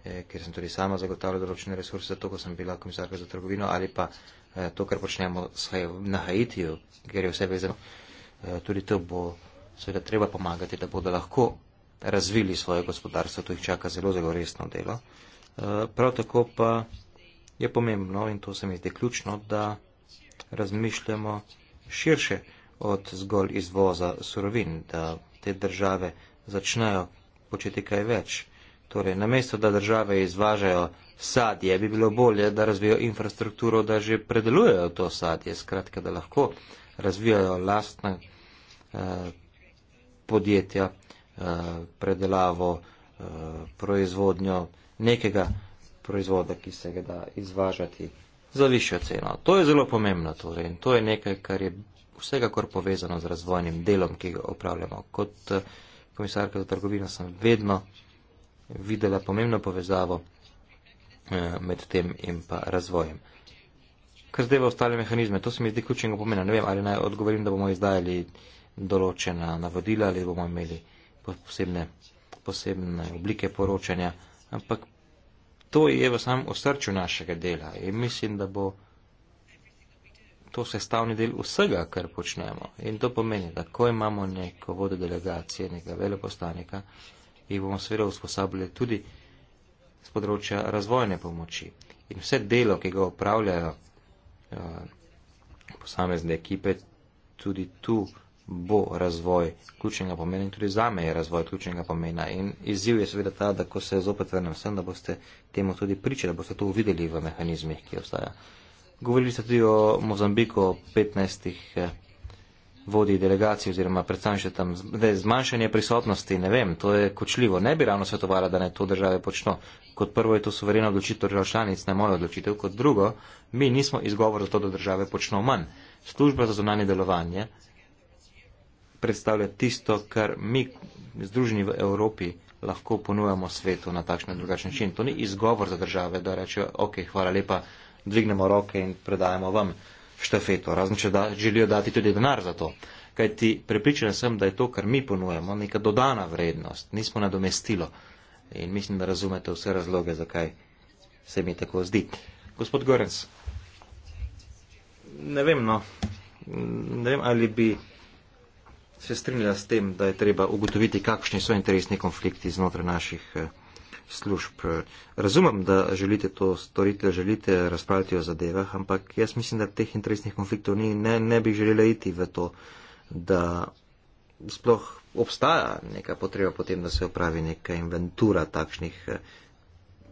Eh, ker sem tudi sama zagotavljala določene resurse za to, ko sem bila komisarka za trgovino ali pa eh, to, kar počnemo na Haitiju, ker je vse vezano. Eh, tudi to bo seveda treba pomagati, da bodo lahko razvili svoje gospodarstvo, tu jih čaka zelo, zelo resno delo. Prav tako pa je pomembno in to se mi zdi ključno, da razmišljamo širše od zgolj izvoza surovin, da te države začnejo početi kaj več. Torej, namesto da države izvažajo sadje, bi bilo bolje, da razvijo infrastrukturo, da že predelujejo to sadje, skratka, da lahko razvijajo lastna eh, podjetja, eh, predelavo, eh, proizvodnjo nekega proizvoda, ki se ga da izvažati za višjo ceno. To je zelo pomembno torej in to je nekaj, kar je vsekakor povezano z razvojnim delom, ki ga opravljamo. Kot eh, komisarka za trgovino sem vedno videla pomembno povezavo eh, med tem in pa razvojem. Kar zdaj v ostale mehanizme, to se mi zdi ključnega pomena. Ne vem, ali naj odgovorim, da bomo izdajali določena navodila ali bomo imeli posebne, posebne oblike poročanja, ampak to je v samem osrčju našega dela in mislim, da bo to sestavni del vsega, kar počnemo. In to pomeni, da ko imamo neko vodo delegacije, nekega veleposlanika, jih bomo seveda usposabljali tudi z področja razvojne pomoči. In vse delo, ki ga upravljajo uh, eh, posamezne ekipe, tudi tu bo razvoj ključnega pomena in tudi zame je razvoj ključnega pomena. In izziv je seveda ta, da ko se zopet vrnem sem, da boste temu tudi pričali, da boste to uvideli v mehanizmih, ki obstaja. Govorili ste tudi o Mozambiku, o 15. Uh, vodi delegacijo oziroma predstavniče tam zmanjšanje prisotnosti, ne vem, to je kočljivo. Ne bi ravno svetovala, da ne to države počno. Kot prvo je to suverena odločitev držav članic, ne moja odločitev. Kot drugo, mi nismo izgovor za to, da države počno manj. Služba za zunanje delovanje predstavlja tisto, kar mi združeni v Evropi lahko ponujamo svetu na takšen in drugačen način. To ni izgovor za države, da rečejo, ok, hvala lepa, dvignemo roke in predajemo vam štafeto, razen če da, želijo dati tudi denar za to. Kaj ti prepričan sem, da je to, kar mi ponujemo, neka dodana vrednost, nismo nadomestilo. In mislim, da razumete vse razloge, zakaj se mi tako zdi. Gospod Gorens, ne vem, no, ne vem, ali bi se strinjala s tem, da je treba ugotoviti, kakšni so interesni konflikti znotraj naših. Eh, služb. Razumem, da želite to storiti, želite razpravljati o zadevah, ampak jaz mislim, da teh interesnih konfliktov ni, ne, ne bi želela iti v to, da sploh obstaja neka potreba potem, da se opravi neka inventura takšnih eh,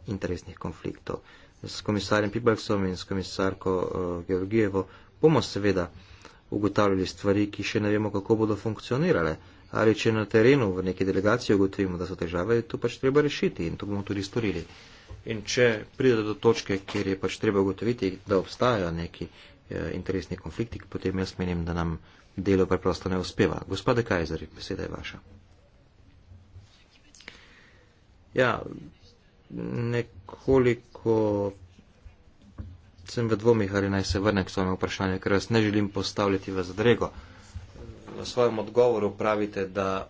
interesnih konfliktov. S komisarjem Pibalsom in s komisarko eh, Georgijevo bomo seveda ugotavljali stvari, ki še ne vemo, kako bodo funkcionirale ali če na terenu v neki delegaciji ugotovimo, da so težave, to pač treba rešiti in to bomo tudi storili. In če pride do točke, kjer je pač treba ugotoviti, da obstajajo neki eh, interesni konflikti, potem jaz menim, da nam delo preprosto ne uspeva. Gospod Kajzer, beseda je vaša. Ja, nekoliko sem v dvomih, ali naj se vrnem k svojemu vprašanju, ker vas ne želim postavljati v zadrego. Eh, v svojem odgovoru pravite, da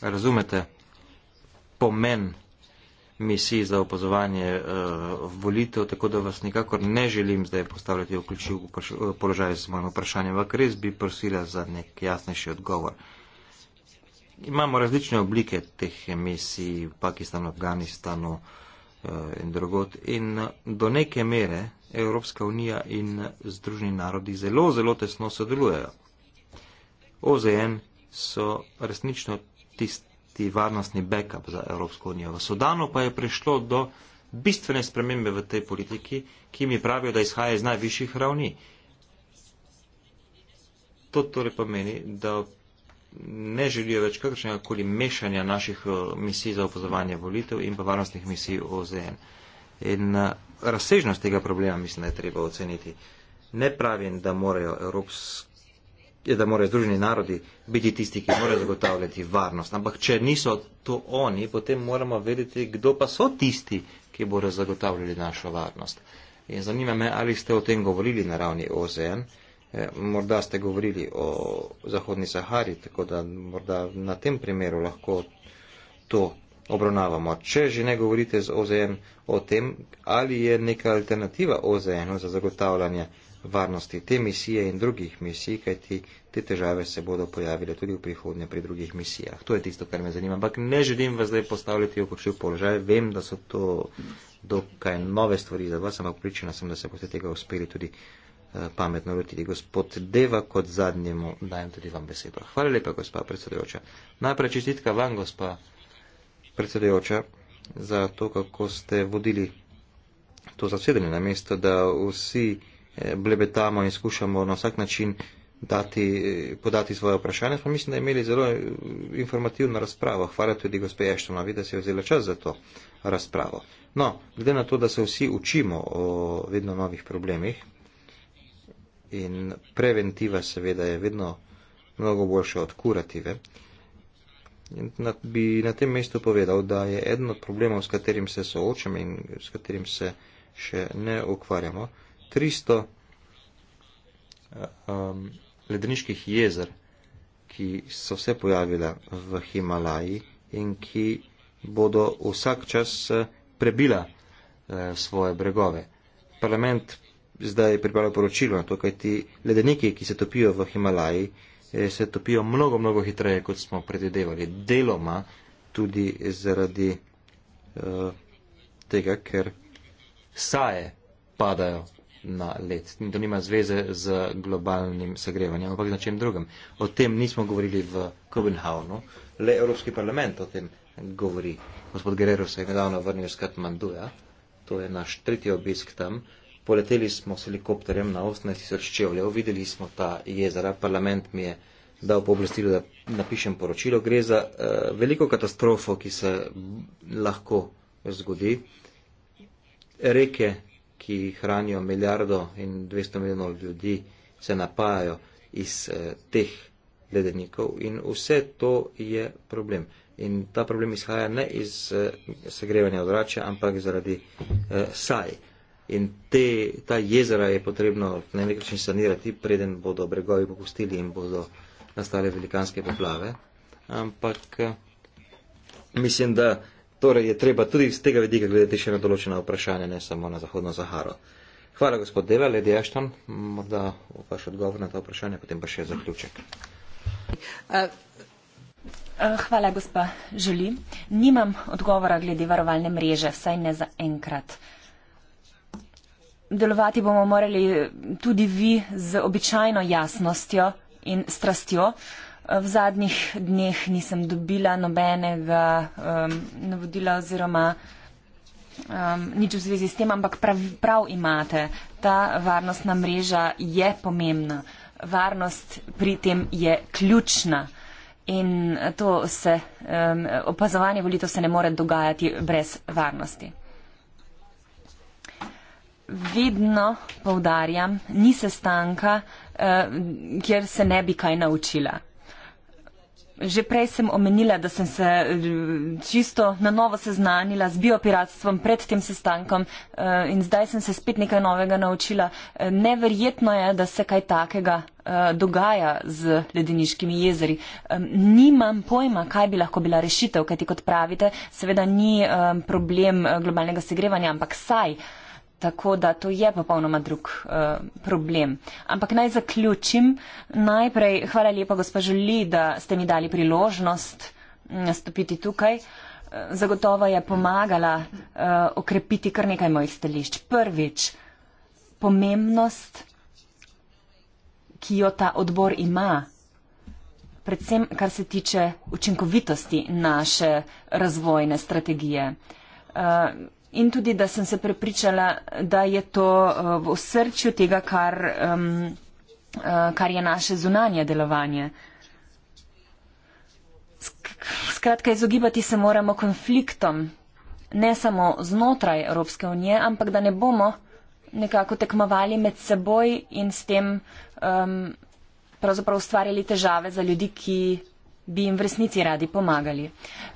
razumete pomen misij za opozovanje uh, eh, volitev, tako da vas nikakor ne želim zdaj postavljati v ključiv položaj z mojim vprašanjem, ampak res bi prosila za nek jasnejši odgovor. Imamo različne oblike teh misij v Pakistanu, Afganistanu uh, in drugot in eh, do neke mere Evropska unija in Združeni narodi zelo, zelo tesno sodelujejo. OZN so resnično tisti varnostni backup za Evropsko unijo. V Sudanu pa je prišlo do bistvene spremembe v tej politiki, ki mi pravijo, da izhaja iz najvišjih ravni. To torej pomeni, da ne želijo več kakršnega koli mešanja naših eh, misij za opozovanje volitev in pa varnostnih misij OZN. In eh, razsežnost tega problema mislim, da je treba oceniti. Ne pravim, da morajo, Evropsk... da morajo združeni narodi biti tisti, ki morajo zagotavljati varnost. Ampak, če niso to oni, potem moramo vedeti, kdo pa so tisti, ki bodo zagotavljali našo varnost. In zanima me, ali ste o tem govorili na ravni OZN. Eh, morda ste govorili o Zahodni Sahari, tako da morda na tem primeru lahko to obravnavamo. Če že ne govorite z OZN o tem, ali je neka alternativa OZN-u za zagotavljanje varnosti te misije in drugih misij, kajti te težave se bodo pojavile tudi v prihodnje pri drugih misijah. To je tisto, kar me zanima. Ampak ne želim vas zdaj postavljati v kočil položaj. Vem, da so to dokaj nove stvari za vas, ampak pričena sem, da se boste tega uspeli tudi eh, pametno lotiti. Gospod Deva, kot zadnjemu dajem tudi vam besedo. Hvala lepa, gospa predsedujoča. Najprej čestitka vam, gospa predsedujoča, za to, kako ste vodili to zasedanje, namesto da vsi eh, blebetamo in skušamo na vsak način dati, eh, podati svoje vprašanje, smo mislim, da imeli zelo eh, informativno razpravo. Hvala tudi gospe Eštonovi, da si je vzela čas za to razpravo. No, glede na to, da se vsi učimo o vedno novih problemih in preventiva seveda je vedno mnogo boljša od kurative, eh, In na, bi na tem mestu povedal, da je eden od problemov, s katerim se soočamo in s katerim se še ne ukvarjamo, 300 eh, um, ledeniških jezer, ki so se pojavile v Himalaji in ki bodo vsak čas eh, prebila eh, svoje bregove. Parlament zdaj je pripravil poročilo na to, kaj ti ledeniki, ki se topijo v Himalaji, eh, E, se topijo mnogo, mnogo hitreje, kot smo predvidevali. Deloma tudi zaradi e, tega, ker saje padajo na led. To nima zveze z globalnim segrevanjem, ampak na čem drugem. O tem nismo govorili v Kopenhavnu, le Evropski parlament o tem govori. Gospod Guerrero se je nedavno vrnil iz Katmanduja, to je naš tretji obisk tam. Uh, Poleteli smo s helikopterjem na 18.000 čevljev, videli smo ta jezera, parlament mi je dal pooblastilo, da napišem poročilo. Gre za uh, veliko katastrofo, ki se lahko zgodi. Reke, ki hranijo milijardo in 200 milijonov ljudi, se napajajo iz uh, teh ledenikov in vse to je problem. In ta problem izhaja ne iz uh, segrevanja odrača, ampak zaradi uh, saj. In te, ta jezera je potrebno na nek način sanirati, preden bodo bregovi popustili in bodo nastale velikanske poplave. Ampak eh, mislim, da torej je treba tudi z tega vidika gledati še na določena vprašanja, ne samo na Zahodno Zaharo. Hvala, gospod Dela, Lady Ashton, morda vaš odgovor na ta vprašanja, potem pa še zaključek. Eh, eh, hvala, gospa Želi. Nimam odgovora glede varovalne mreže, saj ne za enkrat. Delovati bomo morali tudi vi z običajno jasnostjo in strastjo. V zadnjih dneh nisem dobila nobenega um, navodila oziroma um, nič v zvezi s tem, ampak prav, prav imate. Ta varnostna mreža je pomembna. Varnost pri tem je ključna. In to se, um, opazovanje volitev se ne more dogajati brez varnosti vedno povdarjam, ni sestanka, eh, kjer se ne bi kaj naučila. Že prej sem omenila, da sem se eh, čisto na novo seznanila z biopiratstvom pred tem sestankom eh, in zdaj sem se spet nekaj novega naučila. Neverjetno je, da se kaj takega dogaja z ledeniškimi jezeri. Nimam pojma, kaj bi lahko bila rešitev, kajti kot pravite, seveda ni problem globalnega segrevanja, ampak saj. Tako da to je popolnoma drug uh, problem. Ampak naj zaključim. Najprej hvala lepa, gospa Žuli, da ste mi dali priložnost nastopiti mm, tukaj. Eh, zagotovo je pomagala uh, okrepiti kar nekaj mojih stališč. Prvič, pomembnost, ki jo ta odbor ima, predvsem kar se tiče učinkovitosti naše razvojne strategije. Uh, in tudi, da sem se prepričala, da je to eh, v srčju tega, kar, um, kar je naše zunanje delovanje. Skratka, izogibati se moramo konfliktom, ne samo znotraj Evropske unije, ampak da ne bomo nekako tekmovali med seboj in s tem um, pravzaprav ustvarjali težave za ljudi, ki bi jim v resnici radi pomagali.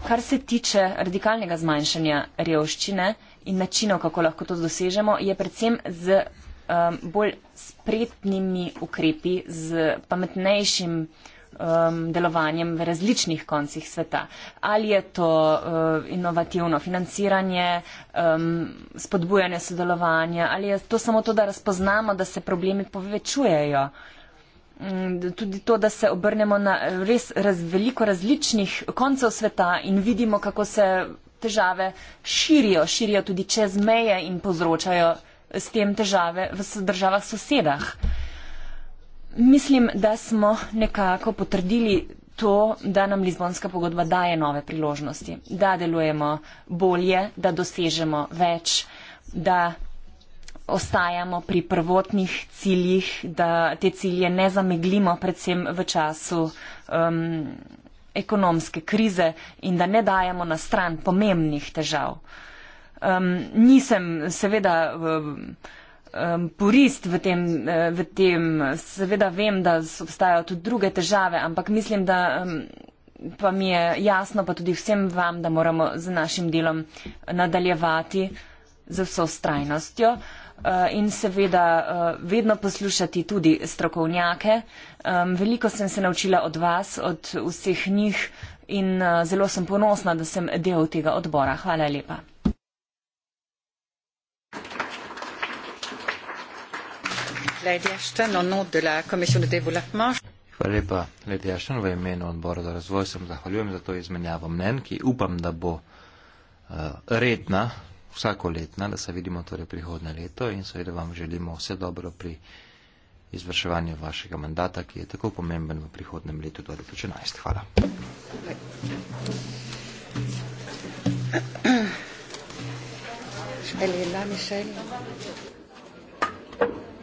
Kar se tiče radikalnega zmanjšanja revščine, in načinov, kako lahko to dosežemo, je predvsem z um, bolj spretnimi ukrepi, z pametnejšim um, delovanjem v različnih koncih sveta. Ali je to um, inovativno financiranje, um, spodbujanje sodelovanja, ali je to samo to, da razpoznamo, da se problemi povečujejo. Mm, tudi to, da se obrnemo na res raz, veliko različnih koncev sveta in vidimo, kako se težave širijo, širijo tudi čez meje in povzročajo s tem težave v državah sosedah. Mislim, da smo nekako potrdili to, da nam Lizbonska pogodba daje nove priložnosti, da delujemo bolje, da dosežemo več, da ostajamo pri prvotnih ciljih, da te cilje ne zameglimo, predvsem v času. Um, ekonomske krize in da ne dajemo na stran pomembnih težav. Um, nisem seveda um, um purist v tem, eh, v tem, seveda vem, da obstajajo tudi druge težave, ampak mislim, da um, pa mi je jasno, pa tudi vsem vam, da moramo z našim delom nadaljevati z vso strajnostjo. Uh, Eh, in seveda eh, vedno poslušati tudi strokovnjake. Veliko sem se naučila od vas, od vseh njih in eh, zelo sem ponosna, da sem del tega odbora. Hvala lepa. Hvala lepa, Lady Ashton, v imenu odbora za razvoj sem zahvaljujem za to izmenjavo mnen, ki upam, da bo uh, redna, vsakoletna, da se vidimo torej prihodne leto in seveda vam želimo vse dobro pri izvrševanju vašega mandata, ki je tako pomemben v prihodnem letu 2011. Hvala. Hvala. Hvala. Hvala.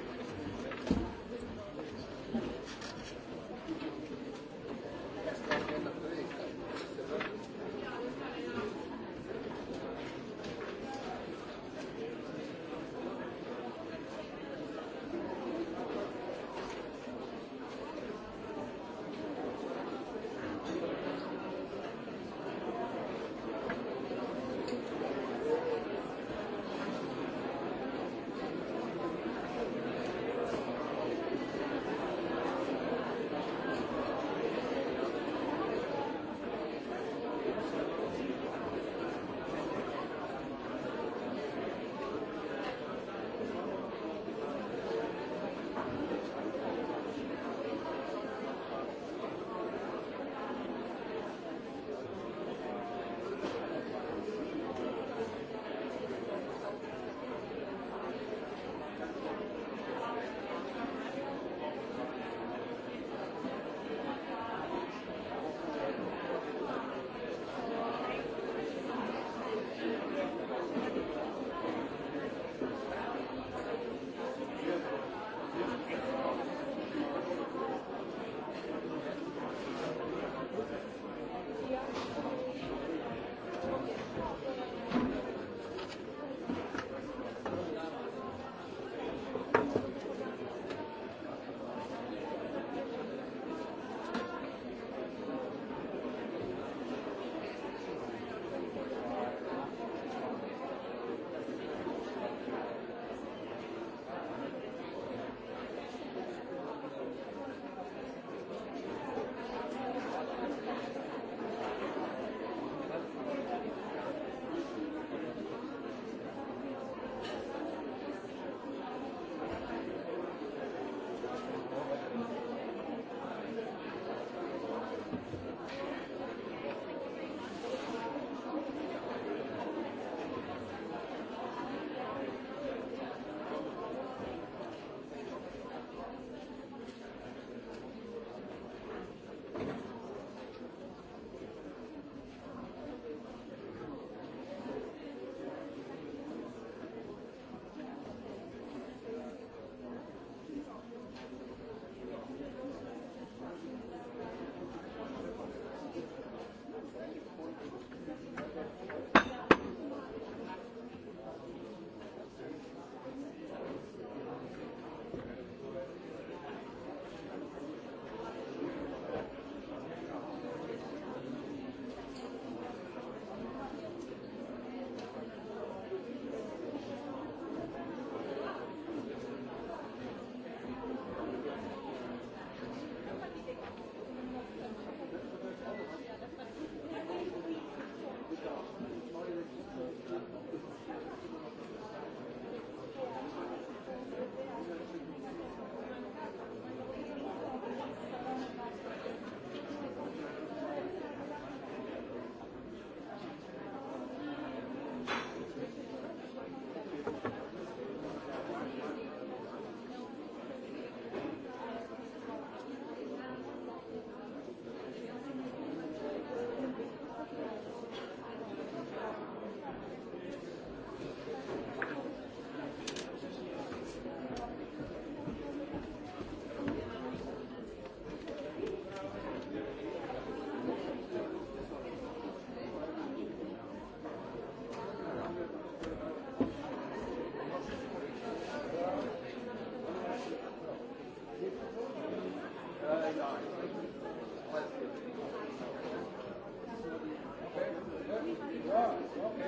Thank you.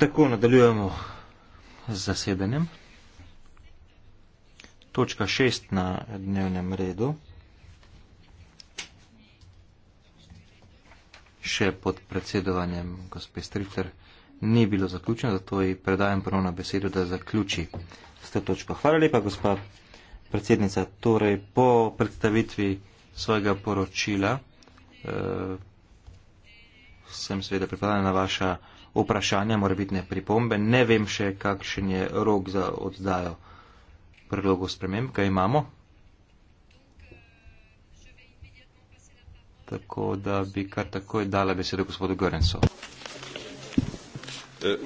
Tako nadaljujemo z zasedanjem. Točka šest na dnevnem redu. Še pod predsedovanjem gospe Strifter ni bilo zaključeno, zato ji predajam ponovno besedo, da zaključi s to točko. Hvala lepa, gospa predsednica. Torej, po predstavitvi svojega poročila. Eh, sem seveda pripravljena na vaša vprašanja, mora biti ne pripombe. Ne vem še, kakšen je rok za oddajo predlogov sprememb, kaj imamo. Tako da bi kar takoj dala besedo gospodu Gorenso. Eh,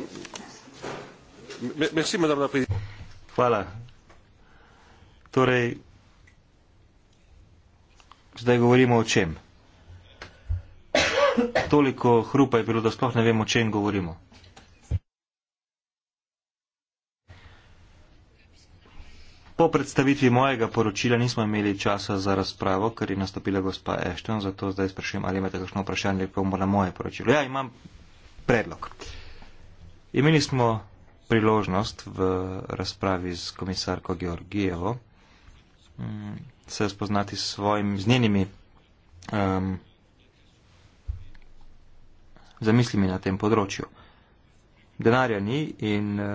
Hvala. Torej, zdaj govorimo o čem? toliko hrupa je bilo, da sploh ne vemo, o čem govorimo. Po predstavitvi mojega poročila nismo imeli časa za razpravo, ker je nastopila gospa Ešton, zato zdaj sprašujem, ali imate kakšno vprašanje, ali pa bomo na moje poročilo. Ja, imam predlog. Imeli smo priložnost v razpravi s komisarko Georgijevo mm, se spoznati s svojim, z njenimi um, za mislimi na tem področju. Denarja ni in e,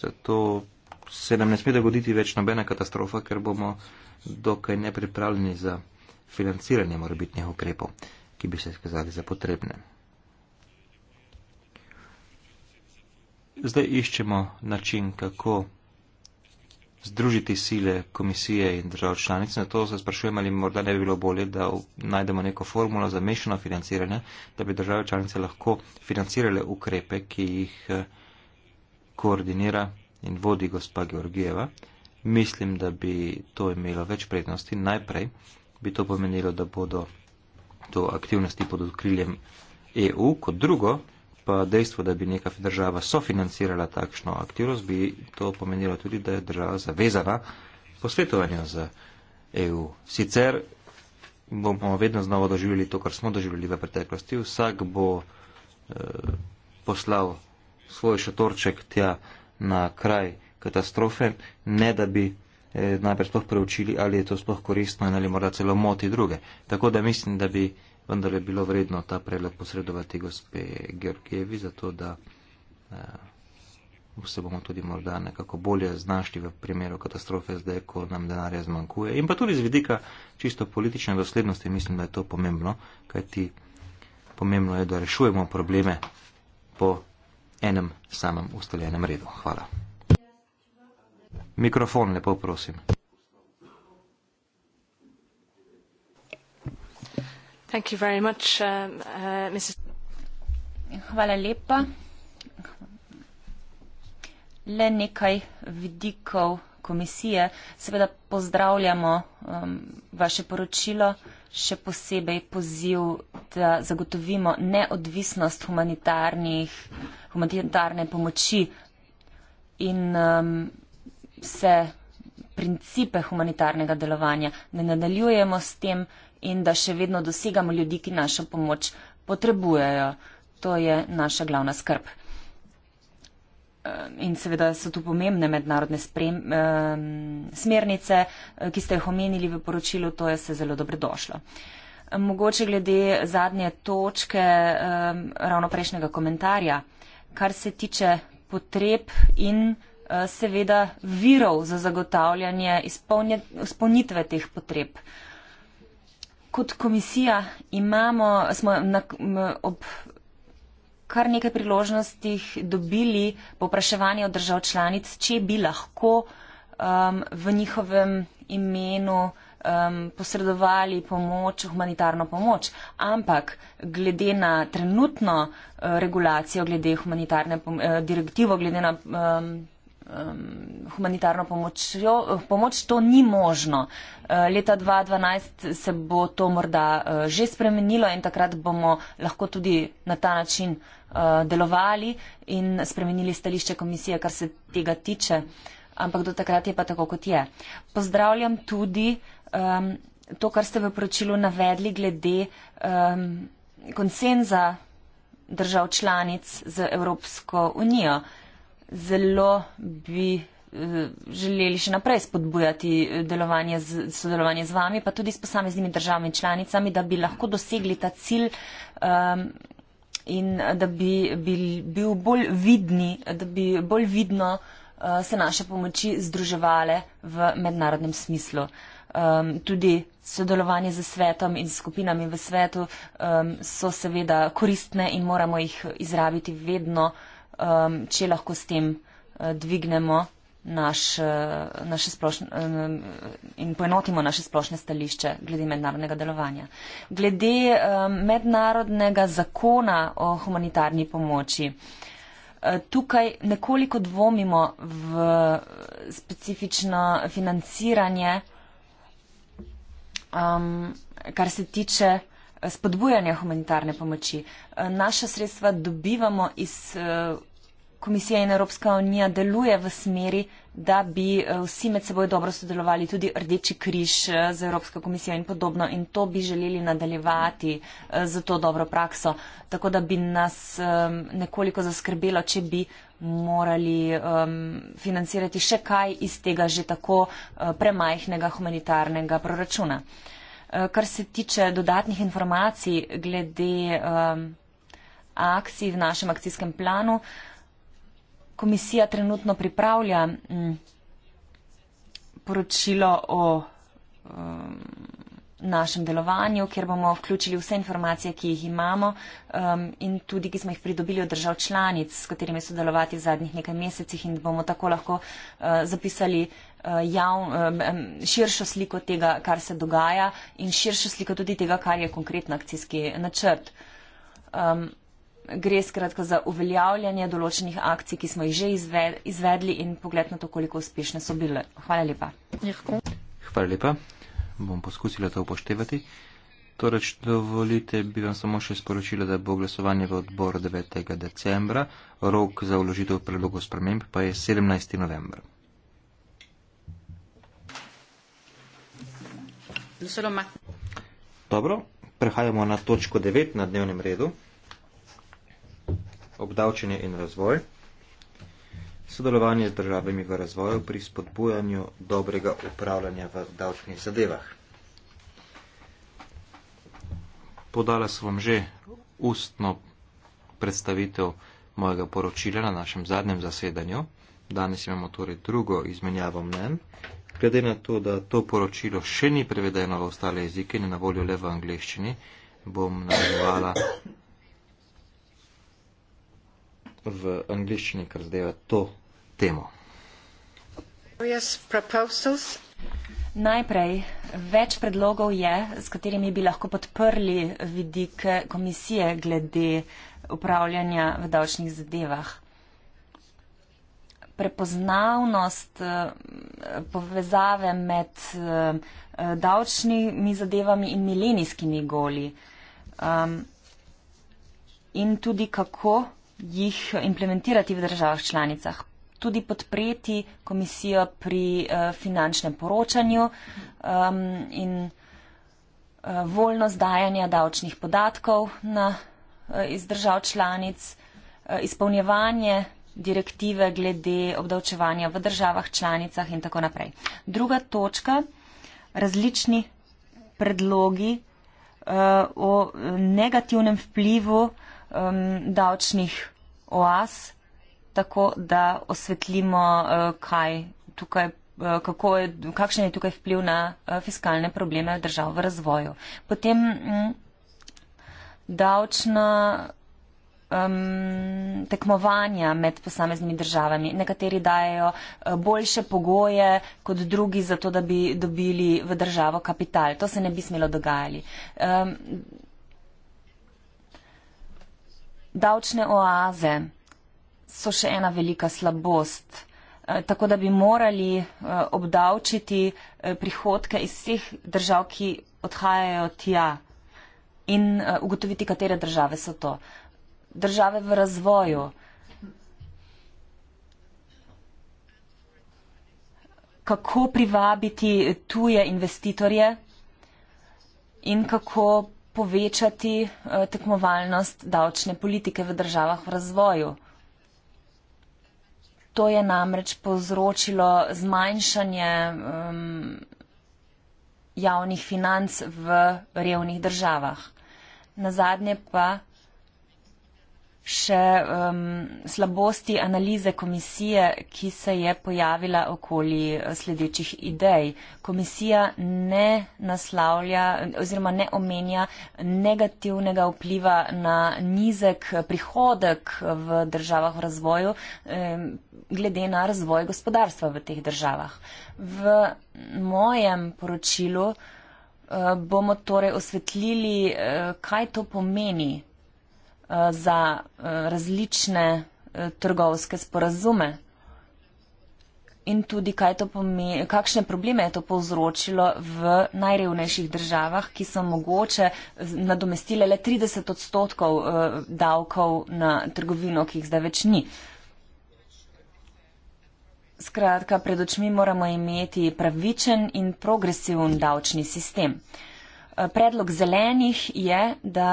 zato se nam ne sme dogoditi več nobena katastrofa, ker bomo dokaj nepripravljeni za financiranje morbitnih ukrepov, ki bi se skazali za potrebne. Zdaj iščemo način, kako združiti sile komisije in držav članic. Na to se sprašujem, ali morda ne bi bilo bolje, da najdemo neko formulo za mešano financiranje, da bi države članice lahko financirale ukrepe, ki jih eh, koordinira in vodi gospa Georgijeva. Mislim, da bi to imelo več prednosti. Najprej bi to pomenilo, da bodo to aktivnosti pod okriljem EU. Kot drugo, pa dejstvo, da bi neka država sofinancirala takšno aktivnost, bi to pomenilo tudi, da je država zavezana posvetovanju z EU. Sicer bomo vedno znova doživljali to, kar smo doživljali v preteklosti. Vsak bo eh, poslal svoj šatorček tja na kraj katastrofe, ne da bi eh, najprej sploh preučili, ali je to sploh koristno in ali morda celo moti druge. Tako da mislim, da bi vendar je bilo vredno ta predlog posredovati gospe Georgijevi, zato da eh, se bomo tudi morda nekako bolje znašli v primeru katastrofe zdaj, ko nam denarja zmanjkuje. In pa tudi z vidika čisto politične doslednosti mislim, da je to pomembno, kajti pomembno je, da rešujemo probleme po enem samem ustaljenem redu. Hvala. Mikrofon, lepo prosim. Um, uh, Hvala lepa. Le nekaj vidikov komisije. Seveda pozdravljamo um, vaše poročilo, še posebej poziv, da zagotovimo neodvisnost humanitarnih, humanitarne pomoči in um, vse principe humanitarnega delovanja. Ne nadaljujemo s tem, in da še vedno dosegamo ljudi, ki našo pomoč potrebujejo. To je naša glavna skrb. Ehm, in seveda so tu pomembne mednarodne sprem, ehm, smernice, eh, ki ste jih omenili v poročilu, to je se zelo dobro došlo. Ehm, mogoče glede zadnje točke ravno prejšnjega komentarja, kar se tiče potreb in eh, seveda virov za zagotavljanje izpolnitve teh potreb kot komisija imamo, smo na, ob kar nekaj priložnostih dobili popraševanje od držav članic, če bi lahko um, v njihovem imenu um, posredovali pomoč, humanitarno pomoč. Ampak glede na trenutno uh, regulacijo, glede humanitarne uh, direktivo, glede na. Um, Um, humanitarno pomočjo, pomoč, to ni možno. Uh, leta 2012 se bo to morda uh, že spremenilo in takrat bomo lahko tudi na ta način uh, delovali in spremenili stališče komisije, kar se tega tiče. Ampak do takrat je pa tako, kot je. Pozdravljam tudi um, to, kar ste v poročilu navedli glede um, konsenza držav članic z Evropsko unijo. Uh, zelo bi eh, želeli še naprej spodbujati eh, delovanje z, sodelovanje z vami, pa tudi s posameznimi državami in članicami, da bi lahko dosegli ta cilj um, in da bi bil, bil bolj vidni, da bi bolj vidno uh, se naše pomoči združevale v mednarodnem smislu. Um, tudi sodelovanje z svetom in skupinami v svetu um, so seveda koristne in moramo jih izrabiti vedno uh, um, če lahko s tem uh, dvignemo naš, uh, naše splošne, uh, in poenotimo naše splošne stališče glede mednarodnega delovanja. Glede um, mednarodnega zakona o humanitarni pomoči. Uh, tukaj nekoliko dvomimo v specifično financiranje, um, kar se tiče spodbujanja humanitarne pomoči. Eh, naša sredstva dobivamo iz eh, Komisije in Evropska unija deluje v smeri, da bi eh, vsi med seboj dobro sodelovali, tudi Rdeči križ z Evropsko komisijo in podobno. In to bi želeli nadaljevati za to dobro prakso. Tako da bi nas nekoliko zaskrbelo, če bi morali financirati še kaj iz tega že tako premajhnega humanitarnega proračuna. Eh, kar se tiče dodatnih informacij glede um, akcij v našem akcijskem planu, komisija trenutno pripravlja um, poročilo o um, našem delovanju, kjer bomo vključili vse informacije, ki jih imamo um, in tudi, ki smo jih pridobili od držav članic, s katerimi sodelovati v zadnjih nekaj mesecih in bomo tako lahko uh, zapisali uh, Eh, jav, eh, širšo sliko tega, kar se dogaja in širšo sliko tudi tega, kar je konkretno akcijski načrt. Um, gre skratka za uveljavljanje določenih akcij, ki smo jih že izvedli in pogled na to, koliko uspešne so bile. Hvala lepa. Hvala lepa. Bom poskusila to upoštevati. Torej, če dovolite, bi vam samo še sporočila, da bo glasovanje v odboru 9. decembra, rok za vložitev predlogov sprememb pa je 17. novembra. Vsoloma. Dobro, prehajamo na točko 9 na dnevnem redu. Obdavčenje in razvoj. Sodelovanje z državami v razvoju pri spodbujanju dobrega upravljanja v davčnih zadevah. Podala sem vam že ustno predstavitev mojega poročila na našem zadnjem zasedanju. Danes imamo torej drugo izmenjavo mnen. Glede na to, da to poročilo še ni prevedeno v ostale jezike in je na voljo le v angleščini, bom nadaljevala v angleščini, kar zadeva to temo. Najprej več predlogov je, s katerimi bi lahko podprli vidik komisije glede upravljanja v davčnih zadevah prepoznavnost eh, povezave med eh, eh, davčnimi zadevami in milenijskimi goli um, in tudi kako jih implementirati v državah članicah. Tudi podpreti komisijo pri uh, finančnem poročanju um, in uh, voljno zdajanja davčnih podatkov na, uh, iz držav članic, uh, izpolnjevanje direktive glede obdavčevanja v državah, članicah in tako naprej. Druga točka, različni predlogi uh, o negativnem vplivu um, davčnih oas, tako da osvetlimo, uh, kaj tukaj. Eh, kako je, kakšen je tukaj vpliv na fiskalne probleme držav v razvoju. Potem mm, davčna um, tekmovanja med posameznimi državami. Nekateri dajo eh, boljše pogoje kot drugi za to, da bi dobili v državo kapital. To se ne bi smelo dogajali. Um, davčne oaze so še ena velika slabost. Eh, tako da bi morali eh, obdavčiti prihodke iz vseh držav, ki odhajajo tja in ugotoviti, katere države so to države v razvoju. Kako privabiti tuje investitorje in kako povečati eh, tekmovalnost davčne politike v državah v razvoju. To je namreč povzročilo zmanjšanje um, javnih financ v revnih državah. Nazadnje pa še um, slabosti analize komisije, ki se je pojavila okoli eh, sledečih idej. Komisija ne naslavlja oziroma ne omenja negativnega vpliva na nizek prihodek v državah v razvoju, um, glede na razvoj gospodarstva v teh državah. V mojem poročilu uh, bomo torej osvetlili, uh, kaj to pomeni Eh, za eh, različne eh, trgovske sporazume. In tudi, kakšne probleme je to povzročilo v najrevnejših državah, ki so mogoče nadomestile le 30 odstotkov davkov na trgovino, ki jih zdaj več ni. Skratka, pred očmi moramo imeti pravičen in progresivn davčni sistem. Predlog zelenih je, da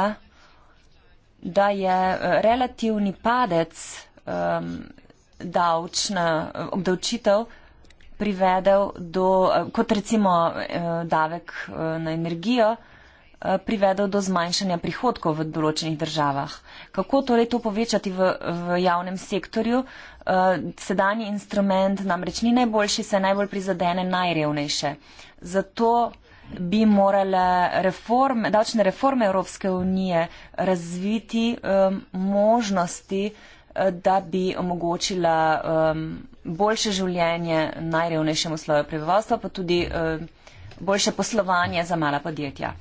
da je eh, relativni padec um, davčna eh, obdavčitev privedel do, eh, kot recimo davek na energijo, privedel do zmanjšanja prihodkov v določenih državah. Kako torej to povečati v, v javnem sektorju? Sedanji instrument namreč ni najboljši, se najbolj prizadene najrevnejše. Zato bi morale reforme, davčne reforme Evropske unije razviti um, možnosti, eh, da bi omogočila um, boljše življenje najrevnejšemu sloju prebivalstva, pa tudi um, boljše poslovanje za mala podjetja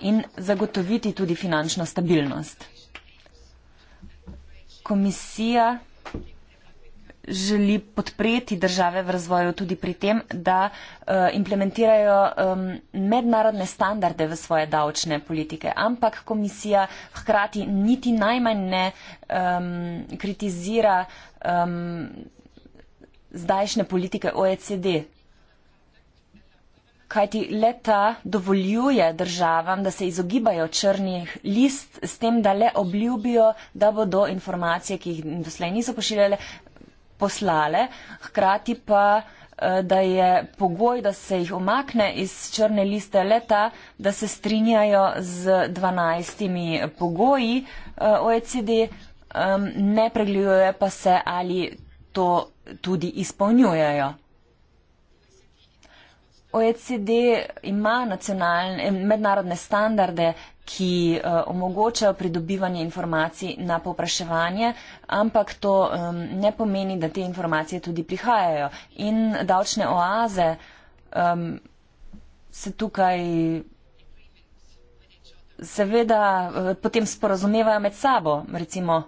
in zagotoviti tudi finančno stabilnost. Komisija želi podpreti države v razvoju tudi pri tem, da eh, implementirajo mednarodne standarde v svoje davčne politike. Ampak komisija hkrati niti najmanj ne um, kritizira um, zdajšnje politike OECD. Kaj ti leta dovoljuje državam, da se izogibajo črnih list s tem, da le obljubijo, da bodo informacije, ki jih doslej niso pošiljale, poslale, hkrati pa, eh, da je pogoj, da se jih omakne iz črne liste leta, da se strinjajo z 12 pogoji eh, OECD, ne pregljuje pa se, ali to tudi izpolnjujejo. OECD ima mednarodne standarde ki eh, omogočajo pridobivanje informacij na popraševanje, ampak to ne pomeni, da te informacije tudi prihajajo. In davčne oaze se tukaj seveda eh, potem sporazumevajo med sabo, recimo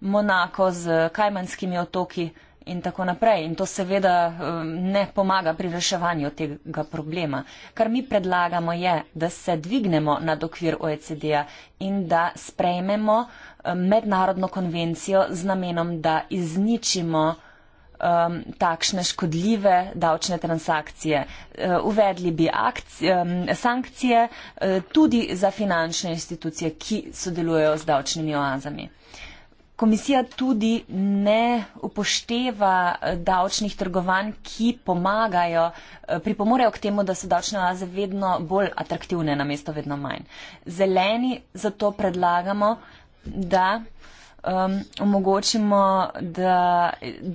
Monako z Kajmanskimi otoki, in tako naprej. In to seveda um, ne pomaga pri reševanju tega problema. Kar mi predlagamo je, da se dvignemo nad okvir OECD-a in da sprejmemo um, mednarodno konvencijo z namenom, da izničimo um, takšne škodljive davčne transakcije. Uh, uvedli bi akcije, um, sankcije uh, tudi za finančne institucije, ki sodelujejo z davčnimi oazami komisija tudi ne upošteva eh, davčnih trgovanj, ki pomagajo, eh, pripomorejo k temu, da so davčne oaze vedno bolj atraktivne na mesto vedno manj. Zeleni zato predlagamo, da um, omogočimo, da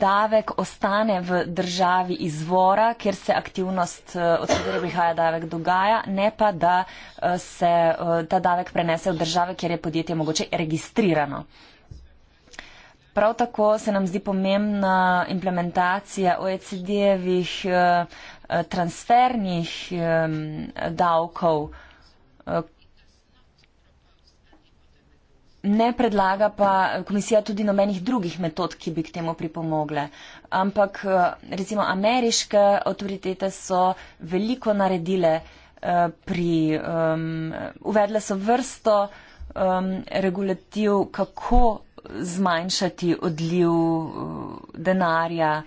davek ostane v državi izvora, kjer se aktivnost, eh, od katerega prihaja davek, dogaja, ne pa da se uh, ta davek prenese v države, kjer je podjetje mogoče registrirano. Prav tako se nam zdi pomembna implementacija OECD-evih eh, eh, transfernih davkov. Eh, ne predlaga pa komisija tudi nobenih drugih metod, ki bi k temu pripomogle. Ampak recimo ameriške avtoritete so veliko naredile pri, um, uvedle so vrsto um, regulativ, kako zmanjšati odliv uh, denarja,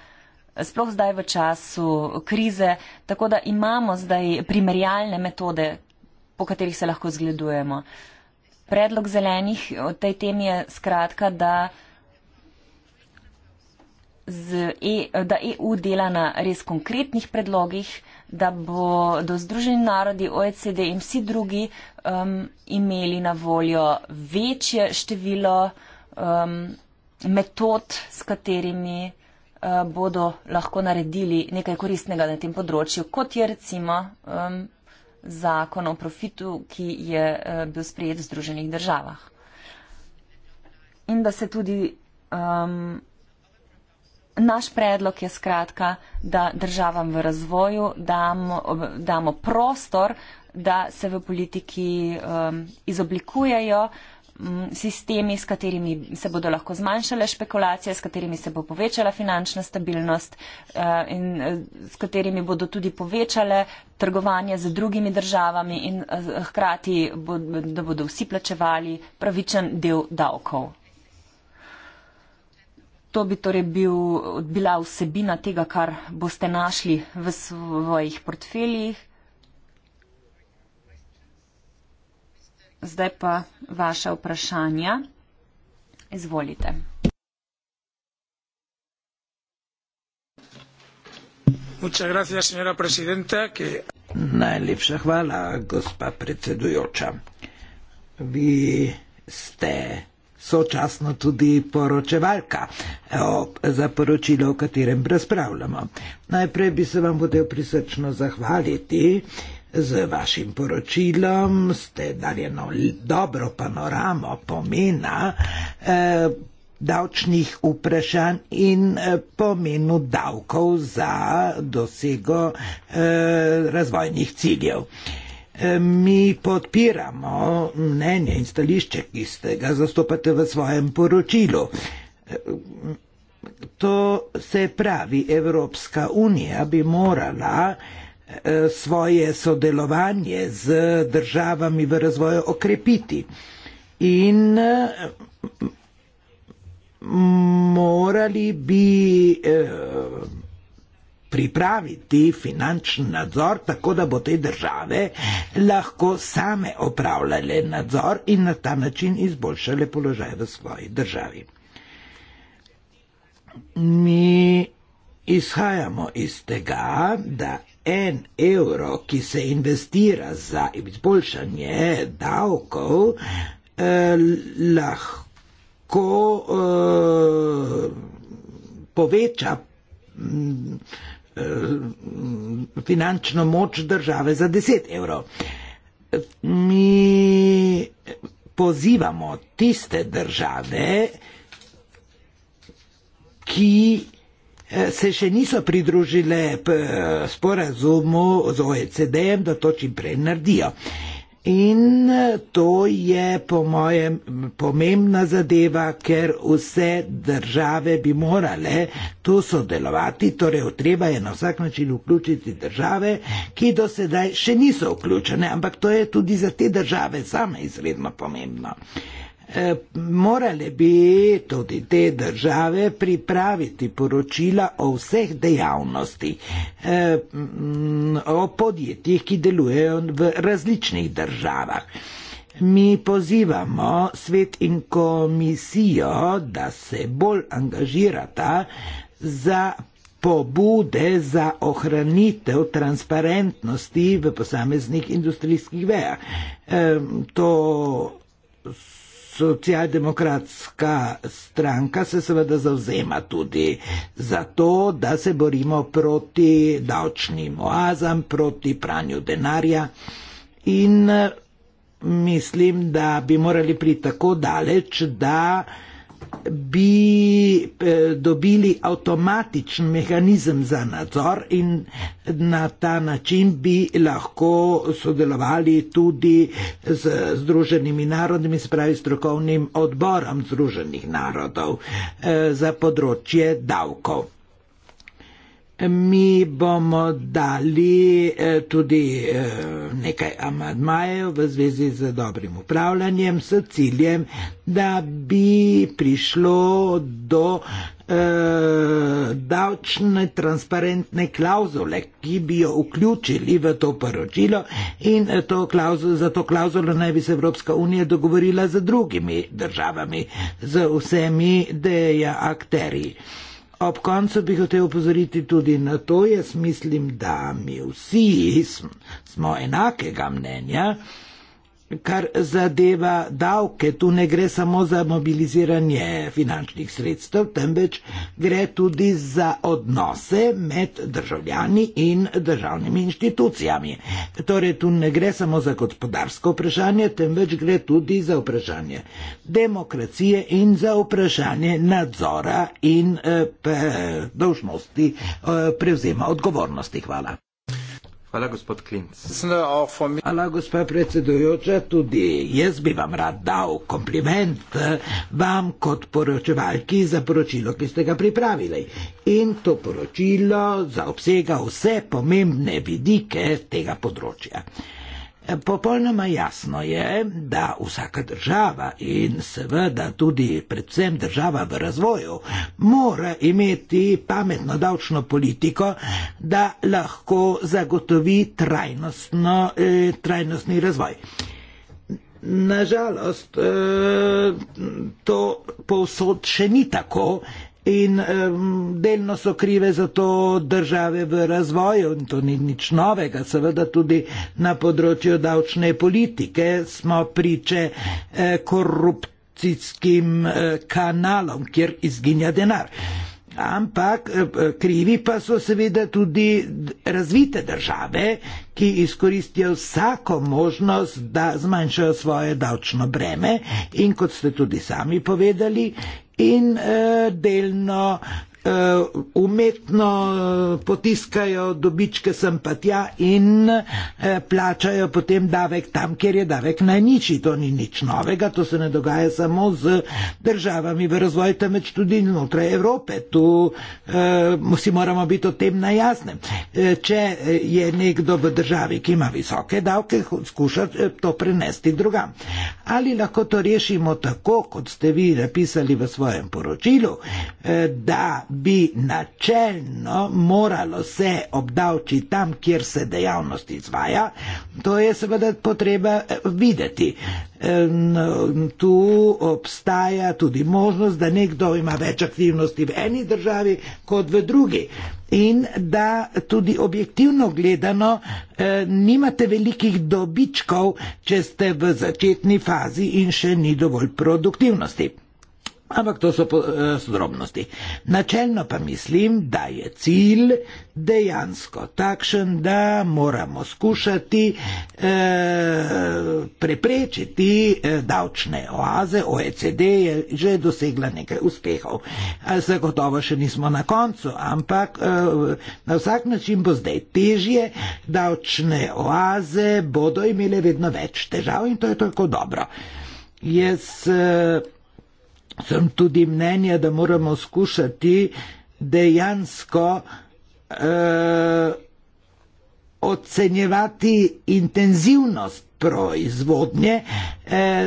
sploh zdaj v času krize. Tako da imamo zdaj primerjalne metode, po katerih se lahko zgledujemo. Predlog zelenih o tej temi je skratka, da, e, da EU dela na res konkretnih predlogih, da bo do Združenih narodi, OECD in vsi drugi um, imeli na voljo večje število um, metod, s katerimi uh, bodo lahko naredili nekaj koristnega na tem področju, kot je recimo um, zakon o profitu, ki je uh, bil sprejet v Združenih državah. In da se tudi um, naš predlog je skratka, da državam v razvoju damo, damo prostor, da se v politiki um, izoblikujejo, uh, sistemi, s katerimi se bodo lahko zmanjšale špekulacije, s katerimi se bo povečala finančna stabilnost eh, in eh, s katerimi bodo tudi povečale trgovanje z drugimi državami in eh, hkrati, da bodo vsi plačevali pravičen del davkov. To bi torej bil, bila vsebina tega, kar boste našli v svojih portfeljih. Zdaj pa vaše vprašanja. Izvolite. Najlepša hvala, gospa predsedujoča. Vi ste sočasno tudi poročevalka eh, za poročilo, o katerem razpravljamo. Najprej bi se vam hotel prisrčno zahvaliti. Z vašim poročilom ste dali eno dobro panoramo pomena eh, davčnih vprašanj in eh, pomenu davkov za dosego eh, razvojnih ciljev. Eh, mi podpiramo mnenje in stališče, ki ste ga zastopate v svojem poročilu. Eh, to se pravi, Evropska unija bi morala eh, Eh, svoje sodelovanje z državami v razvoju okrepiti. In eh, morali bi eh, pripraviti finančni nadzor, tako da bo te države lahko same opravljale nadzor in na ta način izboljšale položaj v svoji državi. Mi izhajamo iz tega, da en evro, ki se investira za izboljšanje davkov, eh, lahko eh, poveča eh, finančno moč države za 10 evrov. Mi pozivamo tiste države, ki se še niso pridružile sporazumu z OECD-em, da to čim prej naredijo. In to je po mojem pomembna zadeva, ker vse države bi morale tu sodelovati, torej treba je na vsak način vključiti države, ki do sedaj še niso vključene, ampak to je tudi za te države same izredno pomembno. E, morale bi tudi te države pripraviti poročila o vseh dejavnostih, e, o podjetjih, ki delujejo v različnih državah. Mi pozivamo svet in komisijo, da se bolj angažirata za pobude za ohranitev transparentnosti v posameznih industrijskih vejah. E, to socialdemokratska stranka se seveda zavzema tudi za to, da se borimo proti davčnim oazam, proti pranju denarja in eh, mislim, da bi morali priti tako daleč, da bi eh, dobili avtomatičen mehanizem za nadzor in na ta način bi lahko sodelovali tudi z Združenimi narodi, spravi strokovnim odborom Združenih narodov eh, za področje davkov. Mi bomo dali eh, tudi eh, nekaj amadmajev v zvezi z dobrim upravljanjem, s ciljem, da bi prišlo do eh, davčne transparentne klauzule, ki bi jo vključili v to poročilo in to klauzul, za to klauzulo naj bi se Evropska unija dogovorila z drugimi državami, z vsemi deja akterji. Ob koncu bi hotel upozoriti tudi na to, jaz mislim, da mi vsi smo enakega mnenja. Kar zadeva davke, tu ne gre samo za mobiliziranje finančnih sredstev, temveč gre tudi za odnose med državljani in državnimi inštitucijami. Torej, tu ne gre samo za gospodarsko vprašanje, temveč gre tudi za vprašanje demokracije in za vprašanje nadzora in eh, e, dožnosti e, eh, prevzema odgovornosti. Hvala. Hvala, gospod Klinc. Hvala, gospa predsedujoča, tudi jaz bi vam rad dal kompliment eh, vam kot poročevalki za poročilo, ki ste ga pripravili. In to poročilo zaobsega vse pomembne vidike tega področja. Popolnoma jasno je, da vsaka država in seveda tudi predvsem država v razvoju mora imeti pametno davčno politiko, da lahko zagotovi trajnostno, eh, trajnostni razvoj. Nažalost, eh, to povsod še ni tako, In um, delno so krive za to države v razvoju, in to ni nič novega, seveda tudi na področju davčne politike smo priče eh, korupcijskim eh, kanalom, kjer izginja denar. Ampak eh, krivi pa so seveda tudi razvite države, ki izkoristijo vsako možnost, da zmanjšajo svoje davčno breme in kot ste tudi sami povedali, in uh, delno uh, umetno eh, potiskajo dobičke sem pa tja in uh, plačajo potem davek tam, kjer je davek najnižji. To ni nič novega, to se ne dogaja samo z državami v razvoju, temveč tudi znotraj Evrope. Tu uh, si moramo biti o tem najjasne. Uh, če je nekdo v državi, ki ima visoke davke, skuša to prenesti druga. Ali lahko to rešimo tako, kot ste vi napisali v svojem poročilu, da bi načelno moralo se obdavči tam, kjer se dejavnost izvaja, to je seveda potreba eh, videti. Tu obstaja tudi možnost, da nekdo ima več aktivnosti v eni državi kot v drugi in da tudi objektivno gledano eh, nimate velikih dobičkov, če ste v začetni fazi in še ni dovolj produktivnosti. Ampak to so podrobnosti. Eh, Načelno pa mislim, da je cilj dejansko takšen, da moramo skušati eh, preprečiti eh, davčne oaze. OECD je že dosegla nekaj uspehov. Zagotovo še nismo na koncu, ampak eh, na vsak način bo zdaj težje. Davčne oaze bodo imele vedno več težav in to je tako dobro. Jaz. Eh, sem tudi mnenja, da moramo skušati dejansko eh, ocenjevati intenzivnost proizvodnje eh,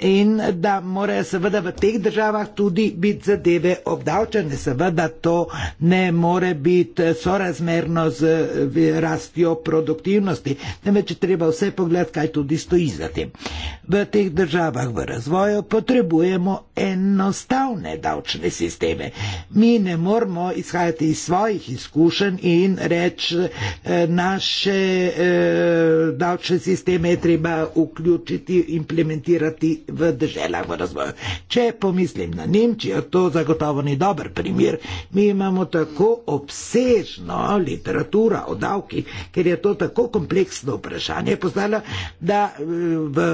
in da more seveda v teh državah tudi biti zadeve obdavčene. Seveda to ne more biti sorazmerno z rastjo produktivnosti, temveč je treba vse pogled, kaj tudi stoji za tem. V teh državah v razvoju potrebujemo enostavne davčne sisteme. Mi ne moramo izhajati iz svojih izkušenj in reči, eh, naše eh, davčne sisteme je treba vključiti in implementirati v državah v razvoju. Če pomislim na Nemčijo, to zagotovo ni dober primer. Mi imamo tako obsežno literaturo o davki, ker je to tako kompleksno vprašanje postalo, da v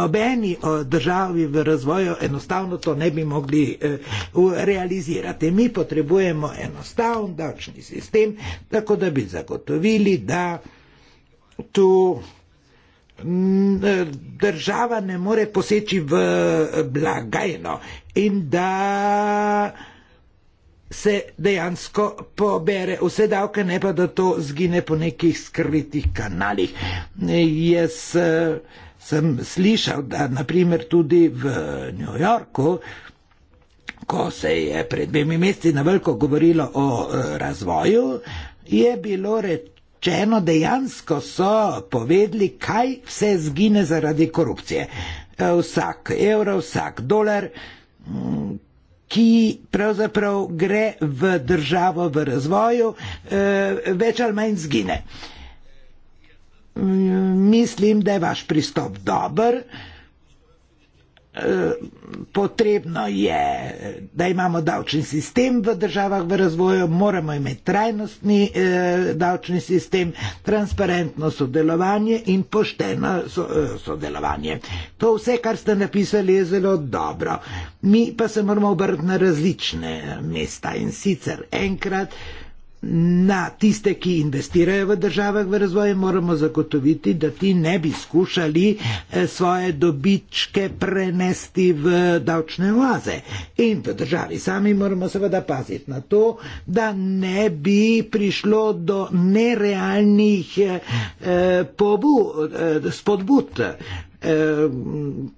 nobeni državi v razvoju enostavno to ne bi mogli eh, realizirati. Mi potrebujemo enostavn davčni sistem, tako da bi zagotovili, da tu Eh, država ne more poseči v eh, blagajno in da se dejansko pobere vse davke, ne pa da to zgine po nekih skritih kanalih. Jaz eh, sem slišal, da naprimer tudi v New Yorku, ko se je pred dvemi meseci na veliko govorilo o razvoju, je bilo reč, če eno dejansko so povedali, kaj vse zgine zaradi korupcije. E, vsak evro, vsak dolar, ki pravzaprav gre v državo v razvoju, e, več ali manj zgine. Mislim, da je vaš pristop dober. Eh, potrebno je, da imamo davčni sistem v državah v razvoju, moramo imeti trajnostni eh, davčni sistem, transparentno sodelovanje in pošteno so, eh, sodelovanje. To vse, kar ste napisali, je zelo dobro. Mi pa se moramo obrniti na različne mesta in sicer enkrat eh, na tiste, ki investirajo v državah v razvoj, moramo zagotoviti, da ti ne bi skušali eh, svoje dobičke prenesti v davčne oaze. In v državi sami moramo seveda paziti na to, da ne bi prišlo do nerealnih eh, eh pobu, eh, spodbud. Eh,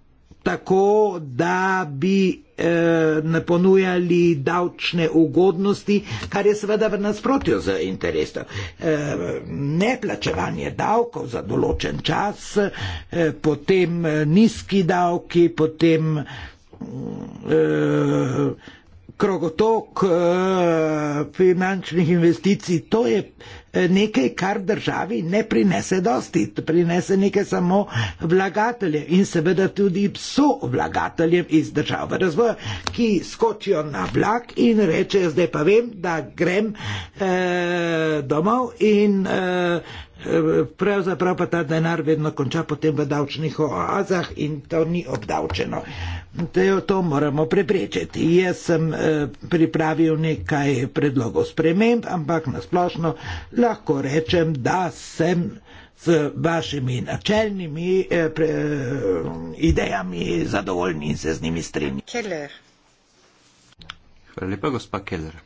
tako, da bi eh, ne ponujali davčne ugodnosti, kar je seveda v nasprotju z interesom. Eh, neplačevanje davkov za določen čas, eh, potem nizki davki, potem krogotok finančnih investicij, to je nekaj, kar državi ne prinese dosti, prinese nekaj samo vlagateljev in seveda tudi so vlagateljev iz države razvoja, ki skočijo na vlak in rečejo, zdaj pa vem, da grem eh, domov in eh, Pravzaprav pa ta denar vedno konča potem v davčnih oazah in to ni obdavčeno. To, to moramo preprečiti. Jaz sem eh, pripravil nekaj predlogov sprememb, ampak nasplošno lahko rečem, da sem s vašimi načelnimi eh, pre, eh, idejami zadovoljen in se z njimi strinjam. Keller. Hvala lepa, gospa Keller.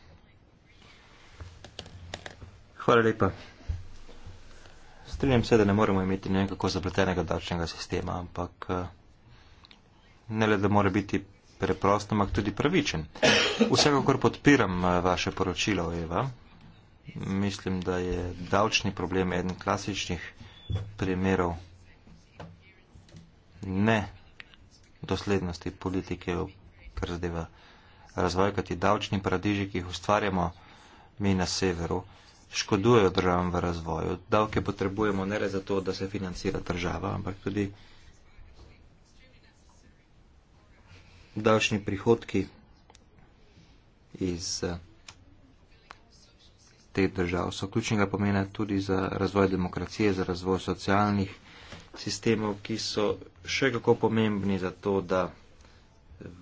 Hvala lepa. Strinjam se, da ne moremo imeti nekako zapletenega davčnega sistema, ampak eh, ne le, da mora biti preprosto, ampak tudi pravičen. Vsekakor podpiram eh, vaše poročilo, Eva. Mislim, da je davčni problem eden klasičnih primerov ne doslednosti politike, kar zadeva razvoj, kajti davčni paradiži, ki jih ustvarjamo mi na severu, škodujejo državam v razvoju. Davke potrebujemo ne le zato, da se financira država, ampak tudi davčni prihodki iz eh, teh držav so ključnega pomena tudi za razvoj demokracije, za razvoj socialnih sistemov, ki so še kako pomembni za to, da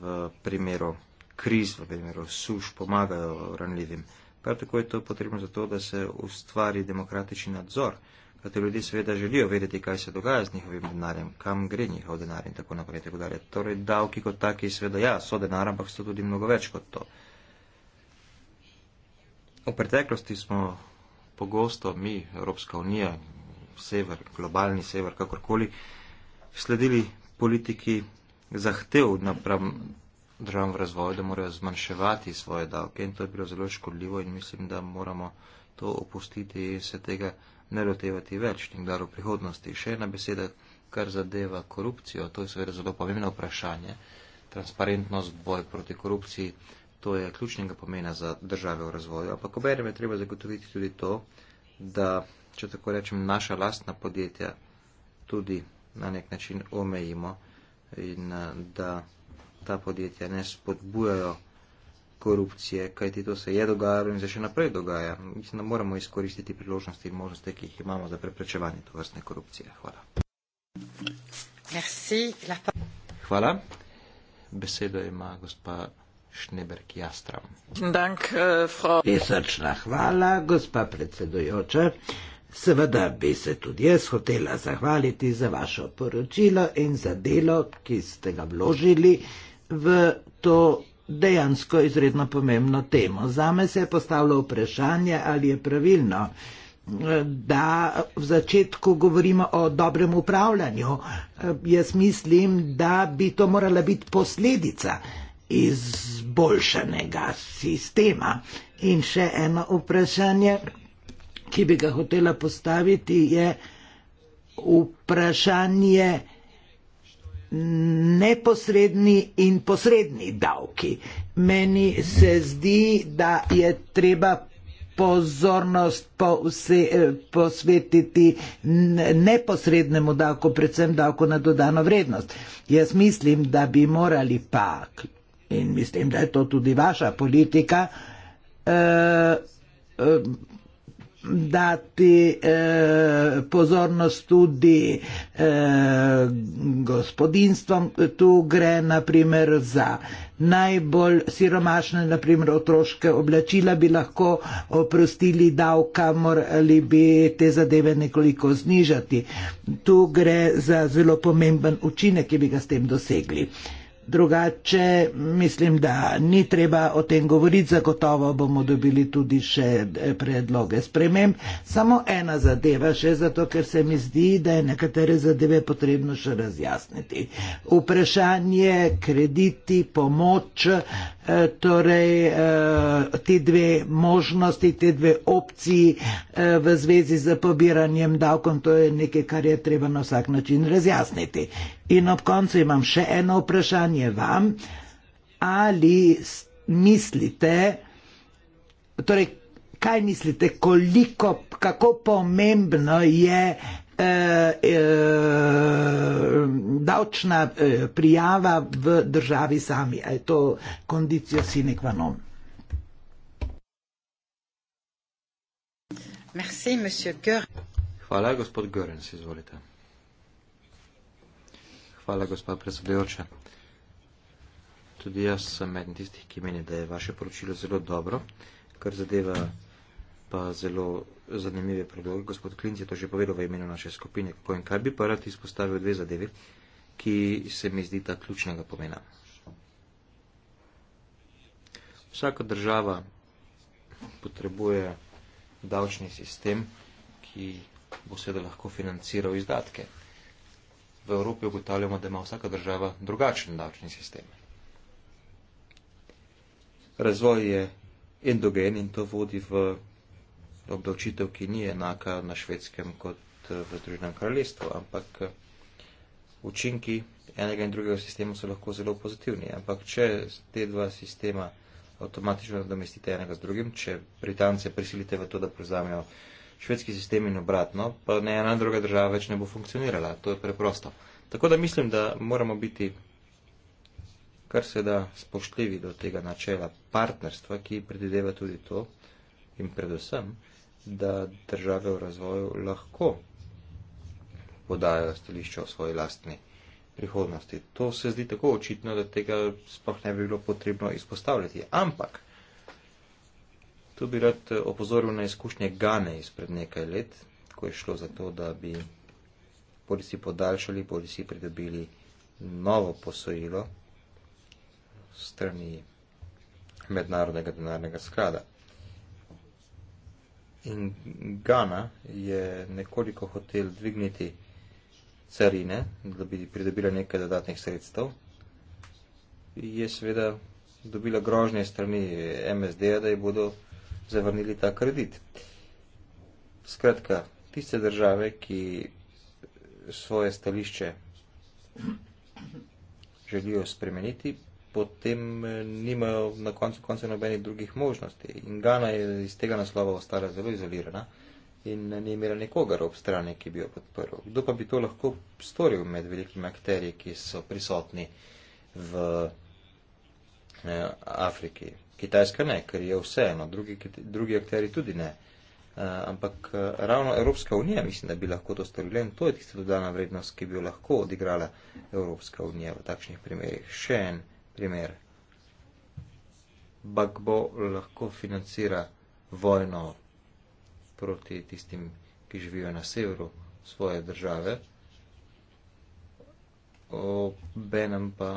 v primeru kriz, v primeru suš pomagajo ranljivim državam. Prav tako je to potrebno zato, da se ustvari demokratični nadzor, kajti ljudje seveda želijo vedeti, kaj se dogaja z njihovim denarjem, kam gre njihov denar in tako naprej. Tako torej, davki kot taki seveda ja, so denar, ampak so tudi mnogo več kot to. V preteklosti smo pogosto mi, Evropska unija, sever, globalni sever, kakorkoli, sledili politiki zahtev napram državam v razvoju, da morajo zmanjševati svoje davke in to je bilo zelo škodljivo in mislim, da moramo to opustiti in se tega ne lotevati več nikdar v prihodnosti. Še ena beseda, kar zadeva korupcijo, to je seveda zelo pomembno vprašanje. Transparentnost, boj proti korupciji, to je ključnega pomena za države v razvoju. Ampak obenem je treba zagotoviti tudi to, da, če tako rečem, naša lastna podjetja tudi na nek način omejimo in da ta podjetja ne spodbujajo korupcije, kajti to se je dogajalo in se še naprej dogaja. Mislim, da moramo izkoristiti priložnosti in možnosti, ki jih imamo za preprečevanje to vrstne korupcije. Hvala. Merci. Hvala. Besedo ima gospa Šneberg Jastram. Dank, eh, Frau. Pesačna hvala, gospa predsedujoča. Seveda bi se tudi jaz hotela zahvaliti za vašo poročilo in za delo, ki ste ga vložili v to dejansko izredno pomembno temo. Zame se je postavilo vprašanje, ali je pravilno, da v začetku govorimo o dobrem upravljanju. Jaz mislim, da bi to morala biti posledica izboljšanega sistema. In še eno vprašanje, ki bi ga hotela postaviti, je vprašanje, neposredni in posredni davki. Meni se zdi, da je treba pozornost po vse, eh, posvetiti neposrednemu davku, predvsem davku na dodano vrednost. Jaz mislim, da bi morali pa, in mislim, da je to tudi vaša politika, eh, eh, dati eh, pozornost tudi eh, gospodinstvom. Tu gre naprimer za najbolj siromašne, naprimer otroške oblačila, bi lahko oprostili davka, morali bi te zadeve nekoliko znižati. Tu gre za zelo pomemben učinek, ki bi ga s tem dosegli. Eh, Drugače mislim, da ni treba o tem govoriti, zagotovo bomo dobili tudi še eh, predloge sprememb. Samo ena zadeva, še zato, ker se mi zdi, da je nekatere zadeve potrebno še razjasniti. Vprašanje krediti, pomoč, eh, torej eh, ti dve možnosti, ti dve opciji v zvezi z pobiranjem davkom, to je nekaj, kar je treba na vsak način razjasniti. In ob koncu imam še eno vprašanje vam. Ali mislite, torej, kaj mislite, koliko, kako pomembno je eh, eh, davčna eh, prijava v državi sami? Ali je to kondicijo sine qua non? Merci, Hvala, gospod Görens, izvolite. Hvala, gospa predsedujoča. Tudi jaz sem med tistih, ki meni, da je vaše poročilo zelo dobro, kar zadeva pa zelo zanimive predloge. Gospod Klinc je to že povedal v imenu naše skupine, kako in kaj bi pa rad izpostavil dve zadevi, ki se mi zdi ta ključnega pomena. Vsaka država potrebuje davčni sistem, ki bo seveda lahko financiral izdatke v Evropi ugotavljamo, da ima vsaka država drugačen davčni sistem. Razvoj je endogen in to vodi v obdavčitev, ki ni enaka na švedskem kot eh, v Združenem kraljestvu, ampak eh, učinki enega in drugega sistema so lahko zelo pozitivni. Ampak če te dva sistema avtomatično nadomestite enega z drugim, če Britance prisilite v to, da prevzamejo švedski sistem in obratno, pa ne ena druga država več ne bo funkcionirala. To je preprosto. Tako da mislim, da moramo biti kar se da spoštljivi do tega načela partnerstva, ki predideva tudi to in predvsem, da države v razvoju lahko podajo stališče o svoji lastni prihodnosti. To se zdi tako očitno, da tega sploh ne bi bilo potrebno izpostavljati. Ampak Tu bi rad eh, opozoril na izkušnje Gane izpred nekaj let, ko je šlo za to, da bi policiji podaljšali, policiji pridobili novo posojilo strani mednarodnega denarnega sklada. In Gana je nekoliko hotel dvigniti carine, da bi pridobila nekaj dodatnih sredstev. Je seveda dobila grožnje strani MSD, da jih bodo zavrnili ta kredit. Skratka, tiste države, ki svoje stališče želijo spremeniti, potem eh, nimajo na koncu konca nobenih drugih možnosti. In Gana je iz tega naslova ostala zelo izolirana in ni imela nikogar ob strani, ki bi jo podprl. Kdo pa bi to lahko storil med velikimi akterji, ki so prisotni v eh, Afriki? Kitajska ne, ker je vseeno, drugi, drugi akteri tudi ne. Uh, ampak uh, ravno Evropska unija mislim, da bi lahko to storila in to je tista dodana vrednost, ki bi jo lahko odigrala Evropska unija v takšnih primerjih. Še en primer. Bagbo lahko financira vojno proti tistim, ki živijo na severu svoje države, obenem pa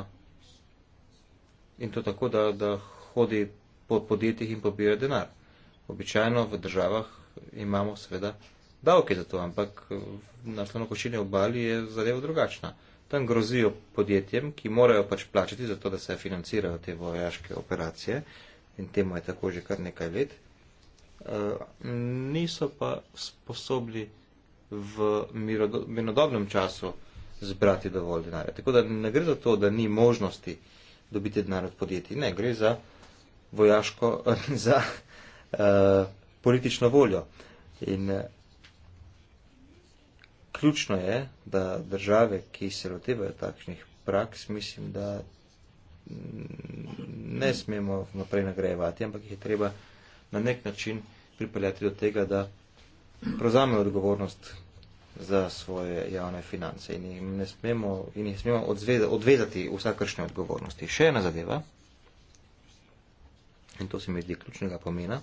in to tako, da, da hodi po podjetjih in pobira denar. Običajno v državah imamo seveda davke za to, ampak na slonokošini obali je zadeva drugačna. Tam grozijo podjetjem, ki morajo pač plačati za to, da se financirajo te vojaške operacije in temu je tako že kar nekaj let, eh, niso pa sposobni v mirodobnem času zbrati dovolj denarja. Tako da ne gre za to, da ni možnosti dobiti denar od podjetij, ne gre za vojaško, za uh, politično voljo. In eh, ključno je, da države, ki se lotevajo takšnih praks, mislim, da mm, ne smemo naprej nagrajevati, ampak jih je treba na nek način pripeljati do tega, da prozamejo odgovornost za svoje javne finance in jih ne smemo, in jih smemo odvezati vsakršne odgovornosti. Še ena zadeva, in to se mi zdi ključnega pomena.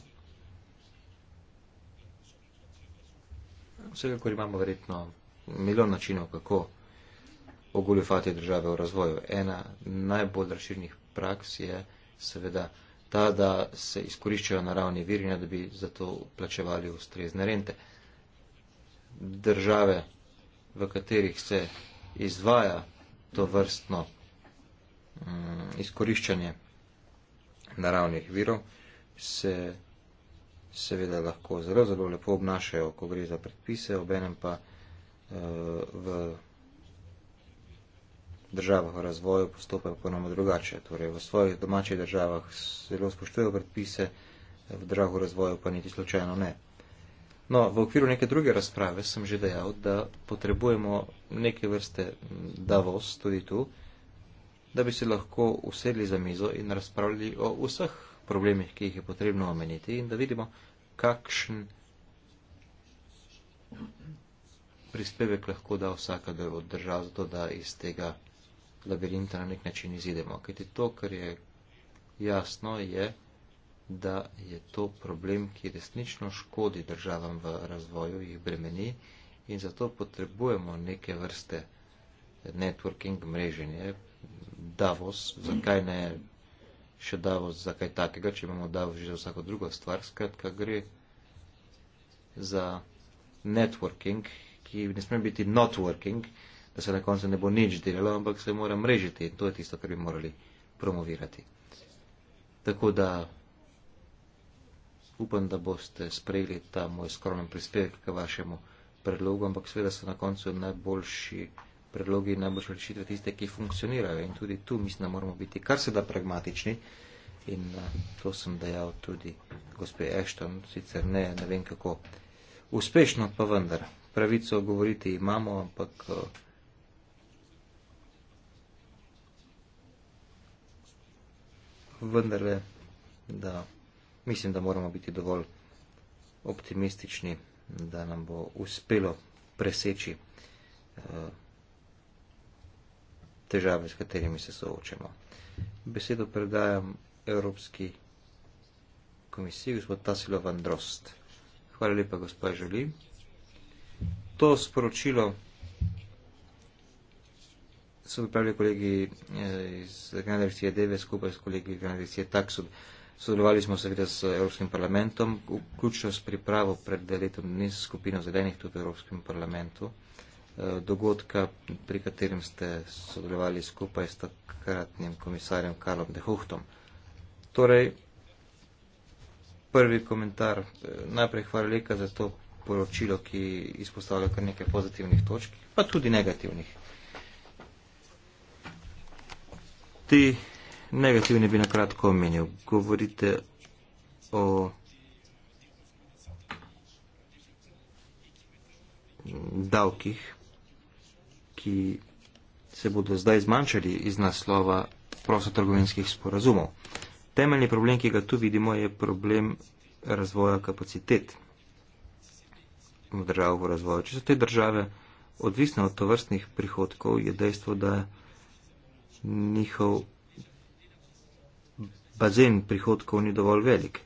Vsekakor imamo verjetno milijon načinov, kako ogoljufati države v razvoju. Ena najbolj razširnih praks je seveda ta, da se izkoriščajo naravni viri, ne da bi za to plačevali ustrezne rente. Države, v katerih se izvaja to vrstno um, izkoriščanje naravnih virov, se seveda lahko zelo, zelo lepo obnašajo, ko gre za predpise, obenem pa uh, v državah v razvoju postopajo ponoma drugače. Torej, v svojih domačih državah zelo spoštujejo predpise, v državah v razvoju pa niti slučajno ne. No, v okviru neke druge razprave sem že dejal, da potrebujemo neke vrste davos tudi tu, uh, da bi se lahko usedli za mizo in razpravljali o vseh problemih, ki jih je potrebno omeniti in da vidimo, kakšen prispevek lahko da vsaka od držav za to, da iz tega labirinta na nek način izidemo. Kajti to, kar je jasno, je, da je to problem, ki resnično škodi državam v razvoju, jih bremeni in zato potrebujemo neke vrste networking mreženje, Davos, zakaj ne še Davos, zakaj takega, če imamo Davos že za vsako drugo stvar. Skratka, gre za networking, ki ne sme biti not working, da se na koncu ne bo nič delalo, ampak se mora mrežiti in to je tisto, kar bi morali promovirati. Tako da upam, da boste sprejeli ta moj skromen prispevek k vašemu predlogu, ampak seveda so na koncu najboljši predlogi in najboljše rešitve tiste, ki funkcionirajo. In tudi tu mislim, da moramo biti kar se da pragmatični. In eh, to sem dejal tudi gospe Ešton, sicer ne, ne vem kako. Uspešno pa vendar. Pravico govoriti imamo, ampak. Eh, vendar le, da mislim, da moramo biti dovolj optimistični, da nam bo uspelo preseči. Uh, težave, s katerimi se soočamo. Besedo predajam Evropski komisiji, gospod Tasilo Vandrost. Hvala lepa, gospod Želi. To sporočilo so pripravili kolegi eh, iz generacije DV skupaj s kolegi iz generacije Taksud. Sodelovali smo seveda s Evropskim parlamentom, vključno s pripravo pred letom dni skupino zelenih tudi v Evropskem parlamentu dogodka, pri katerem ste sodelovali skupaj s takratnim komisarjem Karlom de Huhtom. Torej, prvi komentar. Najprej hvala lepa za to poročilo, ki izpostavlja kar nekaj pozitivnih točk, pa tudi negativnih. Ti negativni bi nakratko omenil. Govorite o davkih, ki se bodo zdaj zmanjšali iz naslova prostotrgovinskih sporazumov. Temeljni problem, ki ga tu vidimo, je problem razvoja kapacitet v državu razvoju. Če so te države odvisne od tovrstnih prihodkov, je dejstvo, da njihov bazen prihodkov ni dovolj velik.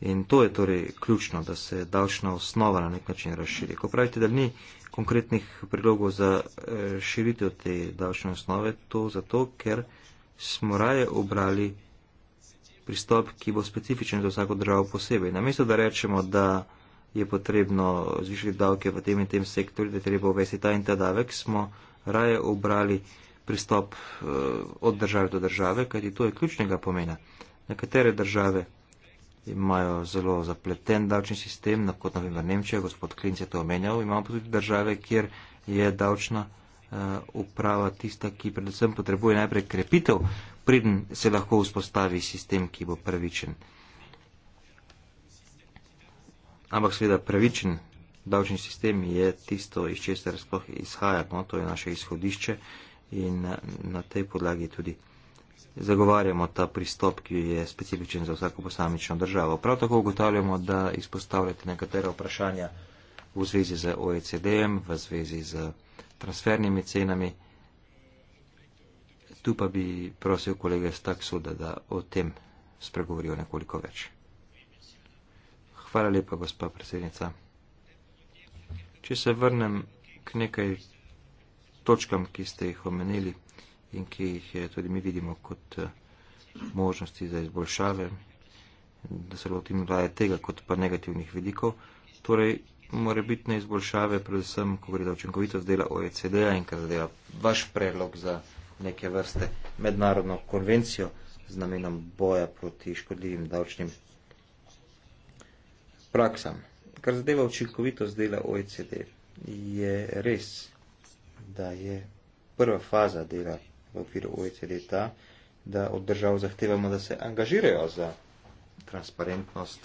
In to je torej ključno, da se davčna osnova na nek način razširi. Ko pravite, da ni konkretnih predlogov za eh, širitev te davčne osnove, to zato, ker smo raje obrali pristop, ki bo specifičen za vsako državo posebej. Namesto da rečemo, da je potrebno zvišati davke v tem in tem sektorju, da je treba uvesti ta in ta davek, smo raje obrali pristop eh, od države do države, kajti to je ključnega pomena. Nekatere države imajo zelo zapleten davčni sistem, kot naprimer Nemčija, gospod Klinc je to omenjal, imamo pa tudi države, kjer je davčna eh, uprava tista, ki predvsem potrebuje najprej krepitev, preden se lahko vzpostavi sistem, ki bo pravičen. Ampak seveda pravičen davčni sistem je tisto, iz česar sploh izhajamo, to je naše izhodišče in eh, na tej podlagi tudi zagovarjamo ta pristop, ki je specifičen za vsako posamično državo. Prav tako ugotavljamo, da izpostavljate nekatera vprašanja v zvezi z OECD-em, v zvezi z transfernimi cenami. Tu pa bi prosil kolege Staksuda, da o tem spregovorijo nekoliko več. Hvala lepa, gospa predsednica. Če se vrnem k nekaj točkam, ki ste jih omenili in ki jih tudi mi vidimo kot eh, možnosti za izboljšave, da se lotimo raje tega kot pa negativnih vidikov. Torej, more biti na izboljšave, predvsem, ko gre za učinkovitost dela OECD-a in kar zadeva vaš predlog za neke vrste mednarodno konvencijo z namenom boja proti škodljivim davčnim praksam. Kar zadeva učinkovitost dela OECD, je res, da je prva faza dela v okviru OECD ta, da od držav zahtevamo, da se angažirajo za transparentnost,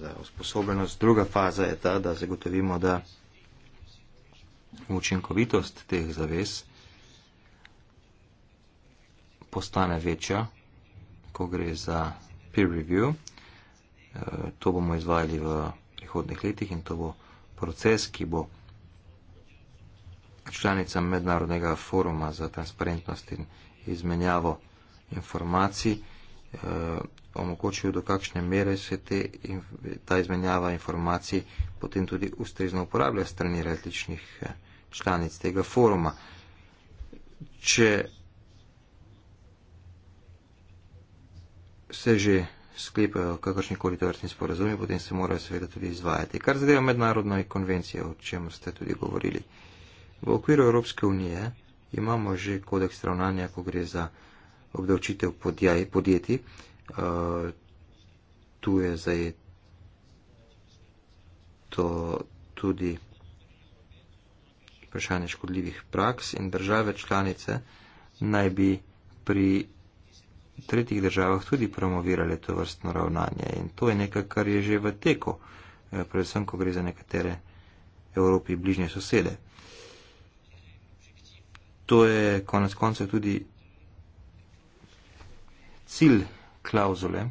za usposobljenost. Druga faza je ta, da zagotovimo, da učinkovitost teh zavez postane večja, ko gre za peer review. Eh, to bomo izvajali v prihodnih letih in to bo proces, ki bo članicam mednarodnega foruma za transparentnost in izmenjavo informacij, eh, omogočil, do kakšne mere se te, ta izmenjava informacij potem tudi ustrezno uporablja strani različnih eh, članic tega foruma. Če se že sklepajo kakršnikoli tovrstni sporazumi, potem se morajo seveda tudi izvajati. Kar zadeva mednarodno konvencijo, o čem ste tudi govorili. V okviru Evropske unije imamo že kodeks ravnanja, ko gre za obdavčitev podjaj, podjetij. Eh, tu je zdaj to tudi vprašanje škodljivih praks in države članice naj bi pri tretjih državah tudi promovirale to vrstno ravnanje in to je nekaj, kar je že v teku, eh, predvsem, ko gre za nekatere Evropi bližnje sosede to je konec koncev tudi cilj klauzule,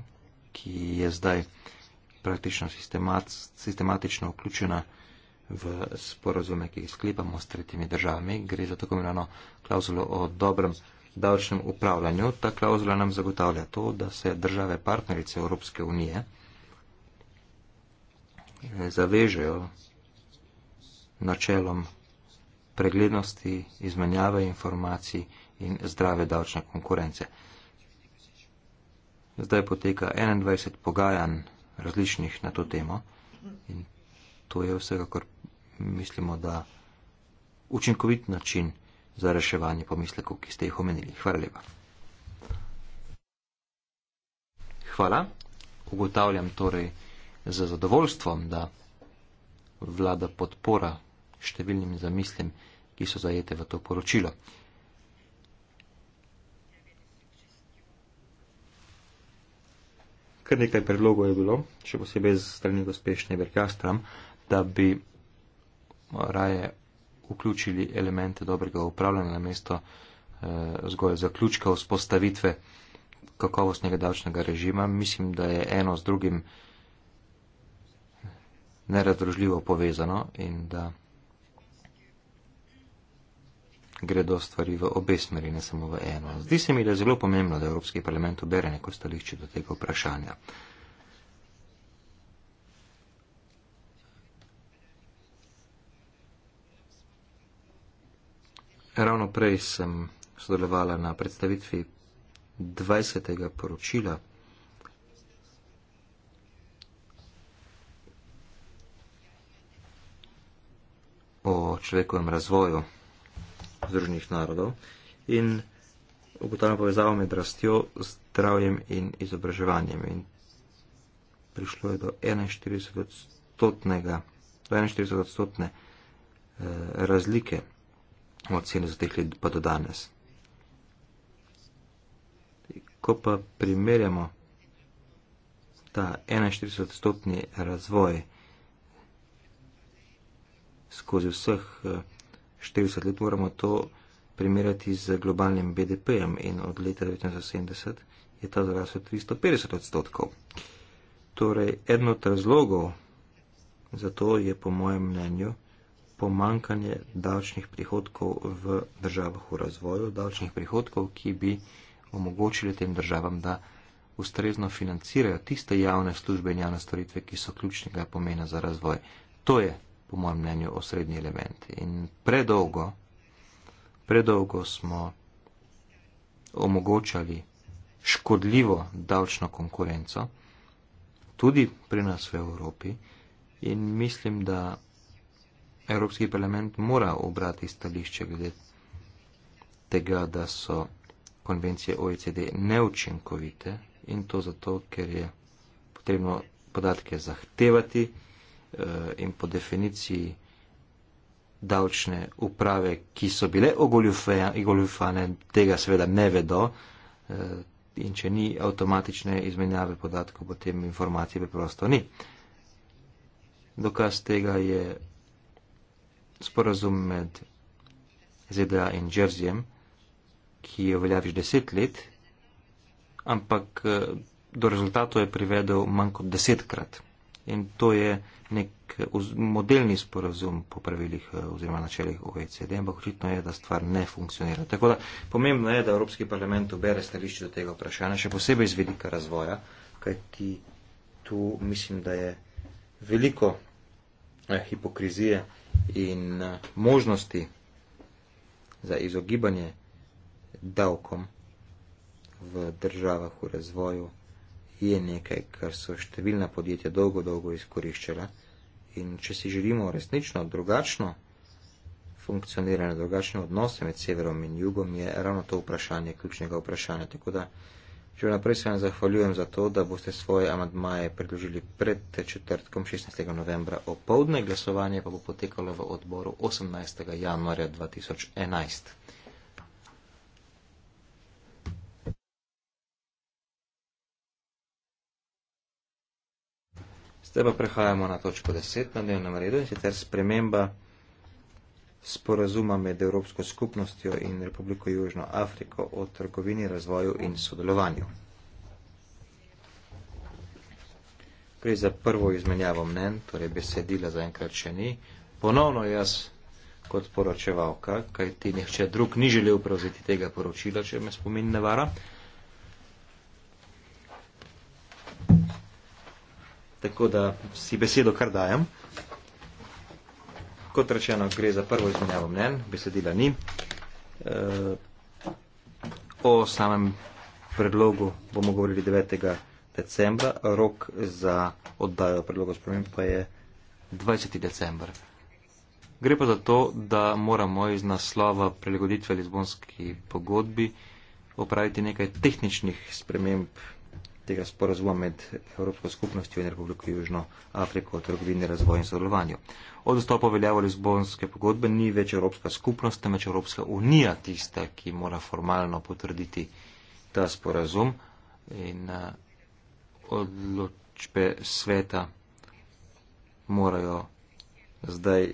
ki je zdaj praktično sistematično vključena v sporozume, ki jih sklepamo s tretjimi državami. Gre za tako imenovano klauzulo o dobrem davčnem upravljanju. Ta klauzula nam zagotavlja to, da se države partnerice Evropske unije zavežejo načelom preglednosti, izmenjave informacij in zdrave davčne konkurence. Zdaj poteka 21 pogajanj različnih na to temo in to je vsekakor mislimo, da učinkovit način za reševanje pomislekov, ki ste jih omenili. Hvala lepa. Hvala. Ugotavljam torej za zadovoljstvom, da vlada podpora številnim zamislim ki so zajete v to poročilo. Kar nekaj predlogov je bilo, še posebej z strani gospešne Berkastram, da bi raje vključili elemente dobrega upravljanja na mesto eh, zgolj zaključka vzpostavitve kakovostnega davčnega režima. Mislim, da je eno z drugim nerazdružljivo povezano in da. Eh, gredo stvari v obe smeri, ne samo v eno. Zdi se mi, da je zelo pomembno, da Evropski parlament obere neko stališče do tega vprašanja. Ravno prej sem sodelovala na predstavitvi 20. poročila. O človekovem razvoju. Združenih narodov in ugotavljam povezavo med rastjo, zdravjem in izobraževanjem. In prišlo je do 41-odstotnega. 41-odstotne eh, razlike od cene za teh let pa do danes. Ko pa primerjamo ta 41-odstotni razvoj skozi vseh eh, 40 let moramo to primerjati z globalnim BDP-jem in od leta 1970 je ta zrasel 350 odstotkov. Torej, eden od razlogov za to je po mojem mnenju pomankanje davčnih prihodkov v državah v razvoju, davčnih prihodkov, ki bi omogočili tem državam, da ustrezno financirajo tiste javne službe in javne storitve, ki so ključnega pomena za razvoj. To je po mojem mnenju, osrednji element. In predolgo, predolgo smo omogočali škodljivo davčno konkurenco, tudi pri nas v Evropi, in mislim, da Evropski parlament mora obrati stališče glede tega, da so konvencije OECD neučinkovite in to zato, ker je potrebno podatke zahtevati. Eh, in po definiciji davčne uprave, ki so bile ogoljufane, tega seveda ne vedo. Eh, in če ni avtomatične izmenjave podatkov, potem informacije preprosto ni. Dokaz tega je sporazum med ZDA in Jerzyjem, ki je veljav že deset let, ampak eh, do rezultatov je privedel manj kot desetkrat. krat in to je nek modelni sporazum po pravilih eh, oziroma načelih OECD, ampak očitno je, da stvar ne funkcionira. Tako da pomembno je, da Evropski parlament obere stališče do tega vprašanja, še posebej iz vidika razvoja, kajti tu mislim, da je veliko eh, hipokrizije in eh, možnosti za izogibanje davkom v državah v razvoju je nekaj, kar so številna podjetja dolgo, dolgo izkoriščala. In če si želimo resnično drugačno funkcioniranje, drugačne odnose med severom in jugom, je ravno to vprašanje ključnega vprašanja. Tako da že naprej se vam zahvaljujem za to, da boste svoje amadmaje predložili pred četrtkom 16. novembra opovdne. Glasovanje pa bo potekalo v odboru 18. januarja 2011. Zdaj pa prehajamo na točko 10 na dnevnem redu in sicer sprememba sporazuma med Evropsko skupnostjo in Republiko Južno Afriko o trgovini, razvoju in sodelovanju. Gre za prvo izmenjavo mnen, torej besedila zaenkrat še ni. Ponovno jaz kot poročevalka, kaj ti nihče drug ni želel prevzeti tega poročila, če me spomin ne vara. tako da si besedo kar dajem. Kot rečeno, gre za prvo izmenjavo mnen, besedila ni. E, o samem predlogu bomo govorili 9. decembra. Rok za oddajo predlogov sprememb pa je 20. decembr. Gre pa za to, da moramo iz naslova prilagoditve Lizbonski pogodbi opraviti nekaj tehničnih sprememb tega sporazuma med Evropsko skupnostjo in Republiko Južno Afriko o trgovini, razvoju in sodelovanju. Od vstopa veljavo Lizbonske pogodbe ni več Evropska skupnost, temveč Evropska unija tista, ki mora formalno potrditi ta sporazum in eh, odločbe sveta morajo zdaj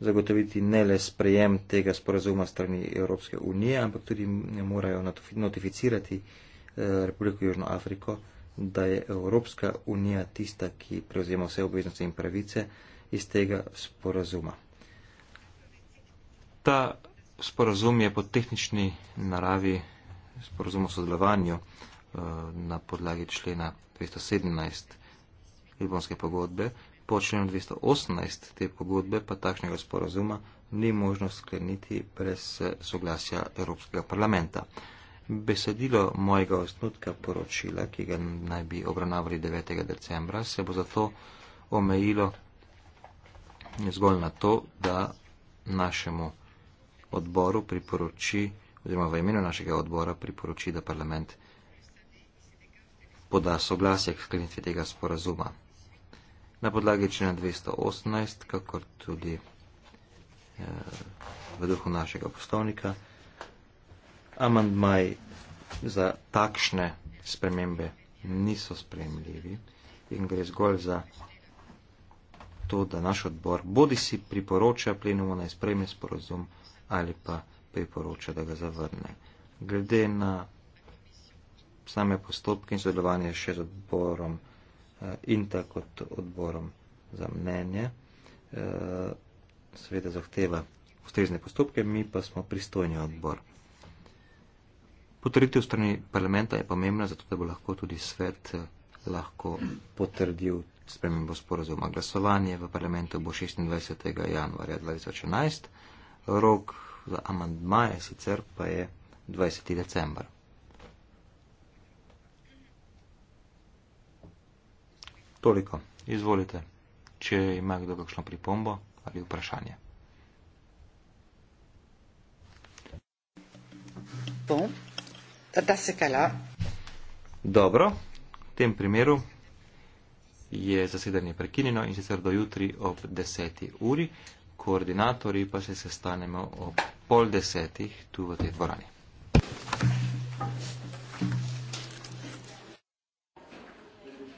zagotoviti ne le sprejem tega sporazuma strani Evropske unije, ampak tudi ne morajo notificirati Eh, Republiko Južno Afriko, da je Evropska unija tista, ki prevzema vse obveznosti in pravice iz tega sporazuma. Ta sporazum je po tehnični naravi sporazum o sodelovanju eh, na podlagi člena 217 Libonske pogodbe. Po členu 218 te pogodbe pa takšnega sporazuma ni možno skleniti brez soglasja Evropskega parlamenta. Besedilo mojega osnutka poročila, ki ga naj bi obravnavali 9. decembra, se bo zato omejilo zgolj na to, da našemu odboru priporoči, oziroma v imenu našega odbora priporoči, da parlament poda soglasje k sklenitvi tega sporazuma. Na podlagi člena 218, kakor tudi eh, v duhu našega poslovnika, amantmaji za takšne spremembe niso spremljivi in gre zgolj za to, da naš odbor bodi si priporoča plenumu naj spremlja sporozum ali pa priporoča, da ga zavrne. Glede na same postopke in sodelovanje še z odborom eh, INTA kot odborom za mnenje, eh, seveda zahteva ustrezne postopke, mi pa smo pristojni odbor. Potrditev strani parlamenta je pomembna, zato da bo lahko tudi svet eh, lahko potrdil spremembo sporozuma. Glasovanje v parlamentu bo 26. januarja 2011, rok za amandmaje sicer pa je 20. decembar. Toliko. Izvolite, če ima kdo kakšno pripombo ali vprašanje. To. Tadasekala. Dobro, v tem primeru je zasedanje prekinjeno in sicer do jutri ob 10. uri, koordinatori pa se sestanemo ob pol desetih tu v tej dvorani.